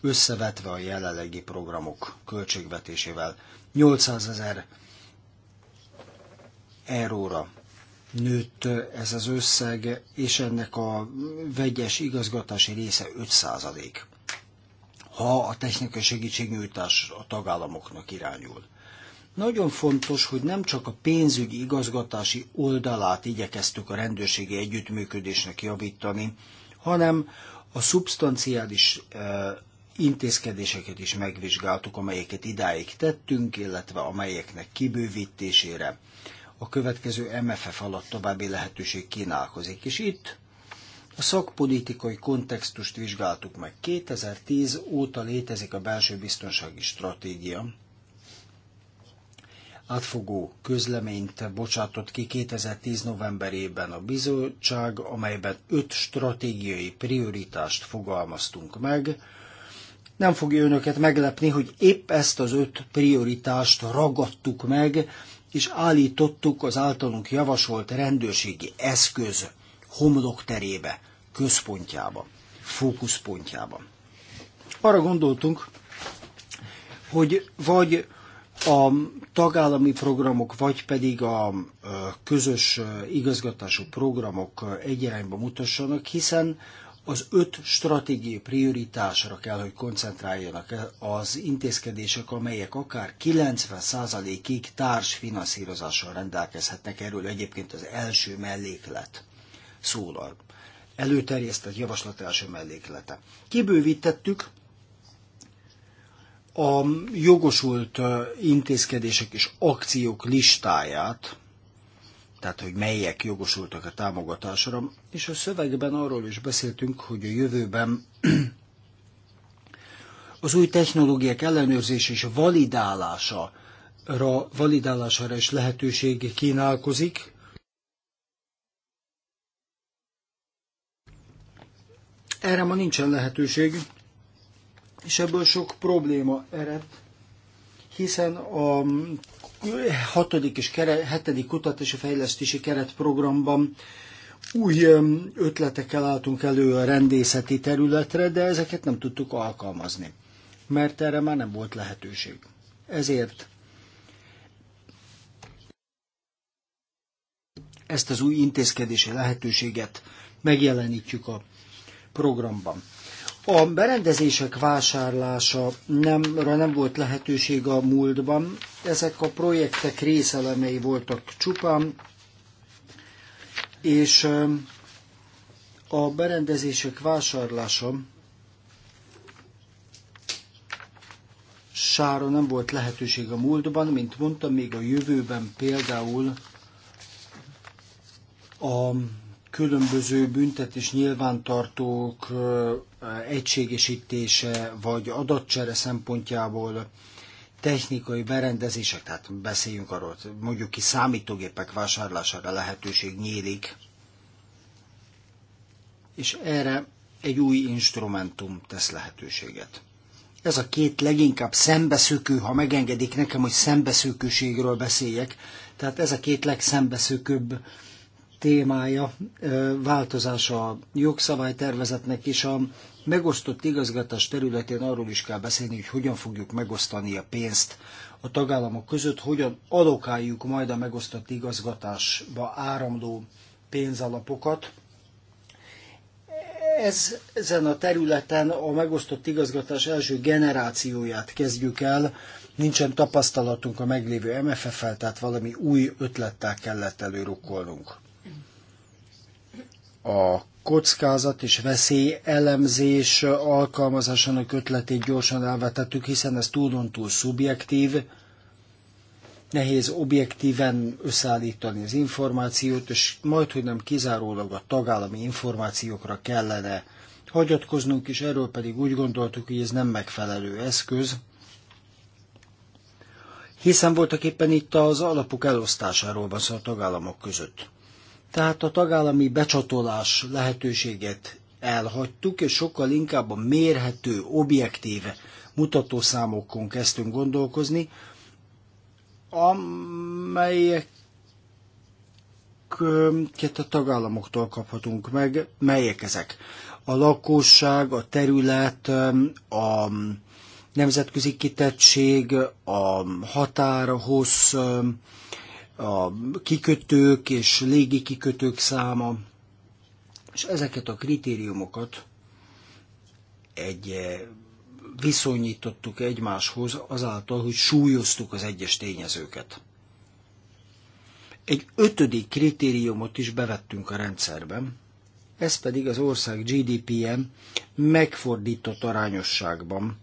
összevetve a jelenlegi programok költségvetésével 800 ezer euróra nőtt ez az összeg, és ennek a vegyes igazgatási része 5 százalék ha a technikai segítségnyújtás a tagállamoknak irányul. Nagyon fontos, hogy nem csak a pénzügyi igazgatási oldalát igyekeztük a rendőrségi együttműködésnek javítani, hanem a szubstanciális e, intézkedéseket is megvizsgáltuk, amelyeket idáig tettünk, illetve amelyeknek kibővítésére a következő MFF alatt további lehetőség kínálkozik. És itt a szakpolitikai kontextust vizsgáltuk meg. 2010 óta létezik a belső biztonsági stratégia. Átfogó közleményt bocsátott ki 2010 novemberében a bizottság, amelyben öt stratégiai prioritást fogalmaztunk meg. Nem fogja önöket meglepni, hogy épp ezt az öt prioritást ragadtuk meg, és állítottuk az általunk javasolt rendőrségi eszköz homlokterébe központjába, fókuszpontjába. Arra gondoltunk, hogy vagy a tagállami programok, vagy pedig a közös igazgatású programok egyirányba mutassanak, hiszen az öt stratégiai prioritásra kell, hogy koncentráljanak az intézkedések, amelyek akár 90%-ig társfinanszírozással rendelkezhetnek. Erről egyébként az első melléklet szólal előterjesztett javaslat első melléklete. Kibővítettük a jogosult intézkedések és akciók listáját, tehát hogy melyek jogosultak a támogatásra, és a szövegben arról is beszéltünk, hogy a jövőben az új technológiák ellenőrzése és validálása validálására is lehetőség kínálkozik, Erre ma nincsen lehetőség, és ebből sok probléma ered, hiszen a 6. és 7. kutatási fejlesztési keretprogramban új ötletekkel álltunk elő a rendészeti területre, de ezeket nem tudtuk alkalmazni, mert erre már nem volt lehetőség. Ezért ezt az új intézkedési lehetőséget megjelenítjük a programban. A berendezések vásárlása nem, nem volt lehetőség a múltban. Ezek a projektek részelemei voltak csupán, és um, a berendezések vásárlása sára nem volt lehetőség a múltban, mint mondtam, még a jövőben például a különböző büntetés nyilvántartók egységesítése, vagy adatcsere szempontjából technikai berendezések, tehát beszéljünk arról, mondjuk ki számítógépek vásárlására lehetőség nyílik, és erre egy új instrumentum tesz lehetőséget. Ez a két leginkább szembeszökő, ha megengedik nekem, hogy szembeszökőségről beszéljek, tehát ez a két legszembeszökőbb témája, változása a jogszabálytervezetnek, és a megosztott igazgatás területén arról is kell beszélni, hogy hogyan fogjuk megosztani a pénzt a tagállamok között, hogyan alokáljuk majd a megosztott igazgatásba áramló pénzalapokat. Ez, ezen a területen a megosztott igazgatás első generációját kezdjük el, nincsen tapasztalatunk a meglévő MFF-el, tehát valami új ötlettel kellett előrukkolnunk a kockázat és veszély elemzés alkalmazásának ötletét gyorsan elvetettük, hiszen ez túlon túl szubjektív, nehéz objektíven összeállítani az információt, és majd, hogy nem kizárólag a tagállami információkra kellene hagyatkoznunk, és erről pedig úgy gondoltuk, hogy ez nem megfelelő eszköz, hiszen voltak éppen itt az alapok elosztásáról van szó a tagállamok között. Tehát a tagállami becsatolás lehetőséget elhagytuk, és sokkal inkább a mérhető, objektív mutatószámokon kezdtünk gondolkozni, amelyeket a tagállamoktól kaphatunk meg. Melyek ezek? A lakosság, a terület, a nemzetközi kitettség, a határhossz, a kikötők és légi kikötők száma, és ezeket a kritériumokat egy eh, viszonyítottuk egymáshoz azáltal, hogy súlyoztuk az egyes tényezőket. Egy ötödik kritériumot is bevettünk a rendszerben, ez pedig az ország gdp en megfordított arányosságban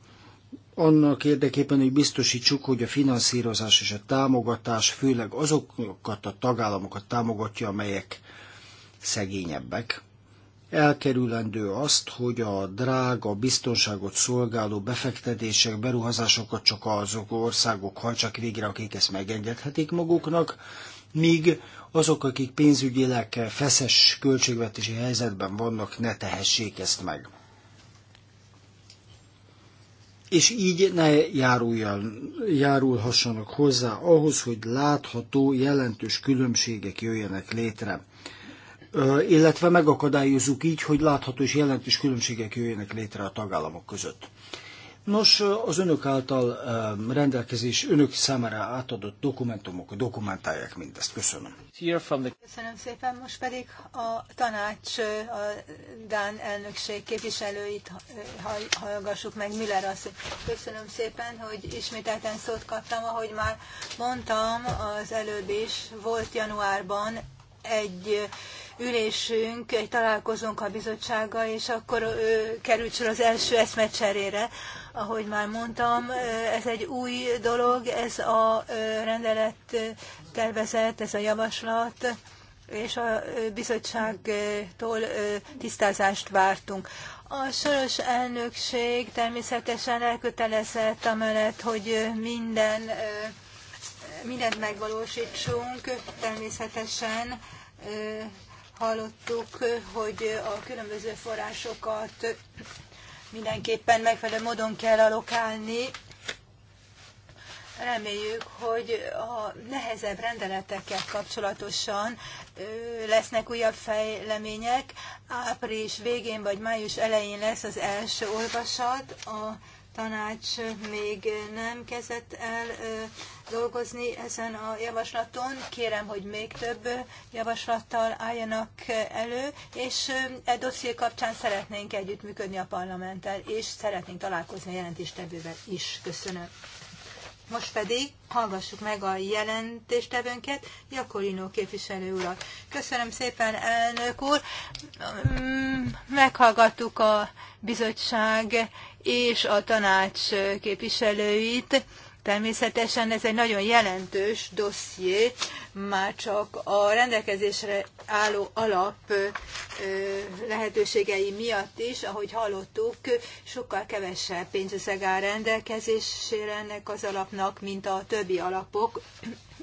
annak érdekében, hogy biztosítsuk, hogy a finanszírozás és a támogatás főleg azokat a tagállamokat támogatja, amelyek szegényebbek. Elkerülendő azt, hogy a drága biztonságot szolgáló befektetések, beruházásokat csak azok országok hajtsák végre, akik ezt megengedhetik maguknak, míg azok, akik pénzügyileg feszes költségvetési helyzetben vannak, ne tehessék ezt meg és így ne járuljan, járulhassanak hozzá ahhoz, hogy látható, jelentős különbségek jöjjenek létre. Illetve megakadályozzuk így, hogy látható és jelentős különbségek jöjjenek létre a tagállamok között. Nos, az önök által eh, rendelkezés, önök számára átadott dokumentumok dokumentálják mindezt. Köszönöm. Köszönöm szépen. Most pedig a tanács, eh, a Dán elnökség képviselőit eh, hallgassuk meg, Müller asszony. Köszönöm szépen, hogy ismételten szót kaptam. Ahogy már mondtam az előbb is, volt januárban egy ülésünk, egy találkozónk a bizottsággal, és akkor ő került sor az első eszmecserére, ahogy már mondtam, ez egy új dolog, ez a rendelet tervezet, ez a javaslat, és a bizottságtól tisztázást vártunk. A soros elnökség természetesen elkötelezett amellett, hogy minden, mindent megvalósítsunk. Természetesen hallottuk, hogy a különböző forrásokat mindenképpen megfelelő módon kell alokálni. Reméljük, hogy a nehezebb rendeletekkel kapcsolatosan lesznek újabb fejlemények. Április végén vagy május elején lesz az első olvasat. A tanács még nem kezdett el dolgozni ezen a javaslaton. Kérem, hogy még több javaslattal álljanak elő, és e dosszié kapcsán szeretnénk együttműködni a parlamenttel, és szeretnénk találkozni a jelentéstevővel is. Köszönöm. Most pedig hallgassuk meg a jelentéstevőnket, Jakolino képviselő urat. Köszönöm szépen, elnök úr! Mm, meghallgattuk a bizottság és a tanács képviselőit. Természetesen ez egy nagyon jelentős dosszié, már csak a rendelkezésre álló alap lehetőségei miatt is, ahogy hallottuk, sokkal kevesebb pénzösszeg áll rendelkezésére ennek az alapnak, mint a többi alapok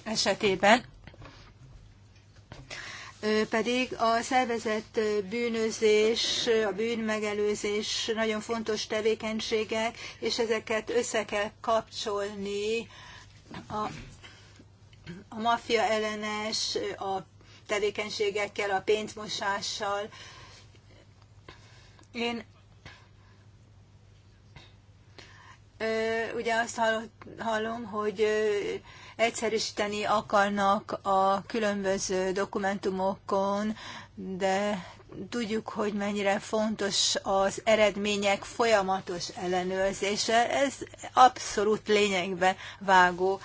esetében pedig a szervezett bűnözés, a bűnmegelőzés nagyon fontos tevékenységek, és ezeket össze kell kapcsolni a, a maffia ellenes a tevékenységekkel, a pénzmosással. Én ugye azt hallom, hogy egyszerűsíteni akarnak a különböző dokumentumokon, de tudjuk, hogy mennyire fontos az eredmények folyamatos ellenőrzése. Ez abszolút lényegbe vágó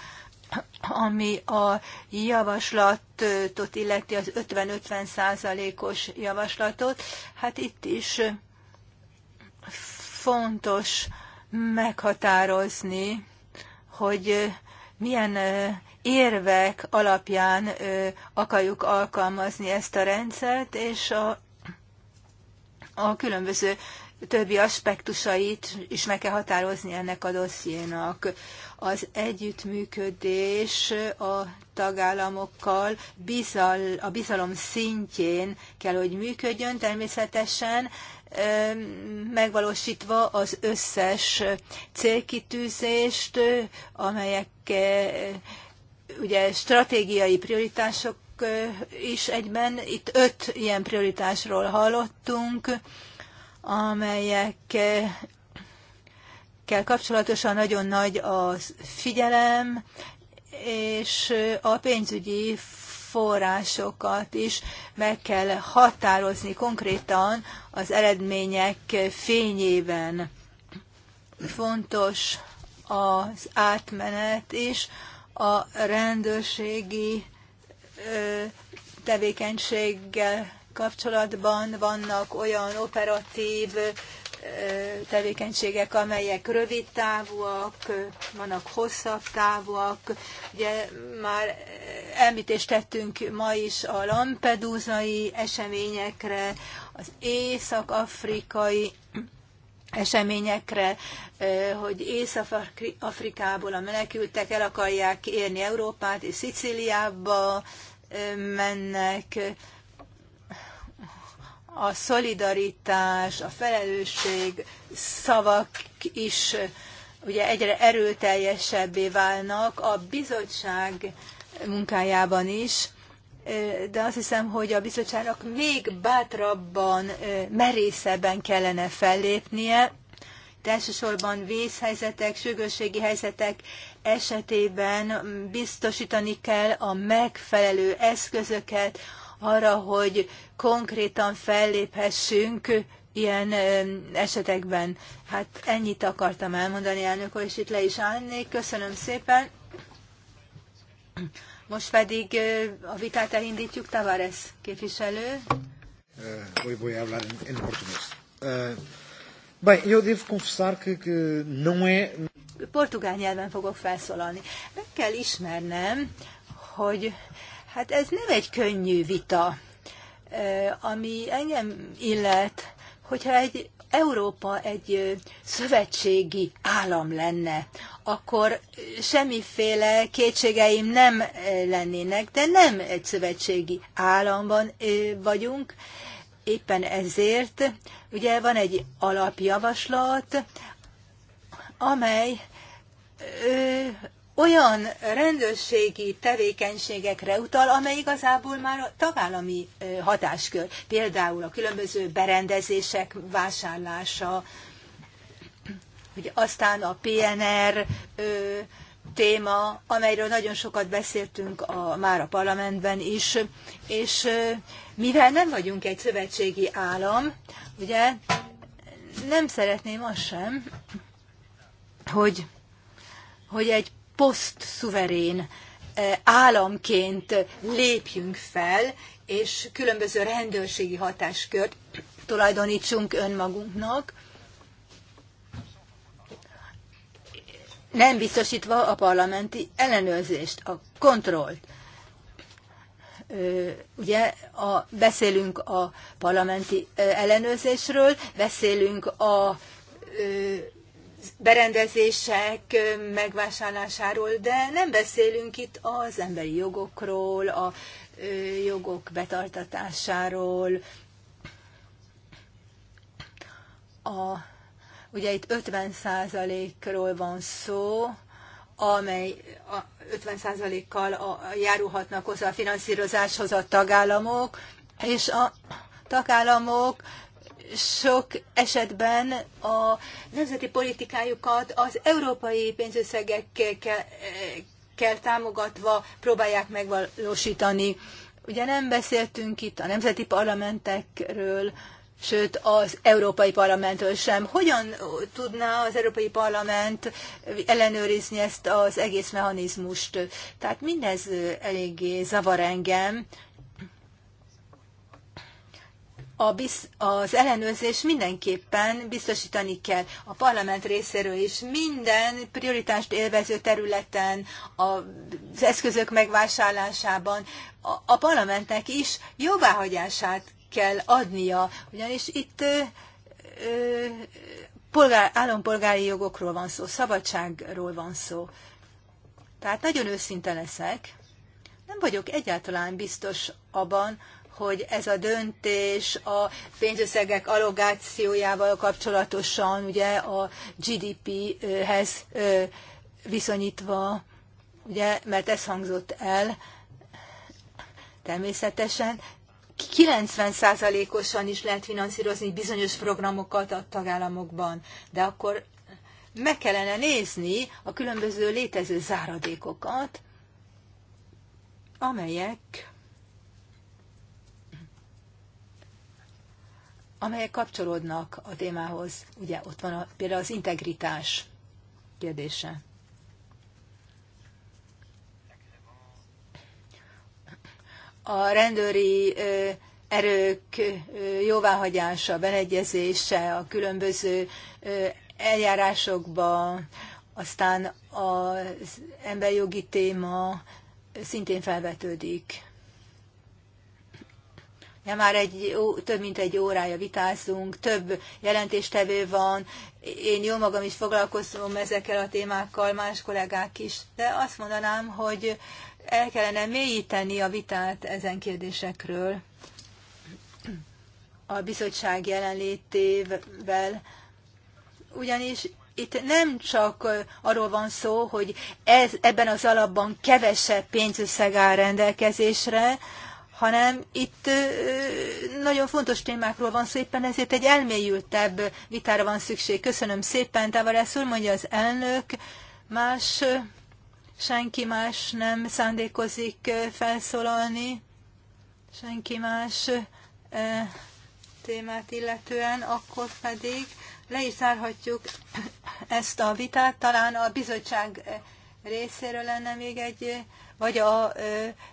ami a javaslatot illeti az 50-50 százalékos -50 javaslatot, hát itt is fontos meghatározni, hogy milyen érvek alapján akarjuk alkalmazni ezt a rendszert, és a, a különböző többi aspektusait is meg kell határozni ennek a dossziénak. Az együttműködés a tagállamokkal bizal, a bizalom szintjén kell, hogy működjön természetesen, megvalósítva az összes célkitűzést, amelyek ugye stratégiai prioritások is egyben. Itt öt ilyen prioritásról hallottunk, amelyek kell kapcsolatosan nagyon nagy a figyelem, és a pénzügyi forrásokat is meg kell határozni konkrétan az eredmények fényében. Fontos az átmenet is a rendőrségi tevékenységgel kapcsolatban vannak olyan operatív tevékenységek, amelyek rövid távúak, vannak hosszabb távúak. Ugye már említést tettünk ma is a lampedúzai eseményekre, az észak-afrikai eseményekre, eh, hogy Észak-Afrikából a menekültek el akarják érni Európát, és Szicíliába eh, mennek, a szolidaritás, a felelősség szavak is ugye egyre erőteljesebbé válnak a bizottság munkájában is, de azt hiszem, hogy a bizottságnak még bátrabban, merészebben kellene fellépnie, de elsősorban vészhelyzetek, sürgősségi helyzetek esetében biztosítani kell a megfelelő eszközöket, arra, hogy konkrétan felléphessünk ilyen esetekben. Hát ennyit akartam elmondani, elnök és itt le is állnék. Köszönöm szépen. Most pedig a vitát elindítjuk. Tavares képviselő. Voy, eh, voy a hablar en, portugués. Eh, bem, eu devo confessar que, que não é... Portugál nyelven fogok felszólalni. Meg kell ismernem, hogy Hát ez nem egy könnyű vita, ami engem illet, hogyha egy Európa egy szövetségi állam lenne, akkor semmiféle kétségeim nem lennének, de nem egy szövetségi államban vagyunk, éppen ezért ugye van egy alapjavaslat, amely olyan rendőrségi tevékenységekre utal, amely igazából már a tagállami hatáskör, például a különböző berendezések vásárlása, hogy aztán a PNR téma, amelyről nagyon sokat beszéltünk a, már a parlamentben is, és mivel nem vagyunk egy szövetségi állam, ugye nem szeretném azt sem, hogy, hogy egy posztszuverén eh, államként lépjünk fel, és különböző rendőrségi hatáskört tulajdonítsunk önmagunknak, nem biztosítva a parlamenti ellenőrzést, a kontrollt. Ugye a, beszélünk a parlamenti ellenőrzésről, beszélünk a berendezések megvásárlásáról, de nem beszélünk itt az emberi jogokról, a jogok betartatásáról, a, ugye itt 50%-ról van szó, amely a 50%-kal járulhatnak hozzá a finanszírozáshoz a tagállamok, és a tagállamok sok esetben a nemzeti politikájukat az európai pénzösszegekkel támogatva próbálják megvalósítani. Ugye nem beszéltünk itt a nemzeti parlamentekről, sőt az Európai Parlamentről sem. Hogyan tudná az Európai Parlament ellenőrizni ezt az egész mechanizmust? Tehát mindez eléggé zavar engem a biz, az ellenőrzés mindenképpen biztosítani kell a parlament részéről is. Minden prioritást élvező területen, az eszközök megvásárlásában a, a parlamentnek is jóváhagyását kell adnia, ugyanis itt ö, ö, polgár, állampolgári jogokról van szó, szabadságról van szó. Tehát nagyon őszinte leszek, nem vagyok egyáltalán biztos abban, hogy ez a döntés a pénzösszegek allogációjával kapcsolatosan, ugye a GDP-hez viszonyítva, ugye, mert ez hangzott el természetesen, 90%-osan is lehet finanszírozni bizonyos programokat a tagállamokban, de akkor meg kellene nézni a különböző létező záradékokat, amelyek amelyek kapcsolódnak a témához. Ugye ott van a, például az integritás kérdése. A rendőri erők jóváhagyása, beleegyezése a különböző eljárásokba, aztán az emberjogi téma szintén felvetődik. Ja, már egy, több mint egy órája vitázunk, több jelentéstevő van, én jó magam is foglalkozom ezekkel a témákkal, más kollégák is, de azt mondanám, hogy el kellene mélyíteni a vitát ezen kérdésekről a bizottság jelenlétével, ugyanis itt nem csak arról van szó, hogy ez, ebben az alapban kevesebb pénzösszeg áll rendelkezésre, hanem itt nagyon fontos témákról van szó, éppen ezért egy elmélyültebb vitára van szükség. Köszönöm szépen, Tavares úr, mondja az elnök. Más, senki más nem szándékozik felszólalni, senki más témát illetően, akkor pedig le is zárhatjuk ezt a vitát. Talán a bizottság részéről lenne még egy vagy a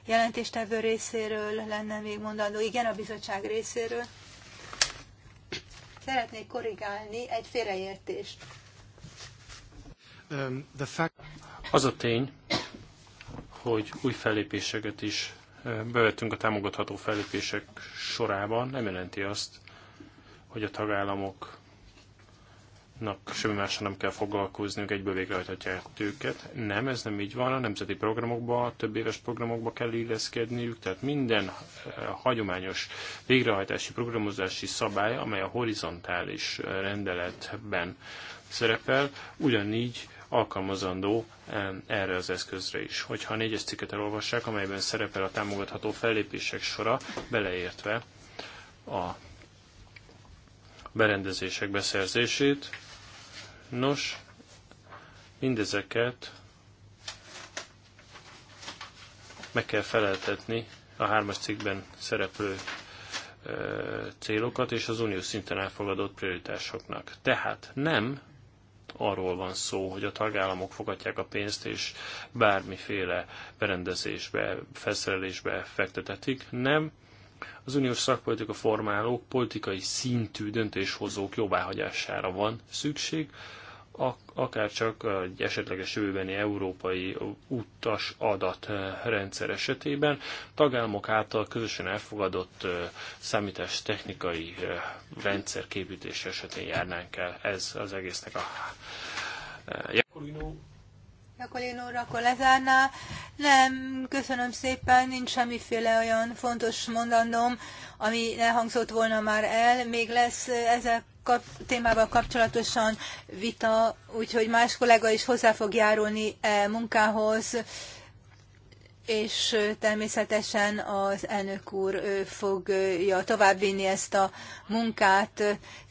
jelentéstevő részéről lenne még mondandó, igen, a bizottság részéről. Szeretnék korrigálni egy félreértést. Um, Az a tény, hogy új fellépéseket is bevettünk a támogatható fellépések sorában, nem jelenti azt, hogy a tagállamok nak semmi másra nem kell foglalkoznunk, egyből végrehajthatják őket. Nem, ez nem így van, a nemzeti programokba, a több éves programokba kell illeszkedniük, tehát minden eh, hagyományos végrehajtási programozási szabály, amely a horizontális eh, rendeletben szerepel, ugyanígy alkalmazandó eh, erre az eszközre is. Hogyha a négyes cikket elolvassák, amelyben szerepel a támogatható fellépések sora, beleértve a berendezések beszerzését, Nos, mindezeket meg kell feleltetni a hármas cikkben szereplő célokat és az unió szinten elfogadott prioritásoknak. Tehát nem arról van szó, hogy a tagállamok fogadják a pénzt, és bármiféle berendezésbe, felszerelésbe fektetetik, nem az uniós szakpolitika formálók politikai szintű döntéshozók jóváhagyására van szükség, akár csak egy esetleges jövőbeni európai utas adatrendszer eh, esetében, tagállamok által közösen elfogadott eh, számítás technikai eh, rendszer képítés esetén járnánk el. Ez az egésznek a Jakolin úr, akkor lezárná. Nem, köszönöm szépen, nincs semmiféle olyan fontos mondandom, ami ne hangzott volna már el. Még lesz ezzel kap, témával kapcsolatosan vita, úgyhogy más kollega is hozzá fog járulni e munkához, és természetesen az elnök úr fogja továbbvinni ezt a munkát.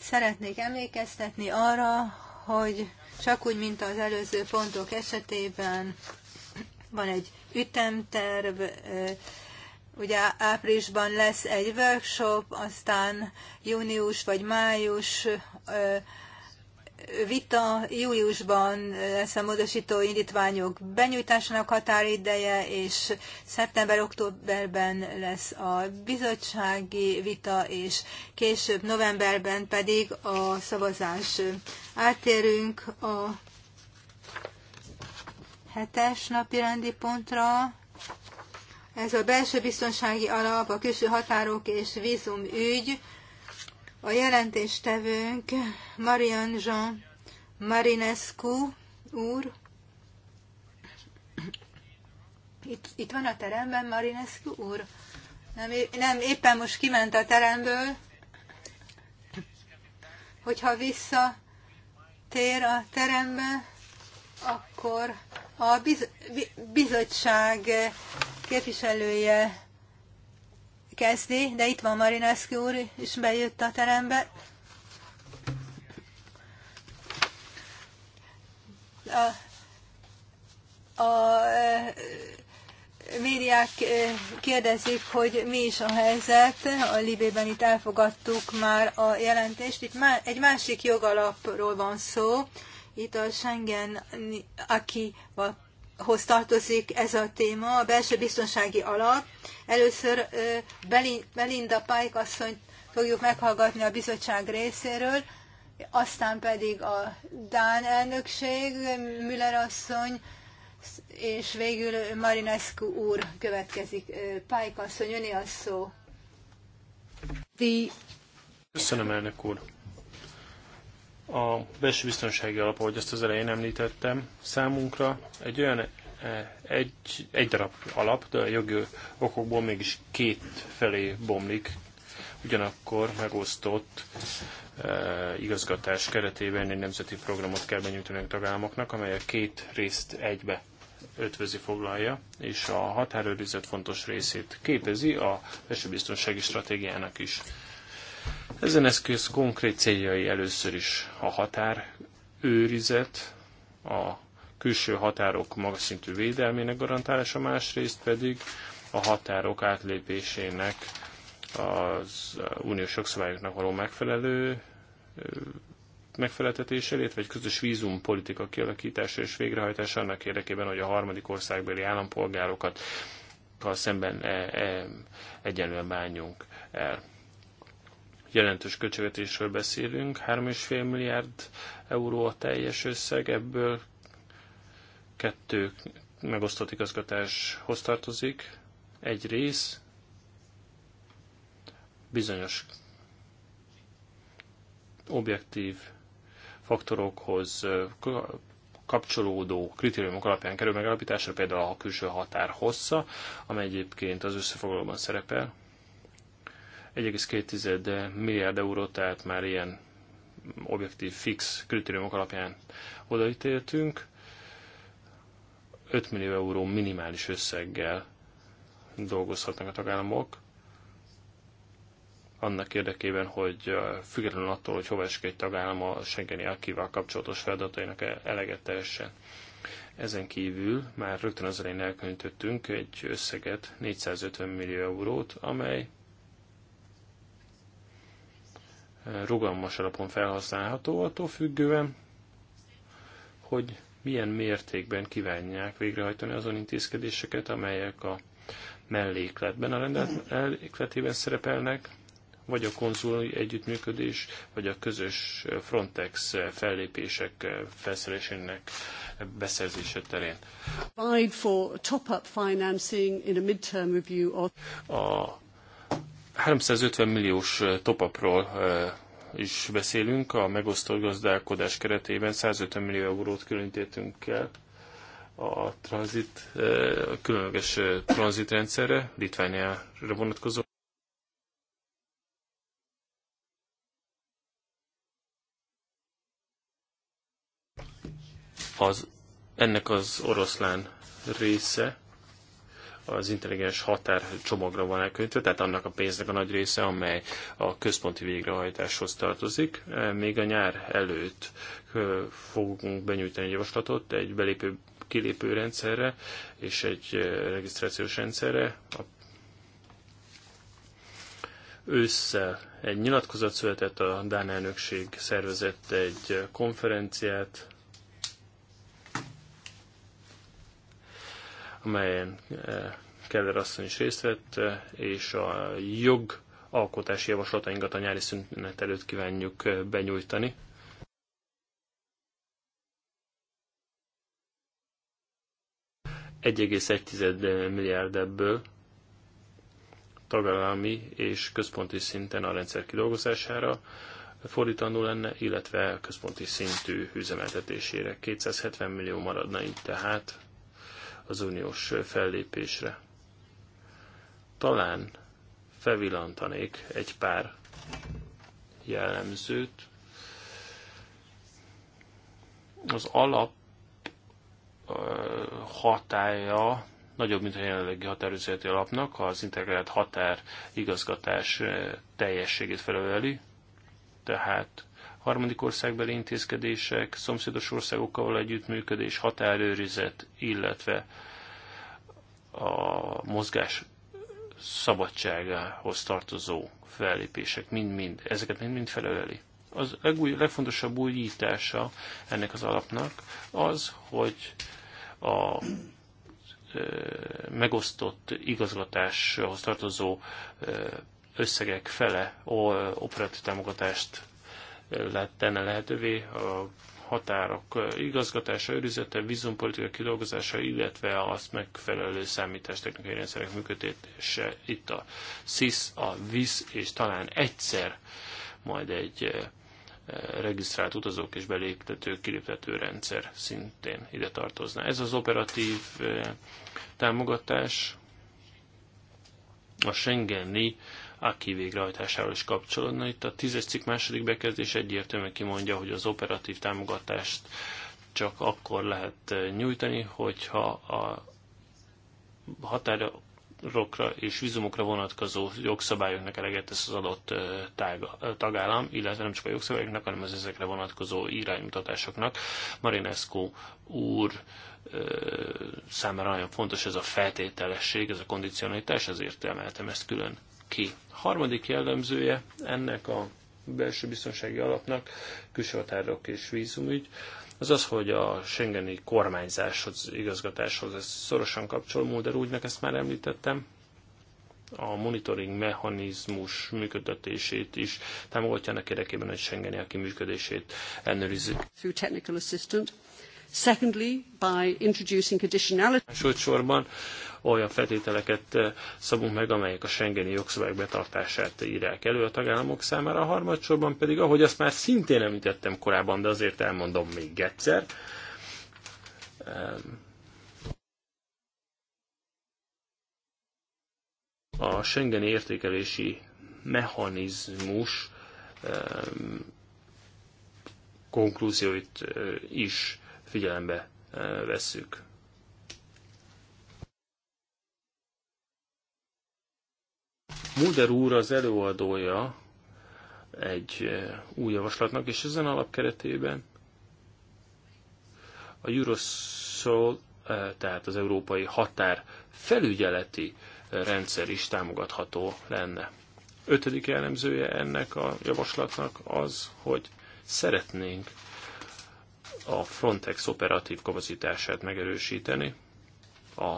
Szeretnék emlékeztetni arra, hogy csak úgy, mint az előző pontok esetében van egy ütemterv, ugye áprilisban lesz egy workshop, aztán június vagy május vita júliusban lesz a módosító indítványok benyújtásának határideje, és szeptember-októberben lesz a bizottsági vita, és később novemberben pedig a szavazás. Átérünk a hetes napi rendi pontra. Ez a belső biztonsági alap, a külső határok és vízum ügy. A jelentéstevőnk Marian Jean Marinescu úr. Itt, itt van a teremben Marinescu úr? Nem, nem, éppen most kiment a teremből. Hogyha vissza tér a terembe, akkor a biz, bizottság képviselője kezdi, de itt van Marineszki úr, és bejött a terembe. A, a e, médiák e, kérdezik, hogy mi is a helyzet. A Libében itt elfogadtuk már a jelentést. Itt má, egy másik jogalapról van szó. Itt a Schengen akival hoz tartozik ez a téma, a belső biztonsági alap. Először Belinda Pike asszonyt fogjuk meghallgatni a bizottság részéről, aztán pedig a Dán elnökség, Müller asszony, és végül Marinescu úr következik. Pike asszony, öné a szó. The... Köszönöm, elnök úr. A belső biztonsági alap, ahogy azt az elején említettem, számunkra egy olyan e, egy, egy darab alap, de a jogi okokból mégis két felé bomlik, ugyanakkor megosztott e, igazgatás keretében egy nemzeti programot kell benyújtani a tagállamoknak, amely a két részt egybe ötvözi foglalja, és a határőrizet fontos részét képezi a biztonsági stratégiának is. Ezen eszköz konkrét céljai először is a határ őrizet, a külső határok magas szintű védelmének garantálása, másrészt pedig a határok átlépésének az uniós jogszabályoknak való megfelelő megfeleltetése, illetve egy közös politika kialakítása és végrehajtása annak érdekében, hogy a harmadik országbeli állampolgárokat szemben e, e, egyenlően bánjunk el jelentős költségvetésről beszélünk, 3,5 milliárd euró a teljes összeg, ebből kettő megosztott igazgatáshoz tartozik, egy rész bizonyos objektív faktorokhoz kapcsolódó kritériumok alapján kerül megállapításra, például a külső határ hossza, amely egyébként az összefoglalóban szerepel, 1,2 milliárd eurót, tehát már ilyen objektív, fix kritériumok alapján odaítéltünk. 5 millió euró minimális összeggel dolgozhatnak a tagállamok, annak érdekében, hogy függetlenül attól, hogy hova esik egy tagállam a Schengeni akival kapcsolatos feladatainak e-, eleget teljesen. Ezen kívül már rögtön az elején elkülönítettünk egy összeget, 450 millió eurót, amely rugalmas alapon felhasználható, attól függően, hogy milyen mértékben kívánják végrehajtani azon intézkedéseket, amelyek a mellékletben, a rendelet mellékletében szerepelnek, vagy a konzuli együttműködés, vagy a közös Frontex fellépések felszerelésének beszerzése terén. A 350 milliós topapról is beszélünk, a megosztott gazdálkodás keretében 150 millió eurót különítettünk el a tranzit, a különleges tranzitrendszerre, Litvániára vonatkozó. Az, ennek az oroszlán része az intelligens határ csomagra van elköltve, tehát annak a pénznek a nagy része, amely a központi végrehajtáshoz tartozik. Még a nyár előtt fogunk benyújtani egy javaslatot egy belépő kilépő rendszerre és egy regisztrációs rendszerre. A ősszel egy nyilatkozat született, a Dán elnökség szervezett egy konferenciát, amelyen eh, Keller asszony is részt vett, eh, és a jog alkotási javaslatainkat a nyári szünet előtt kívánjuk eh, benyújtani. milliárd ebből tagállami és központi szinten a rendszer kidolgozására fordítandó lenne, illetve központi szintű üzemeltetésére. 270 millió maradna itt tehát az uniós fellépésre. Talán felvillantanék egy pár jellemzőt. Az alap hatája nagyobb, mint a jelenlegi határozati alapnak, ha az integrált határ igazgatás teljességét felöleli, tehát harmadik országbeli intézkedések, szomszédos országokkal való együttműködés, határőrizet, illetve a mozgás szabadságához tartozó fellépések, mind-mind, ezeket mind-mind feleleli. Az legúj, legfontosabb újítása ennek az alapnak az, hogy a megosztott igazgatáshoz tartozó összegek fele operatív támogatást tenne lehetővé a határok igazgatása, őrizete, vízumpolitika kidolgozása, illetve az megfelelő számítástechnikai rendszerek működtetése. Itt a SIS, a VIS és talán egyszer majd egy eh, regisztrált utazók és beléptető, kiléptető rendszer szintén ide tartozna. Ez az operatív eh, támogatás a Schengeni aki végrehajtásáról is kapcsolódna. Itt a tízes cikk második bekezdés egyértelműen kimondja, hogy az operatív támogatást csak akkor lehet eh, nyújtani, hogyha a határokra és vízumokra vonatkozó jogszabályoknak eleget tesz az adott eh, eh, tagállam, illetve nem csak a jogszabályoknak, hanem az ezekre vonatkozó iránymutatásoknak. Marinescu úr számára nagyon fontos ez a feltételesség, ez a kondicionalitás, ezért emeltem ezt külön ki. Harmadik jellemzője ennek a belső biztonsági alapnak külső határok és vízumügy, az az, hogy a Schengeni kormányzáshoz, igazgatáshoz ez szorosan kapcsol, Mulder úgynak ezt már említettem, a monitoring mechanizmus működtetését is támogatja annak érdekében, hogy Schengeni aki működését ellenőrizzük. Through technical Secondly, by introducing additionality. Másodszorban olyan feltételeket eh, szabunk meg, amelyek a Schengeni jogszabályok betartását írják elő a tagállamok számára. A harmadsorban pedig, ahogy azt már szintén említettem korábban, de azért elmondom még egyszer, eh, a Schengeni értékelési mechanizmus eh, konklúzióit is figyelembe vesszük. Mulder úr az előadója egy eh, új javaslatnak, és ezen alapkeretében a Eurosol, eh, tehát az európai határ felügyeleti rendszer is támogatható lenne. Ötödik jellemzője ennek a javaslatnak az, hogy szeretnénk a Frontex operatív kapacitását megerősíteni a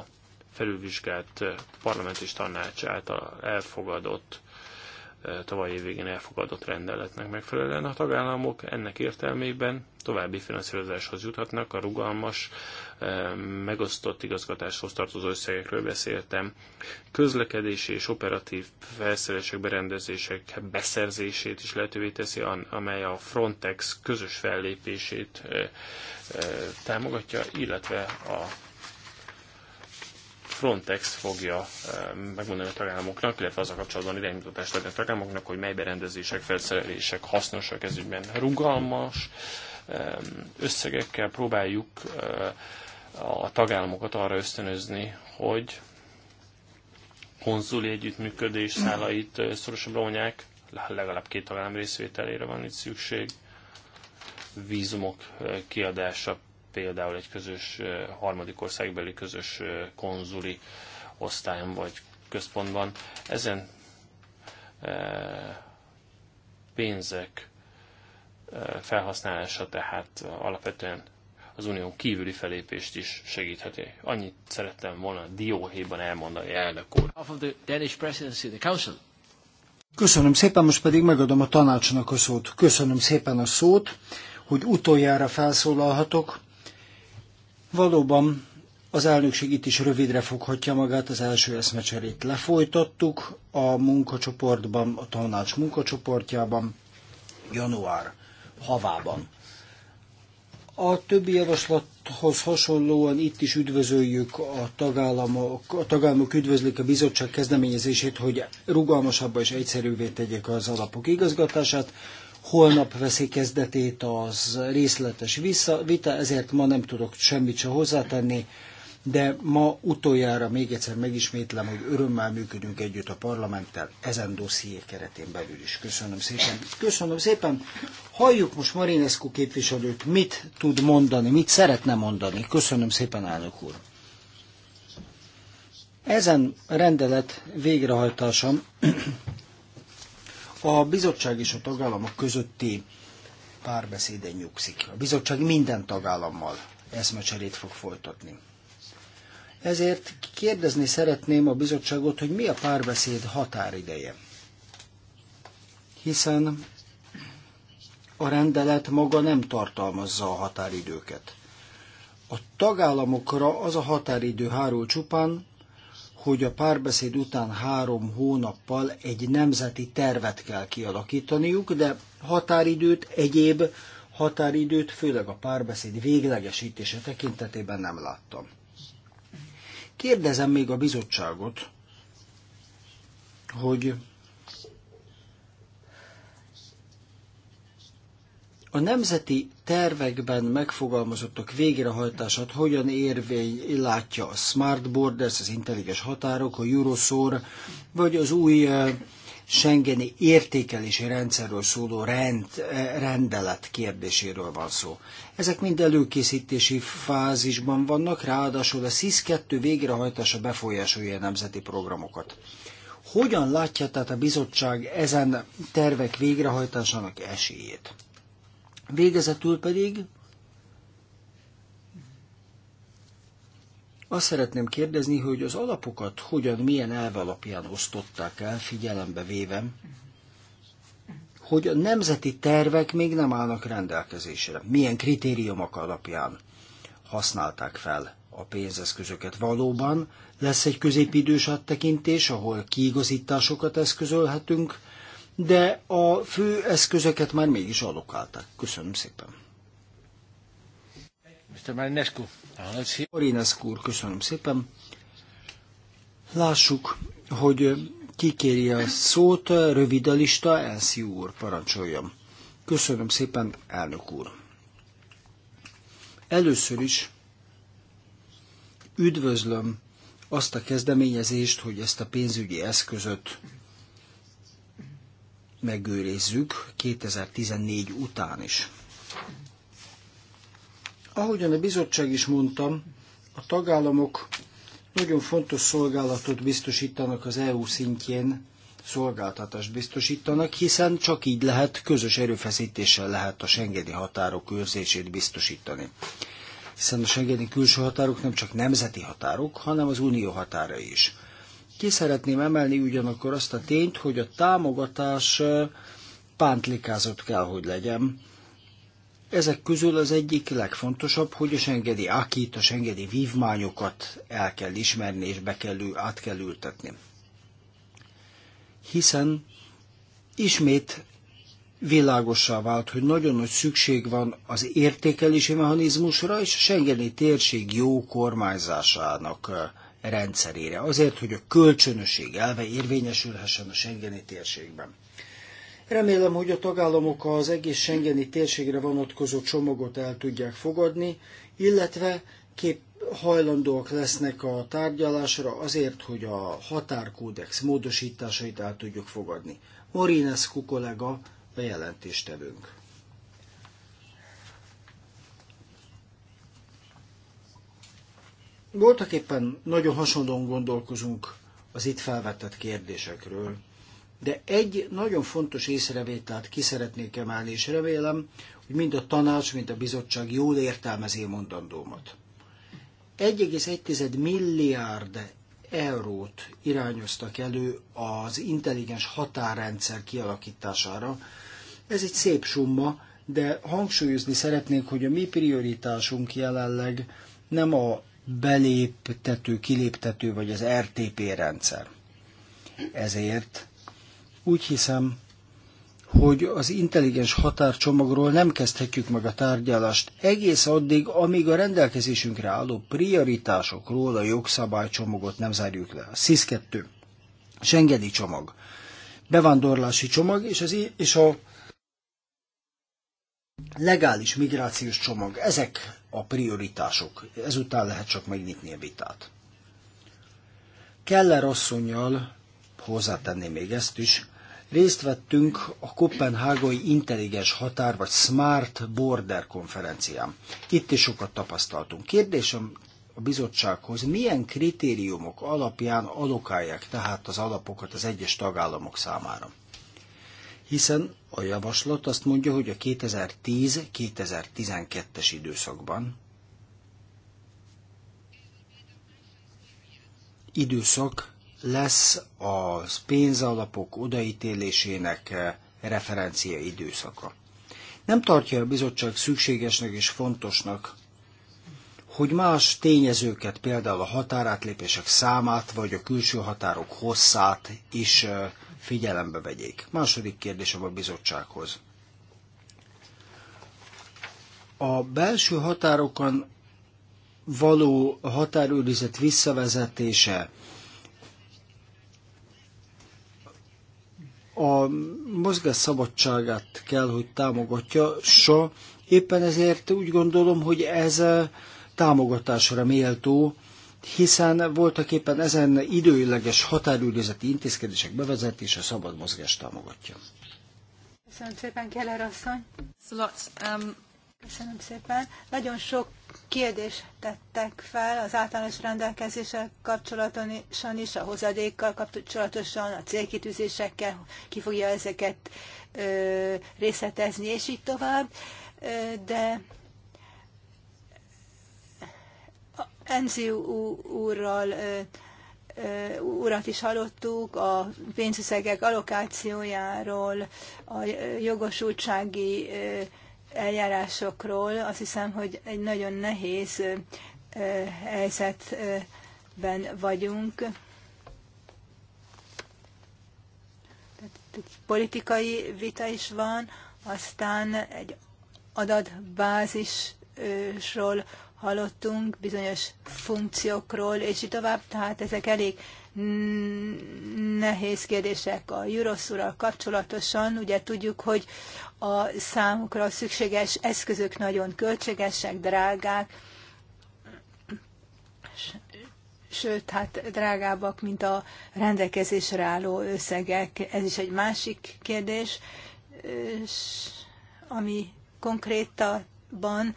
felülvizsgált eh, parlament és tanács által elfogadott eh, tavaly évvégén elfogadott rendeletnek megfelelően a tagállamok ennek értelmében további finanszírozáshoz juthatnak. A rugalmas, eh, megosztott igazgatáshoz tartozó összegekről beszéltem. Közlekedési és operatív felszerelések, berendezések beszerzését is lehetővé teszi, amely a Frontex közös fellépését támogatja, illetve a Frontex fogja eh, megmondani a tagállamoknak, illetve az a kapcsolatban iránymutatást adni a tagállamoknak, hogy mely berendezések, felszerelések hasznosak ez ügyben. Rugalmas eh, összegekkel próbáljuk eh, a tagállamokat arra ösztönözni, hogy konzuli együttműködés szálait szorosabbra vonják, legalább két tagállam részvételére van itt szükség, vízumok kiadása például egy közös harmadik országbeli közös konzuli osztályon vagy központban. Ezen pénzek felhasználása tehát alapvetően az unión kívüli felépést is segítheti. Annyit szerettem volna dióhéjban elmondani, elnök úr. Köszönöm szépen, most pedig megadom a tanácsnak a szót. Köszönöm szépen a szót, hogy utoljára felszólalhatok. Valóban az elnökség itt is rövidre foghatja magát, az első eszmecserét lefolytattuk a munkacsoportban, a tanács munkacsoportjában, január havában. A többi javaslathoz hasonlóan itt is üdvözöljük a tagállamok, a tagállamok üdvözlik a bizottság kezdeményezését, hogy rugalmasabbá és egyszerűvé tegyék az alapok igazgatását. Holnap veszi kezdetét az részletes vita, ezért ma nem tudok semmit se hozzátenni, de ma utoljára még egyszer megismétlem, hogy örömmel működünk együtt a parlamenttel, ezen dosszié keretén belül is. Köszönöm szépen. Köszönöm szépen. Halljuk most Marinescu képviselőt, mit tud mondani, mit szeretne mondani. Köszönöm szépen, elnök úr. Ezen rendelet végrehajtása a bizottság és a tagállamok közötti párbeszéden nyugszik. A bizottság minden tagállammal eszmecserét fog folytatni. Ezért kérdezni szeretném a bizottságot, hogy mi a párbeszéd határideje. Hiszen a rendelet maga nem tartalmazza a határidőket. A tagállamokra az a határidő hárul csupán, hogy a párbeszéd után három hónappal egy nemzeti tervet kell kialakítaniuk, de határidőt, egyéb határidőt, főleg a párbeszéd véglegesítése tekintetében nem láttam. Kérdezem még a bizottságot, hogy a nemzeti tervekben megfogalmazottak végrehajtását hogyan érvény látja a Smart Borders, az intelligens határok, a Eurosor, vagy az új eh, Schengeni értékelési rendszerről szóló rend, eh, rendelet kérdéséről van szó. Ezek mind előkészítési fázisban vannak, ráadásul a SZIS-2 végrehajtása befolyásolja a nemzeti programokat. Hogyan látja tehát a bizottság ezen tervek végrehajtásának esélyét? Végezetül pedig Azt szeretném kérdezni, hogy az alapokat hogyan, milyen elve alapján osztották el, figyelembe véve, hogy a nemzeti tervek még nem állnak rendelkezésre. Milyen kritériumok alapján használták fel a pénzeszközöket. Valóban lesz egy középidős áttekintés, ahol kiigazításokat eszközölhetünk, de a fő eszközöket már mégis allokálták. Köszönöm szépen. Mr. Ah, Marinescu. úr, köszönöm szépen. Lássuk, hogy ki kéri a szót, rövid a lista, Enszi úr, parancsoljam. Köszönöm szépen, elnök úr. Először is üdvözlöm azt a kezdeményezést, hogy ezt a pénzügyi eszközöt megőrizzük 2014 után is. Ahogyan a bizottság is mondtam, a tagállamok nagyon fontos szolgálatot biztosítanak az EU szintjén, szolgáltatást biztosítanak, hiszen csak így lehet, közös erőfeszítéssel lehet a Schengeni határok őrzését biztosítani. Hiszen a Schengeni külső határok nem csak nemzeti határok, hanem az unió határa is. Ki szeretném emelni ugyanakkor azt a tényt, hogy a támogatás pántlikázott kell, hogy legyen. Ezek közül az egyik legfontosabb, hogy a sengedi akit, a sengedi vívmányokat el kell ismerni és be kell, át kell ültetni. Hiszen ismét világossá vált, hogy nagyon nagy szükség van az értékelési mechanizmusra és a sengedi térség jó kormányzásának rendszerére, azért, hogy a kölcsönösség elve érvényesülhessen a Schengeni térségben. Remélem, hogy a tagállamok az egész Schengeni térségre vonatkozó csomagot el tudják fogadni, illetve kép hajlandóak lesznek a tárgyalásra azért, hogy a határkódex módosításait el tudjuk fogadni. Morinescu kollega a jelentéstevőnk. voltak éppen nagyon hasonlóan gondolkozunk az itt felvetett kérdésekről, de egy nagyon fontos észrevételt ki szeretnék emelni, és remélem, hogy mind a tanács, mind a bizottság jól értelmezi mondandómat. 1,1 milliárd eurót irányoztak elő az intelligens határrendszer kialakítására. Ez egy szép summa, de hangsúlyozni szeretnék, hogy a mi prioritásunk jelenleg nem a beléptető, kiléptető vagy az RTP rendszer. Ezért úgy hiszem, hogy az intelligens határcsomagról nem kezdhetjük meg a tárgyalást egész addig, amíg a rendelkezésünkre álló prioritásokról a jogszabálycsomagot nem zárjuk le. A sis 2, Schengeni csomag, bevándorlási csomag és, az, és a legális migrációs csomag. Ezek a prioritások. Ezután lehet csak megnyitni a vitát. Keller asszonynal, hozzátenném még ezt is, részt vettünk a Kopenhágai Intelligens Határ vagy Smart Border konferencián. Itt is sokat tapasztaltunk. Kérdésem a bizottsághoz, milyen kritériumok alapján alokálják tehát az alapokat az egyes tagállamok számára? hiszen a javaslat azt mondja, hogy a 2010-2012-es időszakban időszak lesz a pénzalapok odaítélésének eh, referencia időszaka. Nem tartja a bizottság szükségesnek és fontosnak, hogy más tényezőket, például a határátlépések számát vagy a külső határok hosszát is eh, figyelembe vegyék. Második kérdésem a bizottsághoz. A belső határokon való határőrizet visszavezetése a mozgás szabadságát kell, hogy támogatja, So, éppen ezért úgy gondolom, hogy ez támogatásra méltó, hiszen voltak éppen ezen időleges határőrizeti intézkedések bevezetése szabad mozgást támogatja. Köszönöm szépen, Keller asszony. Um, Köszönöm szépen. Nagyon sok kérdést tettek fel az általános rendelkezések kapcsolatosan is, a hozadékkal kapcsolatosan, a célkitűzésekkel, ki fogja ezeket ö, részletezni, és így tovább. De Enziu úrral urat is hallottuk, a pénzösszegek alokációjáról, a jogosultsági eljárásokról. Azt hiszem, hogy egy nagyon nehéz helyzetben vagyunk. politikai vita is van, aztán egy adatbázisról hallottunk bizonyos funkciókról, és így tovább, tehát ezek elég nehéz kérdések a Euroszúral kapcsolatosan. Ugye tudjuk, hogy a számukra szükséges eszközök nagyon költségesek, drágák, sőt, hát drágábbak, mint a rendelkezésre álló összegek. Ez is egy másik kérdés, ami konkrétabban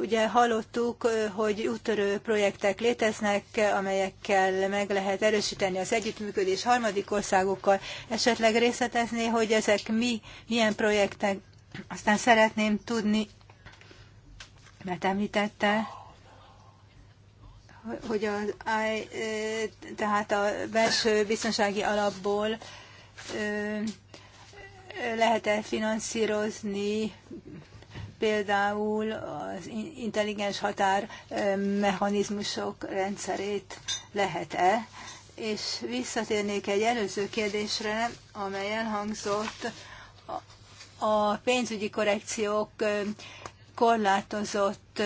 Ugye hallottuk, hogy úttörő projektek léteznek, amelyekkel meg lehet erősíteni az együttműködés harmadik országokkal. Esetleg részletezné, hogy ezek mi, milyen projektek. Aztán szeretném tudni, mert említette, hogy a, tehát a belső biztonsági alapból lehet-e finanszírozni például az intelligens határ mechanizmusok rendszerét lehet-e, és visszatérnék egy előző kérdésre, amely elhangzott a pénzügyi korrekciók korlátozott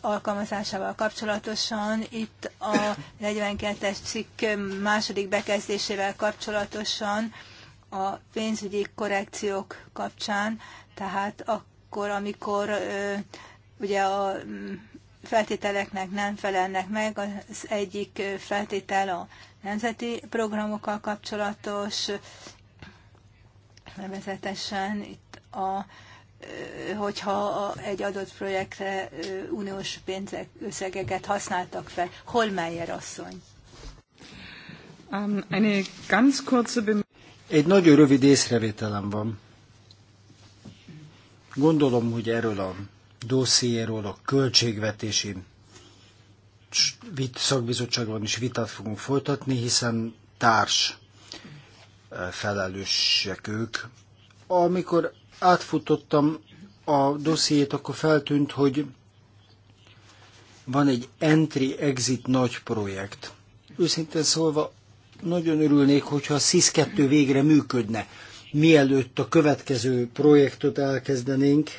alkalmazásával kapcsolatosan, itt a 42-es cikk második bekezdésével kapcsolatosan a pénzügyi korrekciók kapcsán, tehát a akkor, amikor ugye a mm, feltételeknek nem felelnek meg, az egyik feltétel a nemzeti programokkal kapcsolatos, nevezetesen itt a hogyha egy adott projektre uniós pénzek összegeket használtak fel. Holmeyer asszony. Um, egy nagyon rövid észrevételem van. Gondolom, hogy erről a dossziéről, a költségvetési szakbizottságban is vitát fogunk folytatni, hiszen társ e, felelősek ők. Amikor átfutottam a dossziét, akkor feltűnt, hogy van egy entry-exit nagy projekt. Őszintén szólva, nagyon örülnék, hogyha a SIS-2 végre működne mielőtt a következő projektot elkezdenénk.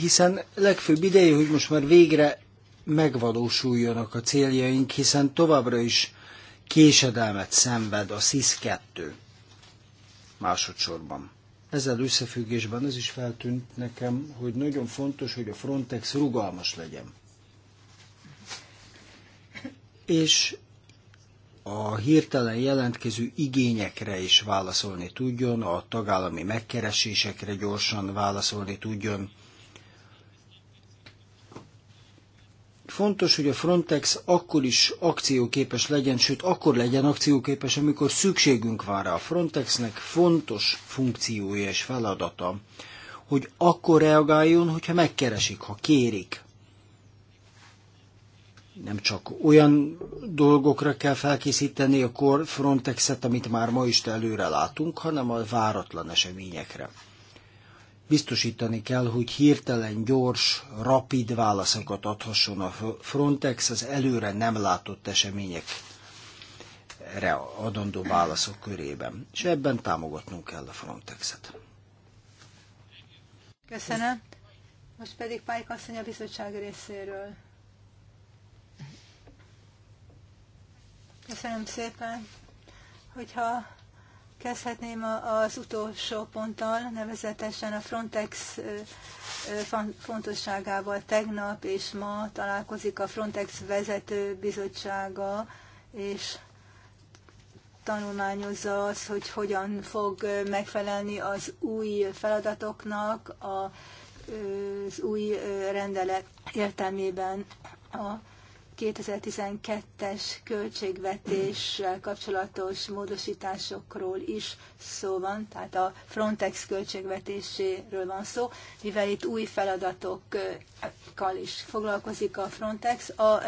Hiszen legfőbb ideje, hogy most már végre megvalósuljanak a céljaink, hiszen továbbra is késedelmet szenved a SZIS-2 másodszorban. Ezzel összefüggésben ez is feltűnt nekem, hogy nagyon fontos, hogy a Frontex rugalmas legyen. És a hirtelen jelentkező igényekre is válaszolni tudjon, a tagállami megkeresésekre gyorsan válaszolni tudjon. Fontos, hogy a Frontex akkor is akcióképes legyen, sőt akkor legyen akcióképes, amikor szükségünk van rá. A Frontexnek fontos funkciója és feladata, hogy akkor reagáljon, hogyha megkeresik, ha kérik nem csak olyan dolgokra kell felkészíteni a kor Frontexet, amit már ma is előre látunk, hanem a váratlan eseményekre. Biztosítani kell, hogy hirtelen, gyors, rapid válaszokat adhasson a Frontex az előre nem látott eseményekre adandó válaszok körében. És ebben támogatnunk kell a Frontexet. Köszönöm. Most pedig Pályk asszony a bizottság részéről. Köszönöm szépen, hogyha kezdhetném az utolsó ponttal, nevezetesen a Frontex fontosságával. Tegnap és ma találkozik a Frontex vezető bizottsága, és tanulmányozza az, hogy hogyan fog megfelelni az új feladatoknak, az új rendelet értelmében a 2012-es költségvetéssel kapcsolatos módosításokról is szó van, tehát a Frontex költségvetéséről van szó, mivel itt új feladatokkal is foglalkozik a Frontex a,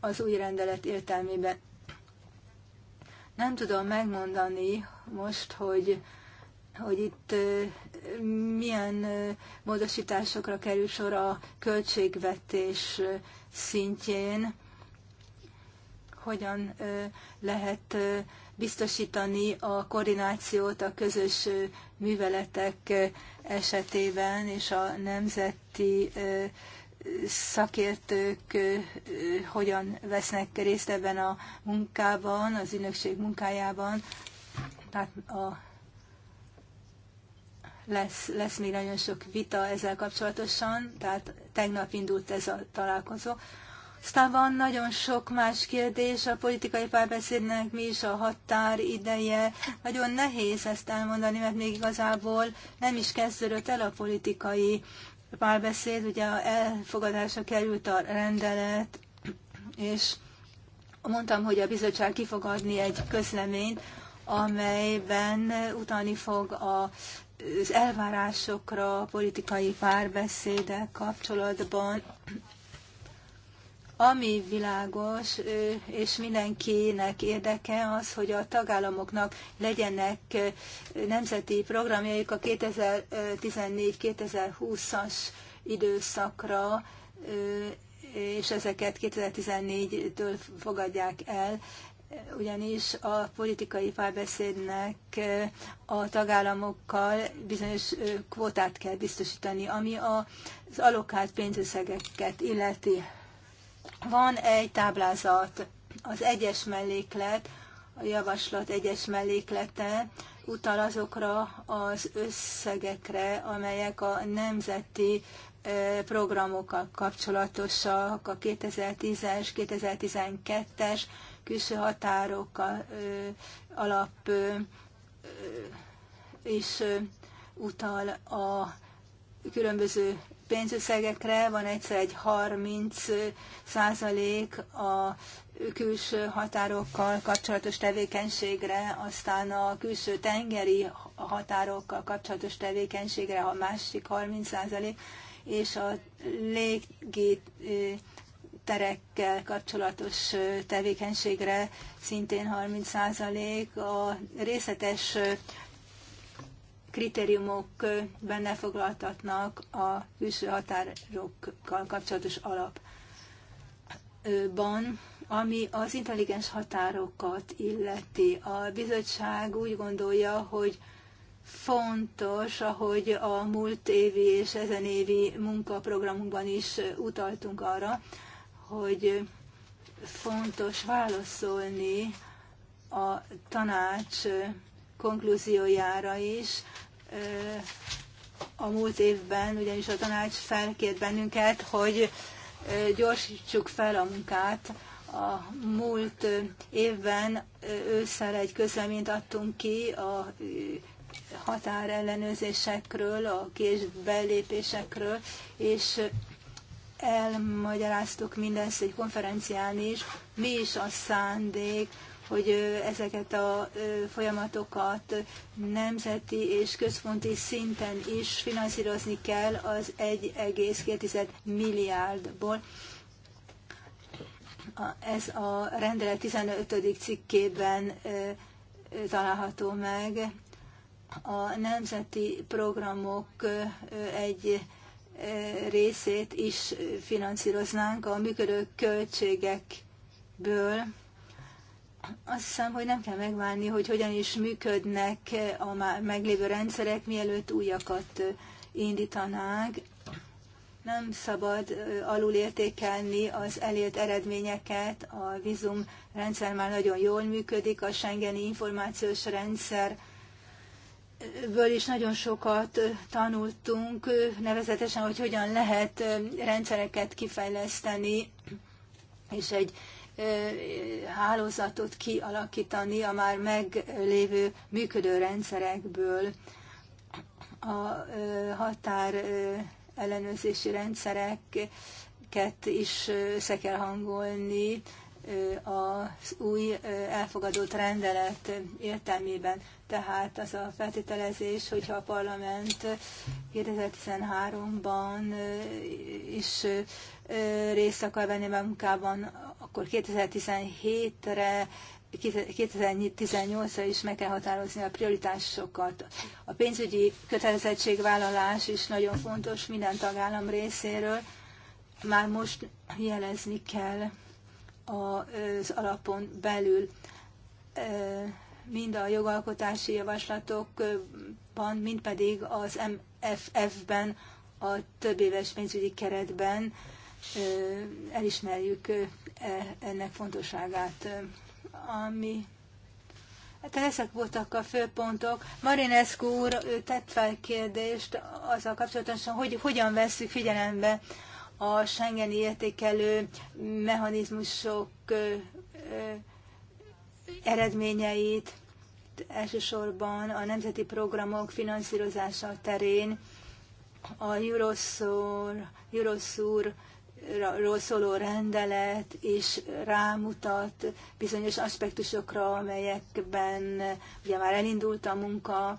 az új rendelet értelmében. Nem tudom megmondani most, hogy hogy itt milyen módosításokra kerül sor a költségvetés szintjén hogyan lehet biztosítani a koordinációt a közös műveletek esetében és a nemzeti szakértők hogyan vesznek részt ebben a munkában, az ügynökség munkájában. Tehát a, lesz, lesz még nagyon sok vita ezzel kapcsolatosan, tehát tegnap indult ez a találkozó. Aztán van nagyon sok más kérdés a politikai párbeszédnek, mi is a határ ideje. Nagyon nehéz ezt elmondani, mert még igazából nem is kezdődött el a politikai párbeszéd, ugye elfogadásra került a rendelet, és mondtam, hogy a bizottság kifogadni egy közleményt, amelyben utalni fog a az elvárásokra a politikai párbeszédek kapcsolatban, ami világos, és mindenkinek érdeke az, hogy a tagállamoknak legyenek nemzeti programjaik a 2014-2020-as időszakra, és ezeket 2014-től fogadják el ugyanis a politikai párbeszédnek eh, a tagállamokkal bizonyos eh, kvótát kell biztosítani, ami az alokált pénzösszegeket illeti. Van egy táblázat, az egyes melléklet, a javaslat egyes melléklete utal azokra az összegekre, amelyek a nemzeti eh, programokkal kapcsolatosak, a 2010-es, 2012-es külső határok alap is utal a különböző pénzösszegekre, van egyszer egy 30 százalék a külső határokkal kapcsolatos tevékenységre, aztán a külső tengeri határokkal kapcsolatos tevékenységre a másik 30 százalék, és a légi terekkel kapcsolatos tevékenységre szintén 30%, a részletes kritériumok benne foglaltatnak a külső határokkal kapcsolatos alapban, ami az intelligens határokat illeti. A bizottság úgy gondolja, hogy fontos, ahogy a múlt évi és ezen évi munkaprogramunkban is utaltunk arra, hogy fontos válaszolni a tanács konklúziójára is. A múlt évben ugyanis a tanács felkért bennünket, hogy gyorsítsuk fel a munkát. A múlt évben ősszel egy közleményt adtunk ki a határellenőrzésekről, a késbelépésekről, és elmagyaráztuk mindezt egy konferencián is, mi is a szándék, hogy ezeket a folyamatokat nemzeti és központi szinten is finanszírozni kell az 1,2 milliárdból. Ez a rendelet 15. cikkében található meg. A nemzeti programok egy részét is finanszíroznánk a működő költségekből. Azt hiszem, hogy nem kell megvárni, hogy hogyan is működnek a már meglévő rendszerek, mielőtt újakat indítanánk. Nem szabad alulértékelni az elért eredményeket. A vízumrendszer rendszer már nagyon jól működik, a Schengeni információs rendszer ből is nagyon sokat tanultunk, nevezetesen, hogy hogyan lehet rendszereket kifejleszteni, és egy hálózatot kialakítani a már meglévő működő rendszerekből. A határ ellenőrzési rendszereket is össze kell hangolni, az új elfogadott rendelet értelmében. Tehát az a feltételezés, hogyha a parlament 2013-ban is részt akar venni a munkában, akkor 2017-re 2018-ra is meg kell határozni a prioritásokat. A pénzügyi kötelezettségvállalás is nagyon fontos minden tagállam részéről. Már most jelezni kell az alapon belül mind a jogalkotási javaslatokban, mind pedig az MFF-ben, a több éves pénzügyi keretben elismerjük e, ennek fontosságát. Ami Hát ezek voltak a főpontok. Marinescu úr tett fel kérdést azzal kapcsolatosan, hogy hogyan veszük figyelembe a Schengen értékelő mechanizmusok eredményeit, elsősorban a nemzeti programok finanszírozása terén, a Euroszor, Euroszúr ról szóló rendelet is rámutat bizonyos aspektusokra, amelyekben ugye már elindult a munka,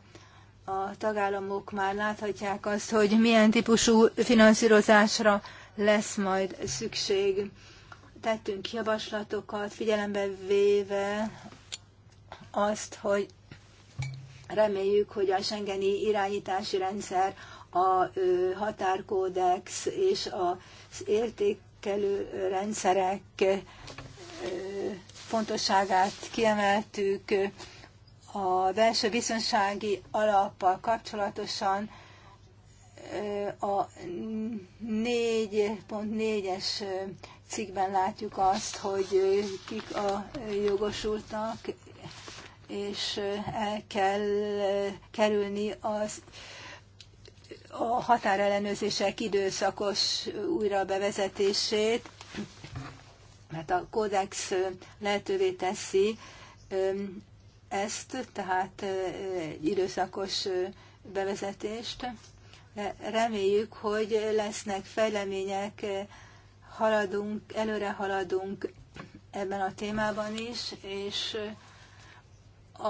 a tagállamok már láthatják azt, hogy milyen típusú finanszírozásra lesz majd szükség. Tettünk javaslatokat, figyelembe véve azt, hogy reméljük, hogy a Schengeni irányítási rendszer, a határkódex és az értékelő rendszerek fontosságát kiemeltük a belső biztonsági alappal kapcsolatosan a 4.4-es cikkben látjuk azt, hogy kik a jogosultak, és el kell kerülni az a határellenőrzések időszakos újra bevezetését, mert a kódex lehetővé teszi ezt, tehát időszakos bevezetést. Reméljük, hogy lesznek fejlemények, haladunk, előre haladunk ebben a témában is, és a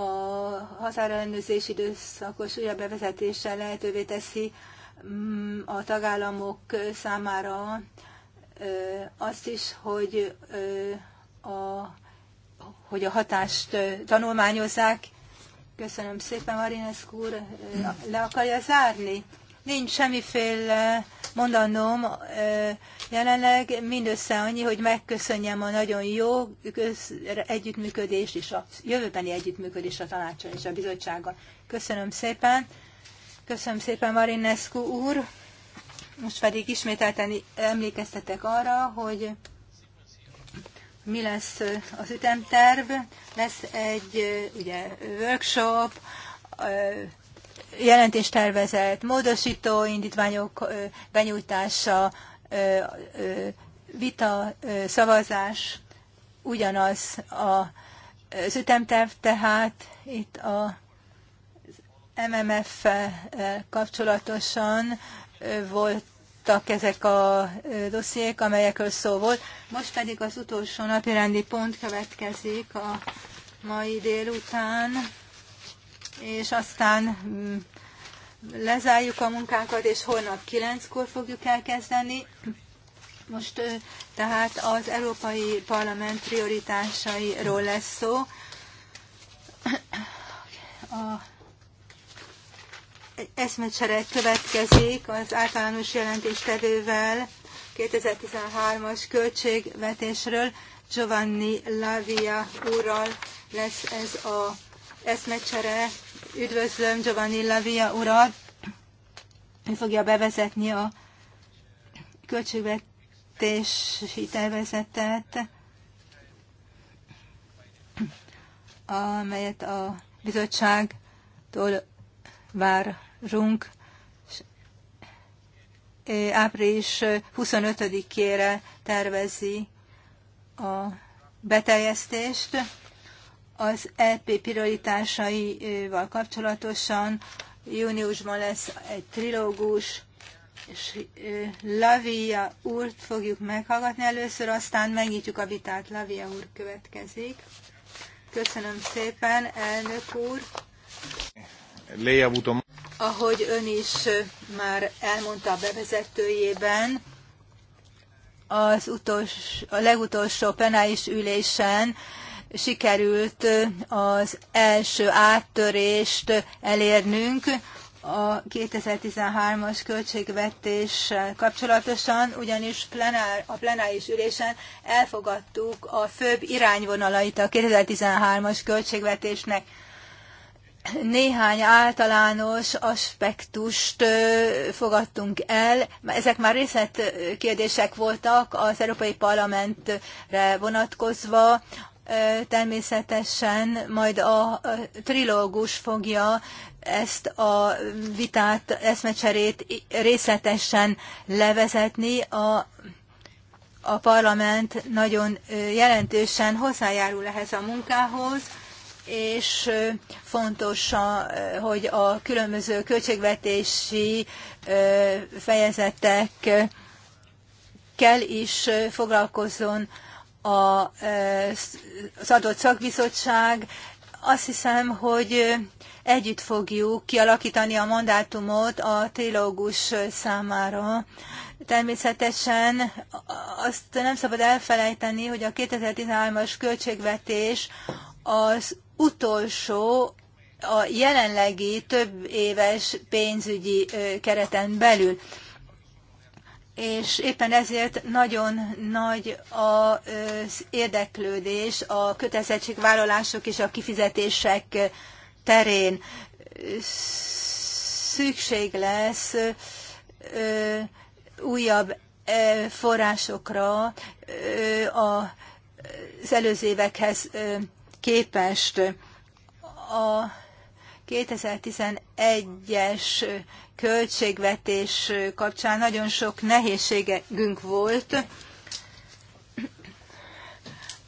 határellenőrzés időszakos újra bevezetése lehetővé teszi mm, a tagállamok számára azt is, hogy a, hogy a hatást tanulmányozzák. Köszönöm szépen, Marinescu úr. Le akarja zárni? Nincs semmiféle eh, mondanom eh, jelenleg, mindössze annyi, hogy megköszönjem a nagyon jó együttműködést és a jövőbeni együttműködést a tanácson és a bizottsággal. Köszönöm szépen. Köszönöm szépen Marinescu úr. Most pedig ismételten emlékeztetek arra, hogy mi lesz eh, az ütemterv. Lesz egy ugye, workshop, jelentéstervezet, módosító indítványok benyújtása, vita, szavazás ugyanaz a, az ütemterv, tehát itt a mmf kapcsolatosan voltak ezek a dossziék, amelyekről szó volt. Most pedig az utolsó napirendi pont következik a mai délután és aztán mm, lezárjuk a munkánkat, és holnap kilenckor fogjuk elkezdeni. Most tehát az Európai Parlament prioritásairól lesz szó. A eszmecsere következik az általános jelentéstevővel 2013-as költségvetésről. Giovanni Lavia úrral lesz ez az eszmecsere Üdvözlöm Giovanni Lavia urat. Ő fogja bevezetni a költségvetési tervezetet, amelyet a bizottságtól várunk április 25-ére tervezi a beteljesztést az EP prioritásaival kapcsolatosan. Júniusban lesz egy trilógus, és Lavia úrt fogjuk meghallgatni először, aztán megnyitjuk a vitát. Lavia úr következik. Köszönöm szépen, elnök úr. Léjavutom. Ahogy ön is már elmondta a bevezetőjében, az utolsó, a legutolsó penális ülésen sikerült az első áttörést elérnünk a 2013-as költségvetés kapcsolatosan, ugyanis plenár, a plenáris ülésen elfogadtuk a főbb irányvonalait a 2013-as költségvetésnek. Néhány általános aspektust fogadtunk el, ezek már részletkérdések voltak az Európai Parlamentre vonatkozva, természetesen majd a trilógus fogja ezt a vitát, eszmecserét részletesen levezetni. A, a parlament nagyon jelentősen hozzájárul ehhez a munkához, és fontos, hogy a különböző költségvetési fejezetekkel is foglalkozzon E, az adott szakbizottság. Azt hiszem, hogy együtt fogjuk kialakítani a mandátumot a trilógus számára. Természetesen azt nem szabad elfelejteni, hogy a 2013-as költségvetés az utolsó a jelenlegi több éves pénzügyi kereten belül és éppen ezért nagyon nagy az érdeklődés a kötelezettségvállalások és a kifizetések terén. Szükség lesz újabb forrásokra az előző évekhez képest. A 2011-es költségvetés kapcsán nagyon sok nehézségünk volt.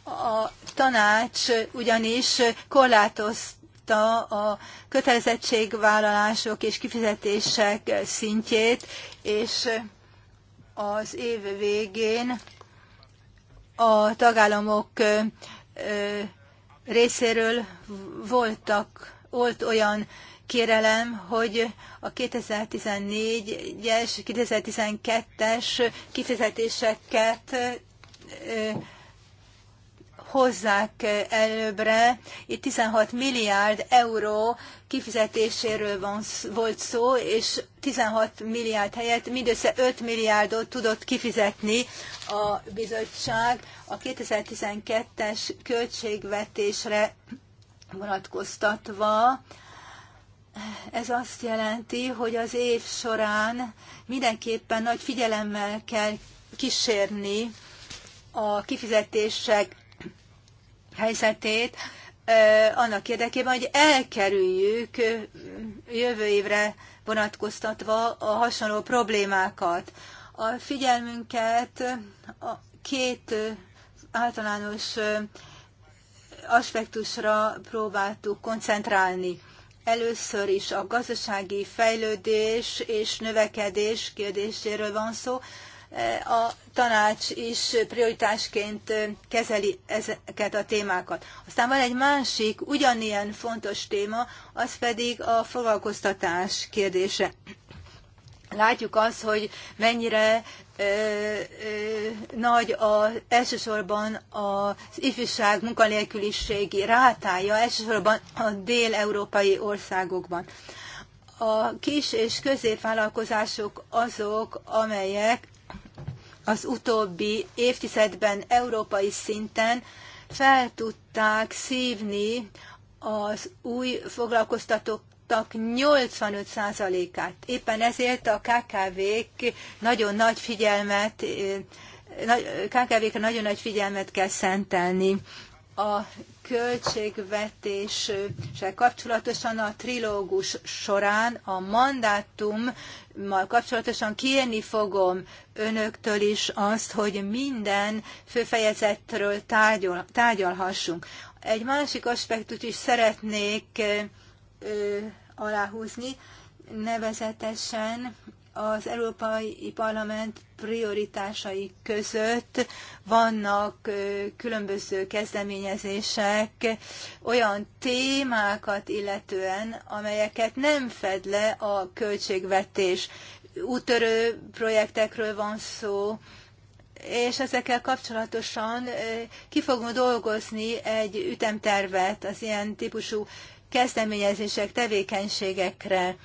A tanács ugyanis korlátozta a kötelezettségvállalások és kifizetések szintjét, és az év végén a tagállamok részéről voltak, volt olyan kérelem, hogy a 2014-es, 2012-es kifizetéseket hozzák előbbre. Itt 16 milliárd euró kifizetéséről van, volt szó, és 16 milliárd helyett mindössze 5 milliárdot tudott kifizetni a bizottság a 2012-es költségvetésre vonatkoztatva ez azt jelenti, hogy az év során mindenképpen nagy figyelemmel kell kísérni a kifizetések helyzetét, annak érdekében, hogy elkerüljük jövő évre vonatkoztatva a hasonló problémákat. A figyelmünket a két általános aspektusra próbáltuk koncentrálni. Először is a gazdasági fejlődés és növekedés kérdéséről van szó. A tanács is prioritásként kezeli ezeket a témákat. Aztán van egy másik, ugyanilyen fontos téma, az pedig a foglalkoztatás kérdése. Látjuk azt, hogy mennyire nagy a, elsősorban az ifjúság munkanélküliségi rátája, elsősorban a dél-európai országokban. A kis és középvállalkozások azok, amelyek az utóbbi évtizedben európai szinten fel tudták szívni az új foglalkoztatók lakosoknak 85%-át. Éppen ezért a KKV-k nagyon nagy figyelmet, eh, KKV-kre nagyon nagy figyelmet kell szentelni. A költségvetéssel kapcsolatosan a trilógus során a mandátummal kapcsolatosan kérni fogom önöktől is azt, hogy minden főfejezetről tárgyal, tárgyalhassunk. Egy másik aspektus is szeretnék ö, eh, aláhúzni, nevezetesen az Európai Parlament prioritásai között vannak különböző kezdeményezések olyan témákat illetően, amelyeket nem fed le a költségvetés. Útörő projektekről van szó, és ezekkel kapcsolatosan ki fogunk dolgozni egy ütemtervet az ilyen típusú kezdeményezések, tevékenységekre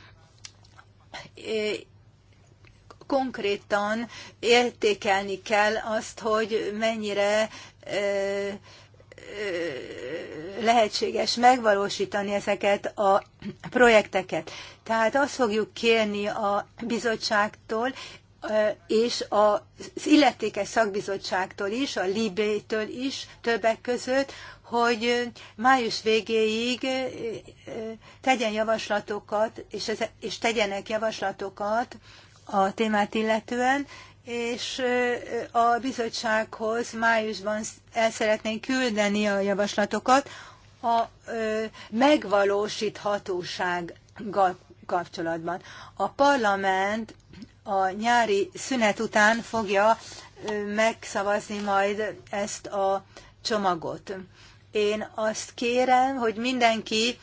konkrétan értékelni kell azt, hogy mennyire lehetséges megvalósítani ezeket a projekteket. Tehát azt fogjuk kérni a bizottságtól, és az illetékes szakbizottságtól is, a Libétől is többek között, hogy május végéig tegyen javaslatokat, és, ez, és tegyenek javaslatokat a témát illetően, és a bizottsághoz májusban el szeretnénk küldeni a javaslatokat a megvalósíthatósággal kapcsolatban. A parlament a nyári szünet után fogja megszavazni majd ezt a csomagot. Én azt kérem, hogy mindenki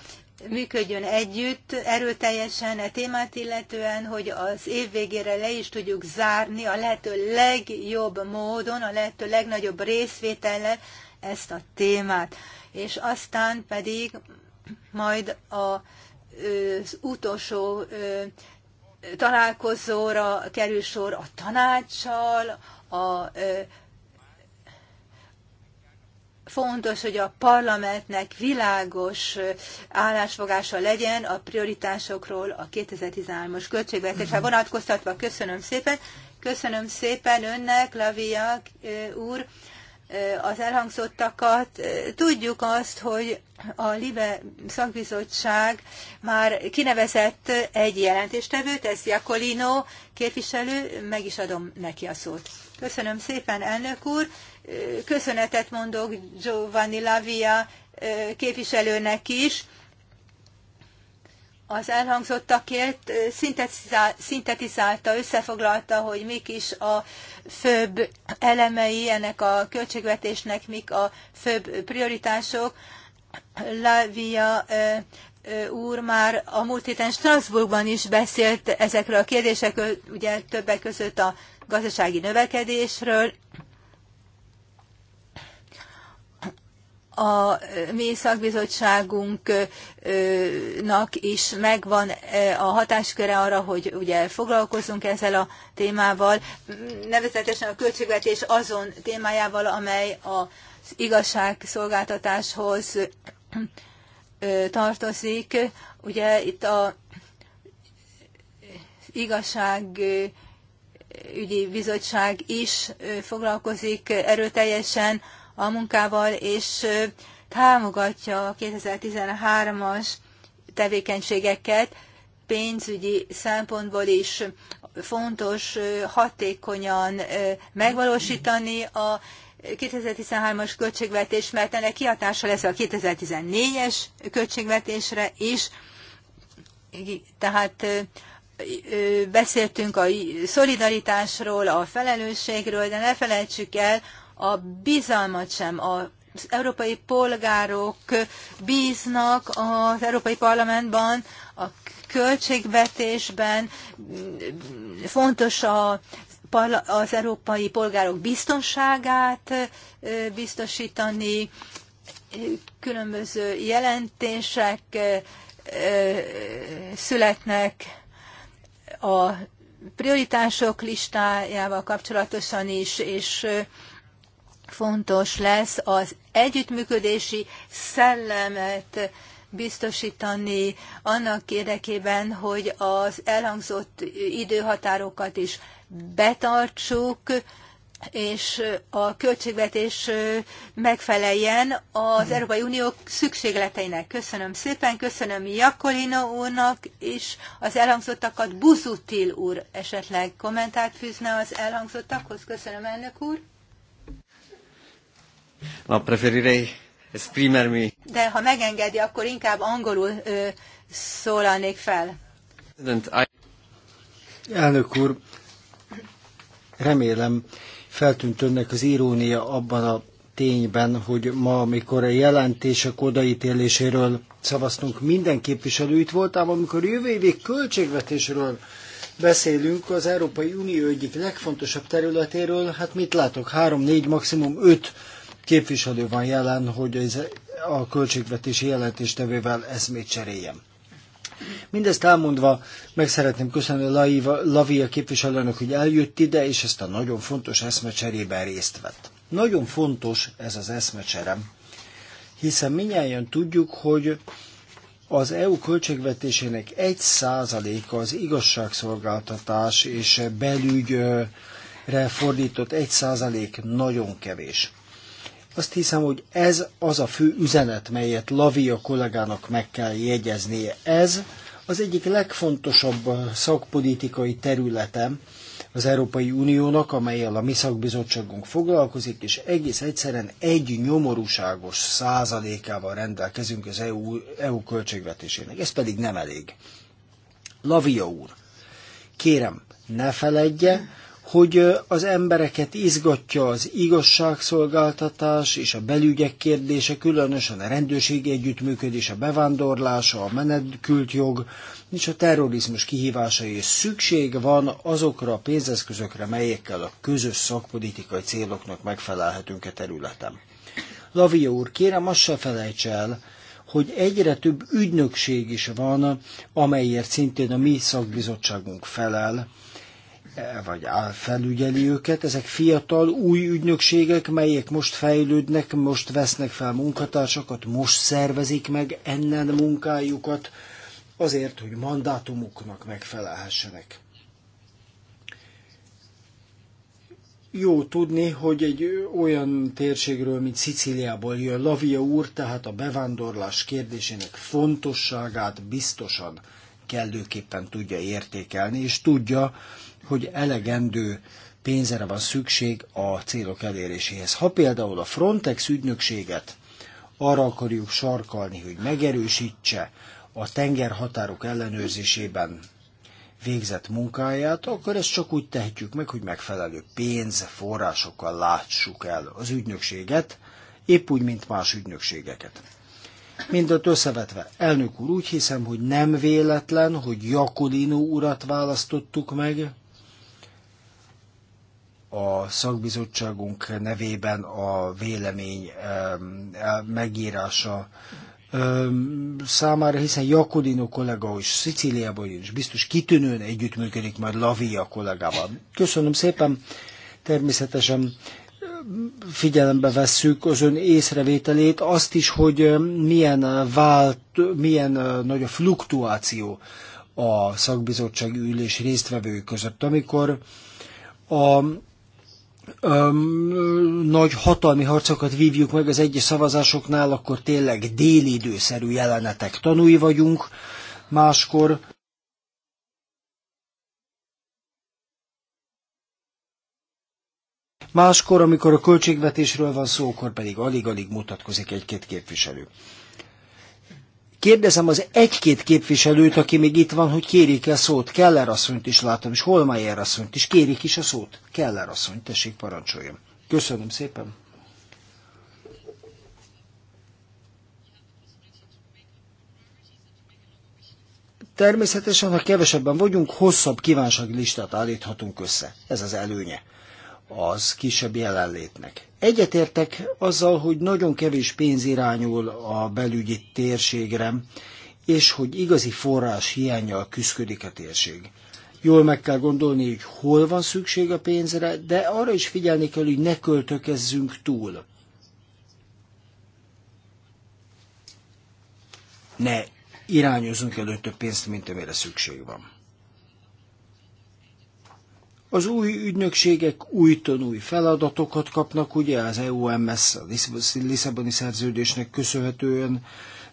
működjön együtt erőteljesen e témát illetően, hogy az év végére le is tudjuk zárni a lehető legjobb módon, a lehető legnagyobb részvétellel ezt a témát. És aztán pedig majd a, az utolsó találkozóra kerül sor a tanácssal, a, fontos, hogy a parlamentnek világos állásfogása legyen a prioritásokról a 2013 os költségvetésre vonatkoztatva. Köszönöm szépen. Köszönöm szépen önnek, Lavia úr az elhangzottakat. Tudjuk azt, hogy a LIBE szakbizottság már kinevezett egy jelentéstevőt, ez Jakolino képviselő, meg is adom neki a szót. Köszönöm szépen, elnök úr. Köszönetet mondok Giovanni Lavia képviselőnek is az elhangzottakért, szintetizálta, összefoglalta, hogy mik is a főbb elemei ennek a költségvetésnek, mik a főbb prioritások. Lavia úr már a múlt héten Strasbourgban is beszélt ezekről a kérdésekről, ugye többek között a gazdasági növekedésről, a mi szakbizottságunknak is megvan e, a hatásköre arra, hogy ugye foglalkozzunk ezzel a témával, nevezetesen a költségvetés azon témájával, amely az igazságszolgáltatáshoz tartozik. Ugye itt a igazság ügyi bizottság is foglalkozik erőteljesen a munkával, és támogatja a 2013-as tevékenységeket pénzügyi szempontból is fontos hatékonyan megvalósítani a 2013-as költségvetés, mert ennek kihatása lesz a 2014-es költségvetésre is. Tehát beszéltünk a szolidaritásról, a felelősségről, de ne felejtsük el a bizalmat sem, a az európai polgárok bíznak az Európai Parlamentban, a költségvetésben, fontos a, az európai polgárok biztonságát biztosítani, különböző jelentések születnek a prioritások listájával kapcsolatosan is, és fontos lesz az együttműködési szellemet biztosítani annak érdekében, hogy az elhangzott időhatárokat is betartsuk, és a költségvetés megfeleljen az Európai Unió szükségleteinek. Köszönöm szépen, köszönöm Jakolina úrnak és az elhangzottakat. Buzutil úr esetleg kommentárt fűzne az elhangzottakhoz. Köszönöm, elnök úr. Ma preferirei esprimermi. De ha megengedi, akkor inkább angolul ö, szólalnék fel. Elnök úr, remélem feltűnt önnek az irónia abban a tényben, hogy ma, amikor a jelentések odaítéléséről szavaztunk, minden képviselő itt volt, amikor jövő évi költségvetésről beszélünk az Európai Unió egyik legfontosabb területéről, hát mit látok, három, négy, maximum öt képviselő van jelen, hogy ez a költségvetési jelentéstevével még cseréljem. Mindezt elmondva meg szeretném köszönni Laiva, Lavia képviselőnek, hogy eljött ide, és ezt a nagyon fontos eszmecserében részt vett. Nagyon fontos ez az eszmecserem, hiszen minnyáján tudjuk, hogy az EU költségvetésének egy százaléka az igazságszolgáltatás és belügyre fordított egy százalék nagyon kevés. Azt hiszem, hogy ez az a fő üzenet, melyet Lavia kollégának meg kell jegyeznie. Ez az egyik legfontosabb szakpolitikai területem az Európai Uniónak, amelyel a mi szakbizottságunk foglalkozik, és egész egyszerűen egy nyomorúságos százalékával rendelkezünk az EU, EU költségvetésének. Ez pedig nem elég. Lavia úr, kérem, ne feledje, hogy az embereket izgatja az igazságszolgáltatás és a belügyek kérdése, különösen a rendőrségi együttműködés, a bevándorlása a menekült jog és a terrorizmus kihívásai, és szükség van azokra a pénzeszközökre, melyekkel a közös szakpolitikai céloknak megfelelhetünk a e területen. Lavia úr, kérem, azt se felejts el, hogy egyre több ügynökség is van, amelyért szintén a mi szakbizottságunk felel, E, vagy felügyeli őket. Ezek fiatal, új ügynökségek, melyek most fejlődnek, most vesznek fel munkatársakat, most szervezik meg ennen munkájukat, azért, hogy mandátumuknak megfelelhessenek. Jó tudni, hogy egy olyan térségről, mint Szicíliából jön Lavia úr, tehát a bevándorlás kérdésének fontosságát biztosan kellőképpen tudja értékelni, és tudja, hogy elegendő pénzre van szükség a célok eléréséhez. Ha például a Frontex ügynökséget arra akarjuk sarkalni, hogy megerősítse a tengerhatárok ellenőrzésében végzett munkáját, akkor ezt csak úgy tehetjük meg, hogy megfelelő pénzforrásokkal látsuk el az ügynökséget, épp úgy, mint más ügynökségeket. Mindent összevetve, elnök úr, úgy hiszem, hogy nem véletlen, hogy Jakolino urat választottuk meg, a szakbizottságunk nevében a vélemény megírása számára, hiszen Jakodino kollega is Szicíliában is biztos kitűnően együttműködik majd Lavia kollégával. Köszönöm szépen, természetesen figyelembe vesszük az ön észrevételét, azt is, hogy milyen, vált, milyen nagy a fluktuáció a szakbizottsági ülés résztvevői között. Amikor a öm, nagy hatalmi harcokat vívjuk meg az egyes szavazásoknál, akkor tényleg déli időszerű jelenetek tanúi vagyunk, máskor Máskor, amikor a költségvetésről van szó, akkor pedig alig-alig mutatkozik egy-két képviselő. Kérdezem az egy-két képviselőt, aki még itt van, hogy kérik-e a szót. Keller asszonyt is látom, és Holmeier asszonyt is. Kérik is a szót. Keller asszony, tessék parancsoljon. Köszönöm szépen. Természetesen, ha kevesebben vagyunk, hosszabb kívánságlistát állíthatunk össze. Ez az előnye az kisebb jelenlétnek. Egyetértek azzal, hogy nagyon kevés pénz irányul a belügyi térségre, és hogy igazi forrás hiányjal küzdik a térség. Jól meg kell gondolni, hogy hol van szükség a pénzre, de arra is figyelni kell, hogy ne költökezzünk túl. Ne irányozunk előtt több pénzt, mint amire szükség van. Az új ügynökségek újton új feladatokat kapnak, ugye az EUMS, a Lisszaboni szerződésnek köszönhetően,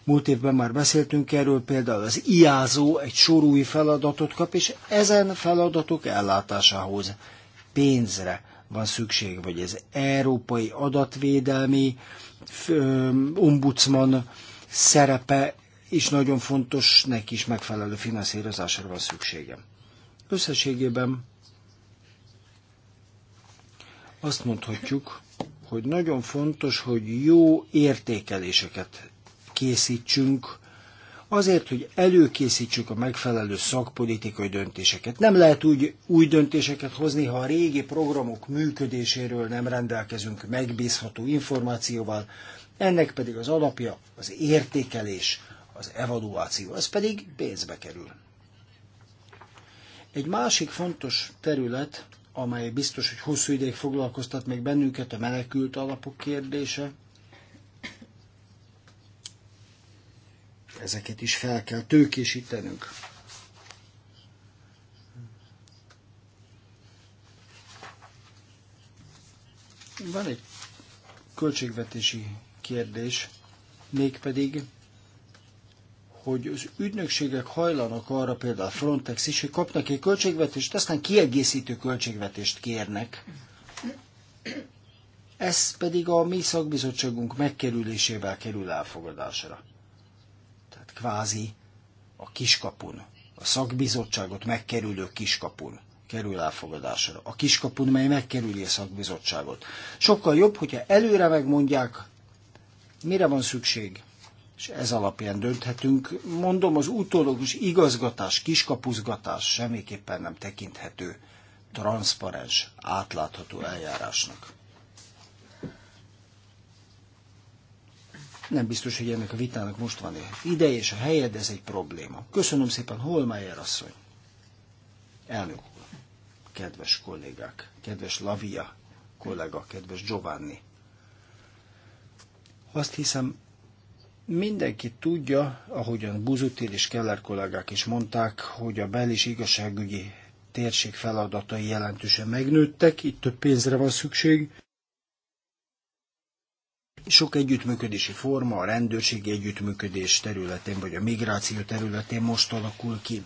múlt évben már beszéltünk erről, például az IAZO egy sor új feladatot kap, és ezen feladatok ellátásához pénzre van szükség, vagy az Európai Adatvédelmi Ombudsman szerepe is nagyon fontos, neki is megfelelő finanszírozásra van szüksége. Összességében azt mondhatjuk, hogy nagyon fontos, hogy jó értékeléseket készítsünk, azért, hogy előkészítsük a megfelelő szakpolitikai döntéseket. Nem lehet úgy új döntéseket hozni, ha a régi programok működéséről nem rendelkezünk megbízható információval, ennek pedig az alapja az értékelés, az evaluáció, ez pedig pénzbe kerül. Egy másik fontos terület amely biztos, hogy hosszú ideig foglalkoztat még bennünket, a menekült alapok kérdése. Ezeket is fel kell tőkésítenünk. Van egy költségvetési kérdés, mégpedig hogy az ügynökségek hajlanak arra, például Frontex is, hogy kapnak egy költségvetést, aztán kiegészítő költségvetést kérnek. Ez pedig a mi szakbizottságunk megkerülésével kerül elfogadásra. Tehát kvázi a kiskapun, a szakbizottságot megkerülő kiskapun kerül elfogadásra. A kiskapun, mely megkerüli a szakbizottságot. Sokkal jobb, hogyha előre megmondják, mire van szükség, és ez alapján dönthetünk. Mondom, az utólagos igazgatás, kiskapuzgatás semmiképpen nem tekinthető transzparens, átlátható eljárásnak. Nem biztos, hogy ennek a vitának most van ideje és a helye, de ez egy probléma. Köszönöm szépen, Holmeyer asszony. Elnök úr, kedves kollégák, kedves Lavia kollega, kedves Giovanni. Azt hiszem, Mindenki tudja, ahogyan Buzutil és Keller kollégák is mondták, hogy a bel- és igazságügyi térség feladatai jelentősen megnőttek, itt több pénzre van szükség. Sok együttműködési forma a rendőrségi együttműködés területén, vagy a migráció területén most alakul ki.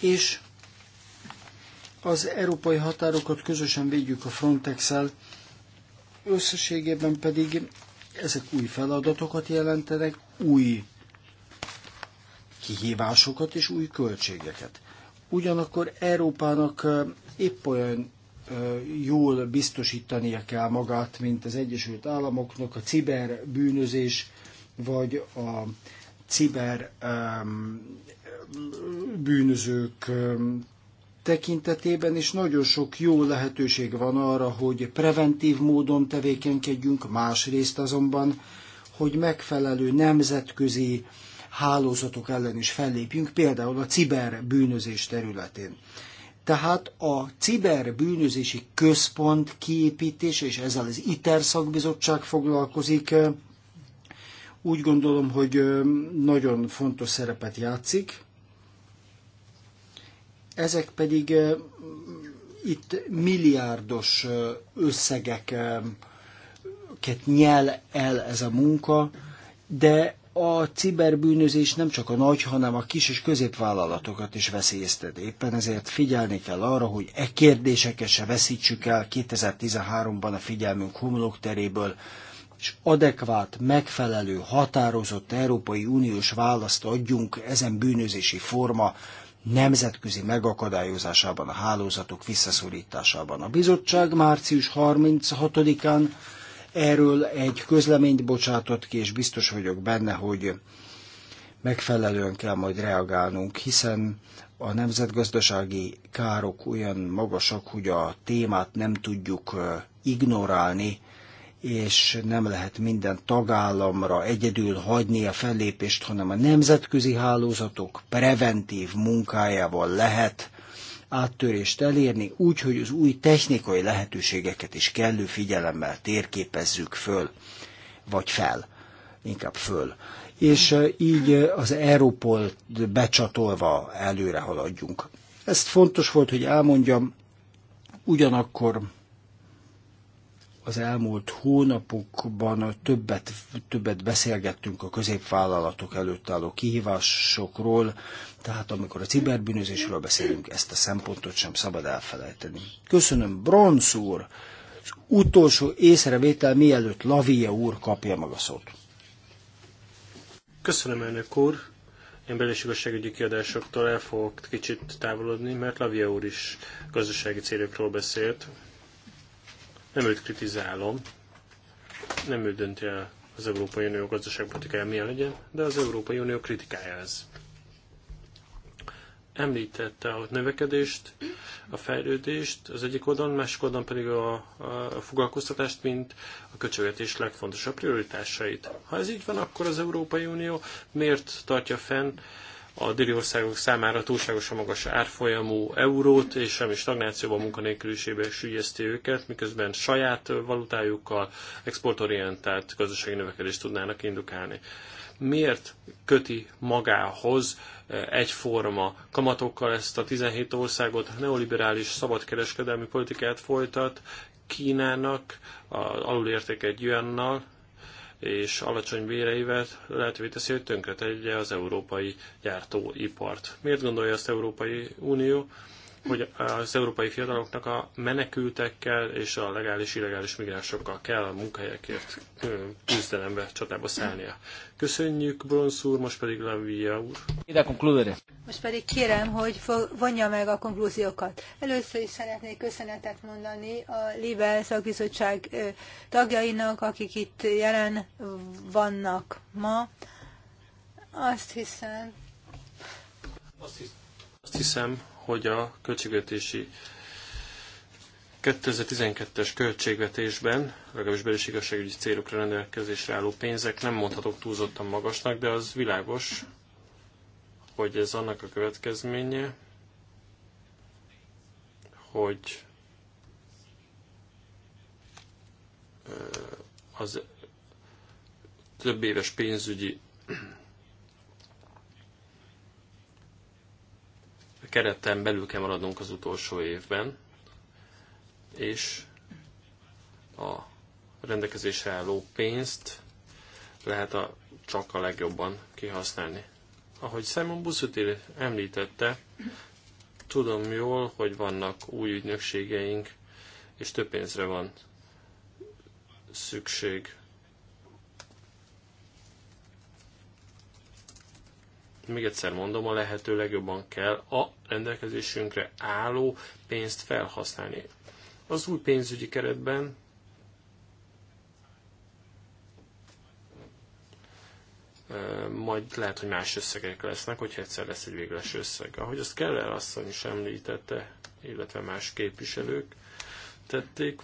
És az európai határokat közösen védjük a Frontex-el, összességében pedig ezek új feladatokat jelentenek, új kihívásokat és új költségeket. Ugyanakkor Európának épp olyan jól biztosítania kell magát, mint az Egyesült Államoknak a ciberbűnözés vagy a ciber bűnözők tekintetében is nagyon sok jó lehetőség van arra, hogy preventív módon tevékenykedjünk, másrészt azonban, hogy megfelelő nemzetközi hálózatok ellen is fellépjünk, például a ciberbűnözés területén. Tehát a ciberbűnözési központ kiépítés, és ezzel az ITER szakbizottság foglalkozik, úgy gondolom, hogy nagyon fontos szerepet játszik, ezek pedig itt milliárdos összegeket nyel el ez a munka, de a ciberbűnözés nem csak a nagy, hanem a kis és középvállalatokat is veszélyezteti. Éppen ezért figyelni kell arra, hogy e kérdéseket se veszítsük el 2013-ban a figyelmünk teréből, és adekvát, megfelelő, határozott Európai Uniós választ adjunk ezen bűnözési forma nemzetközi megakadályozásában, a hálózatok visszaszorításában. A bizottság március 36-án erről egy közleményt bocsátott ki, és biztos vagyok benne, hogy megfelelően kell majd reagálnunk, hiszen a nemzetgazdasági károk olyan magasak, hogy a témát nem tudjuk ignorálni, és nem lehet minden tagállamra egyedül hagyni a fellépést, hanem a nemzetközi hálózatok preventív munkájával lehet áttörést elérni, úgy, hogy az új technikai lehetőségeket is kellő figyelemmel térképezzük föl, vagy fel, inkább föl. És így az Európol becsatolva előre haladjunk. Ezt fontos volt, hogy elmondjam, ugyanakkor az elmúlt hónapokban többet, többet beszélgettünk a középvállalatok előtt álló kihívásokról, tehát amikor a ciberbűnözésről beszélünk, ezt a szempontot sem szabad elfelejteni. Köszönöm, Bronz úr! Az utolsó észrevétel mielőtt Lavia úr kapja a szót. Köszönöm, elnök úr! Én belésigazságügyi kiadásoktól el fogok kicsit távolodni, mert Lavia úr is gazdasági célokról beszélt, nem őt kritizálom, nem ő dönti el az Európai Unió gazdaságpolitikája milyen legyen, de az Európai Unió kritikája ez. Említette a növekedést, a fejlődést az egyik oldalon, másik oldalon pedig a, a foglalkoztatást, mint a költségvetés legfontosabb prioritásait. Ha ez így van, akkor az Európai Unió miért tartja fenn a déli országok számára túlságosan magas árfolyamú eurót, és semmi stagnációban munkanélküliségbe sügyezti őket, miközben saját valutájukkal exportorientált gazdasági növekedést tudnának indukálni. Miért köti magához eh, egyforma kamatokkal ezt a 17 országot neoliberális szabadkereskedelmi politikát folytat, Kínának, az alulértékelt yuannal, és alacsony béreivel lehetővé teszi, hogy tönkretegye az európai gyártóipart. Miért gondolja ezt Európai Unió? hogy az európai fiataloknak a menekültekkel és a legális, illegális migránsokkal kell a munkahelyekért küzdelembe, csatába szállnia. Köszönjük, Bronsz úr, most pedig Lenvia úr. Most pedig kérem, hogy vonja meg a konklúziókat. Először is szeretnék köszönetet mondani a Libe szakbizottság tagjainak, akik itt jelen vannak ma. Azt hiszem, azt hiszem, hogy a költségvetési 2012-es költségvetésben, legalábbis belős igazságügyi célokra rendelkezésre álló pénzek nem mondhatók túlzottan magasnak, de az világos, hogy ez annak a következménye, hogy az több éves pénzügyi kereten belül kell maradnunk az utolsó évben, és a rendelkezésre álló pénzt lehet a, csak a legjobban kihasználni. Ahogy Simon Buszutil említette, tudom jól, hogy vannak új ügynökségeink, és több pénzre van szükség Még egyszer mondom, a lehető legjobban kell a rendelkezésünkre álló pénzt felhasználni. Az új pénzügyi keretben majd lehet, hogy más összegek lesznek, hogyha egyszer lesz egy végleges összeg. Ahogy azt Keller asszony is említette, illetve más képviselők tették,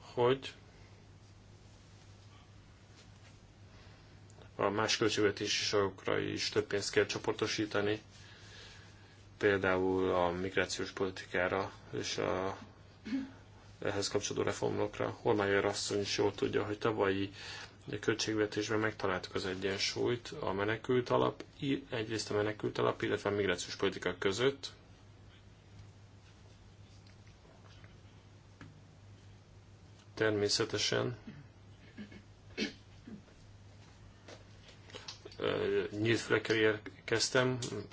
hogy a más költségvetési sorokra is több pénzt kell csoportosítani, például a migrációs politikára és a ehhez kapcsolódó reformokra. Holmeyer asszony is jól tudja, hogy tavalyi költségvetésben megtaláltuk az egyensúlyt a menekült alap, egyrészt a menekült alap, illetve a migrációs politika között, természetesen nyílt fülekkel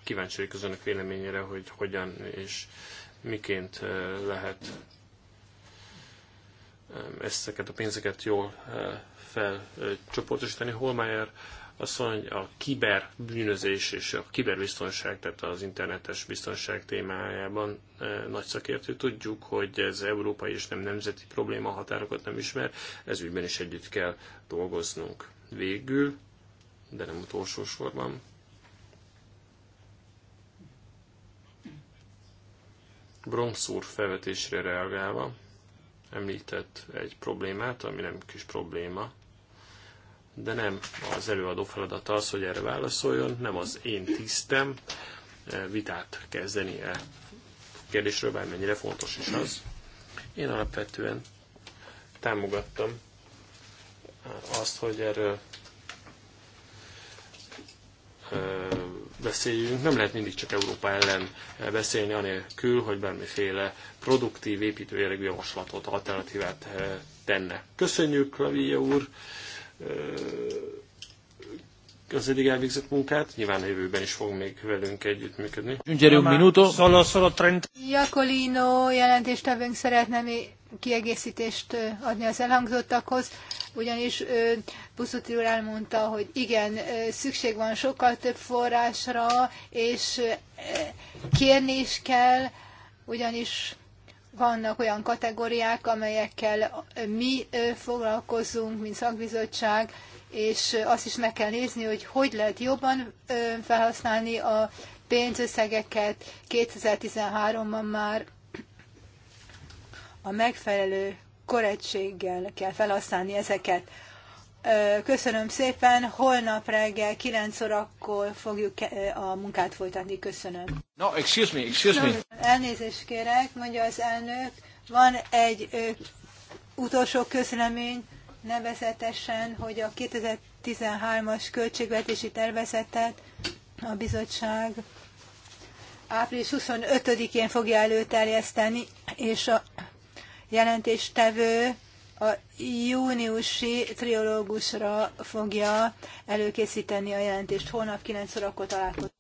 Kíváncsi vagyok az önök véleményére, hogy hogyan és miként lehet ezeket a pénzeket jól felcsoportosítani. Holmeyer azt mondja, hogy a kiberbűnözés és a kiberbiztonság, tehát az internetes biztonság témájában nagy szakértő. Tudjuk, hogy ez európai és nem nemzeti probléma, határokat nem ismer, ez ügyben is együtt kell dolgoznunk. Végül de nem utolsó sorban. Bronx úr felvetésre reagálva említett egy problémát, ami nem kis probléma, de nem az előadó feladata az, hogy erre válaszoljon, nem az én tisztem e, vitát kezdeni el kérdésről, bármennyire fontos is az. Én alapvetően támogattam e, azt, hogy erről beszéljünk. Nem lehet mindig csak Európa ellen beszélni, anélkül, hogy bármiféle produktív, építőjelegű javaslatot, alternatívát tenne. Köszönjük, Lavia úr, az eddig elvégzett munkát. Nyilván a jövőben is fog még velünk együttműködni. Gyerünk minuto. Solo, solo 30. Jakolino jelentéstevőnk szeretne még kiegészítést adni az elhangzottakhoz, ugyanis Buszuti úr elmondta, hogy igen, szükség van sokkal több forrásra, és kérni is kell, ugyanis vannak olyan kategóriák, amelyekkel mi foglalkozunk, mint szakbizottság, és azt is meg kell nézni, hogy hogy lehet jobban felhasználni a pénzösszegeket. 2013-ban már a megfelelő korrektséggel kell felhasználni ezeket. Köszönöm szépen, holnap reggel 9 órakor fogjuk a munkát folytatni. Köszönöm. No, excuse me, excuse me. Elnézést kérek, mondja az elnök. Van egy ö, utolsó közlemény, nevezetesen, hogy a 2013-as költségvetési tervezetet a bizottság április 25-én fogja előterjeszteni, és a jelentéstevő a júniusi triológusra fogja előkészíteni a jelentést. Holnap 9 órakor találkozunk.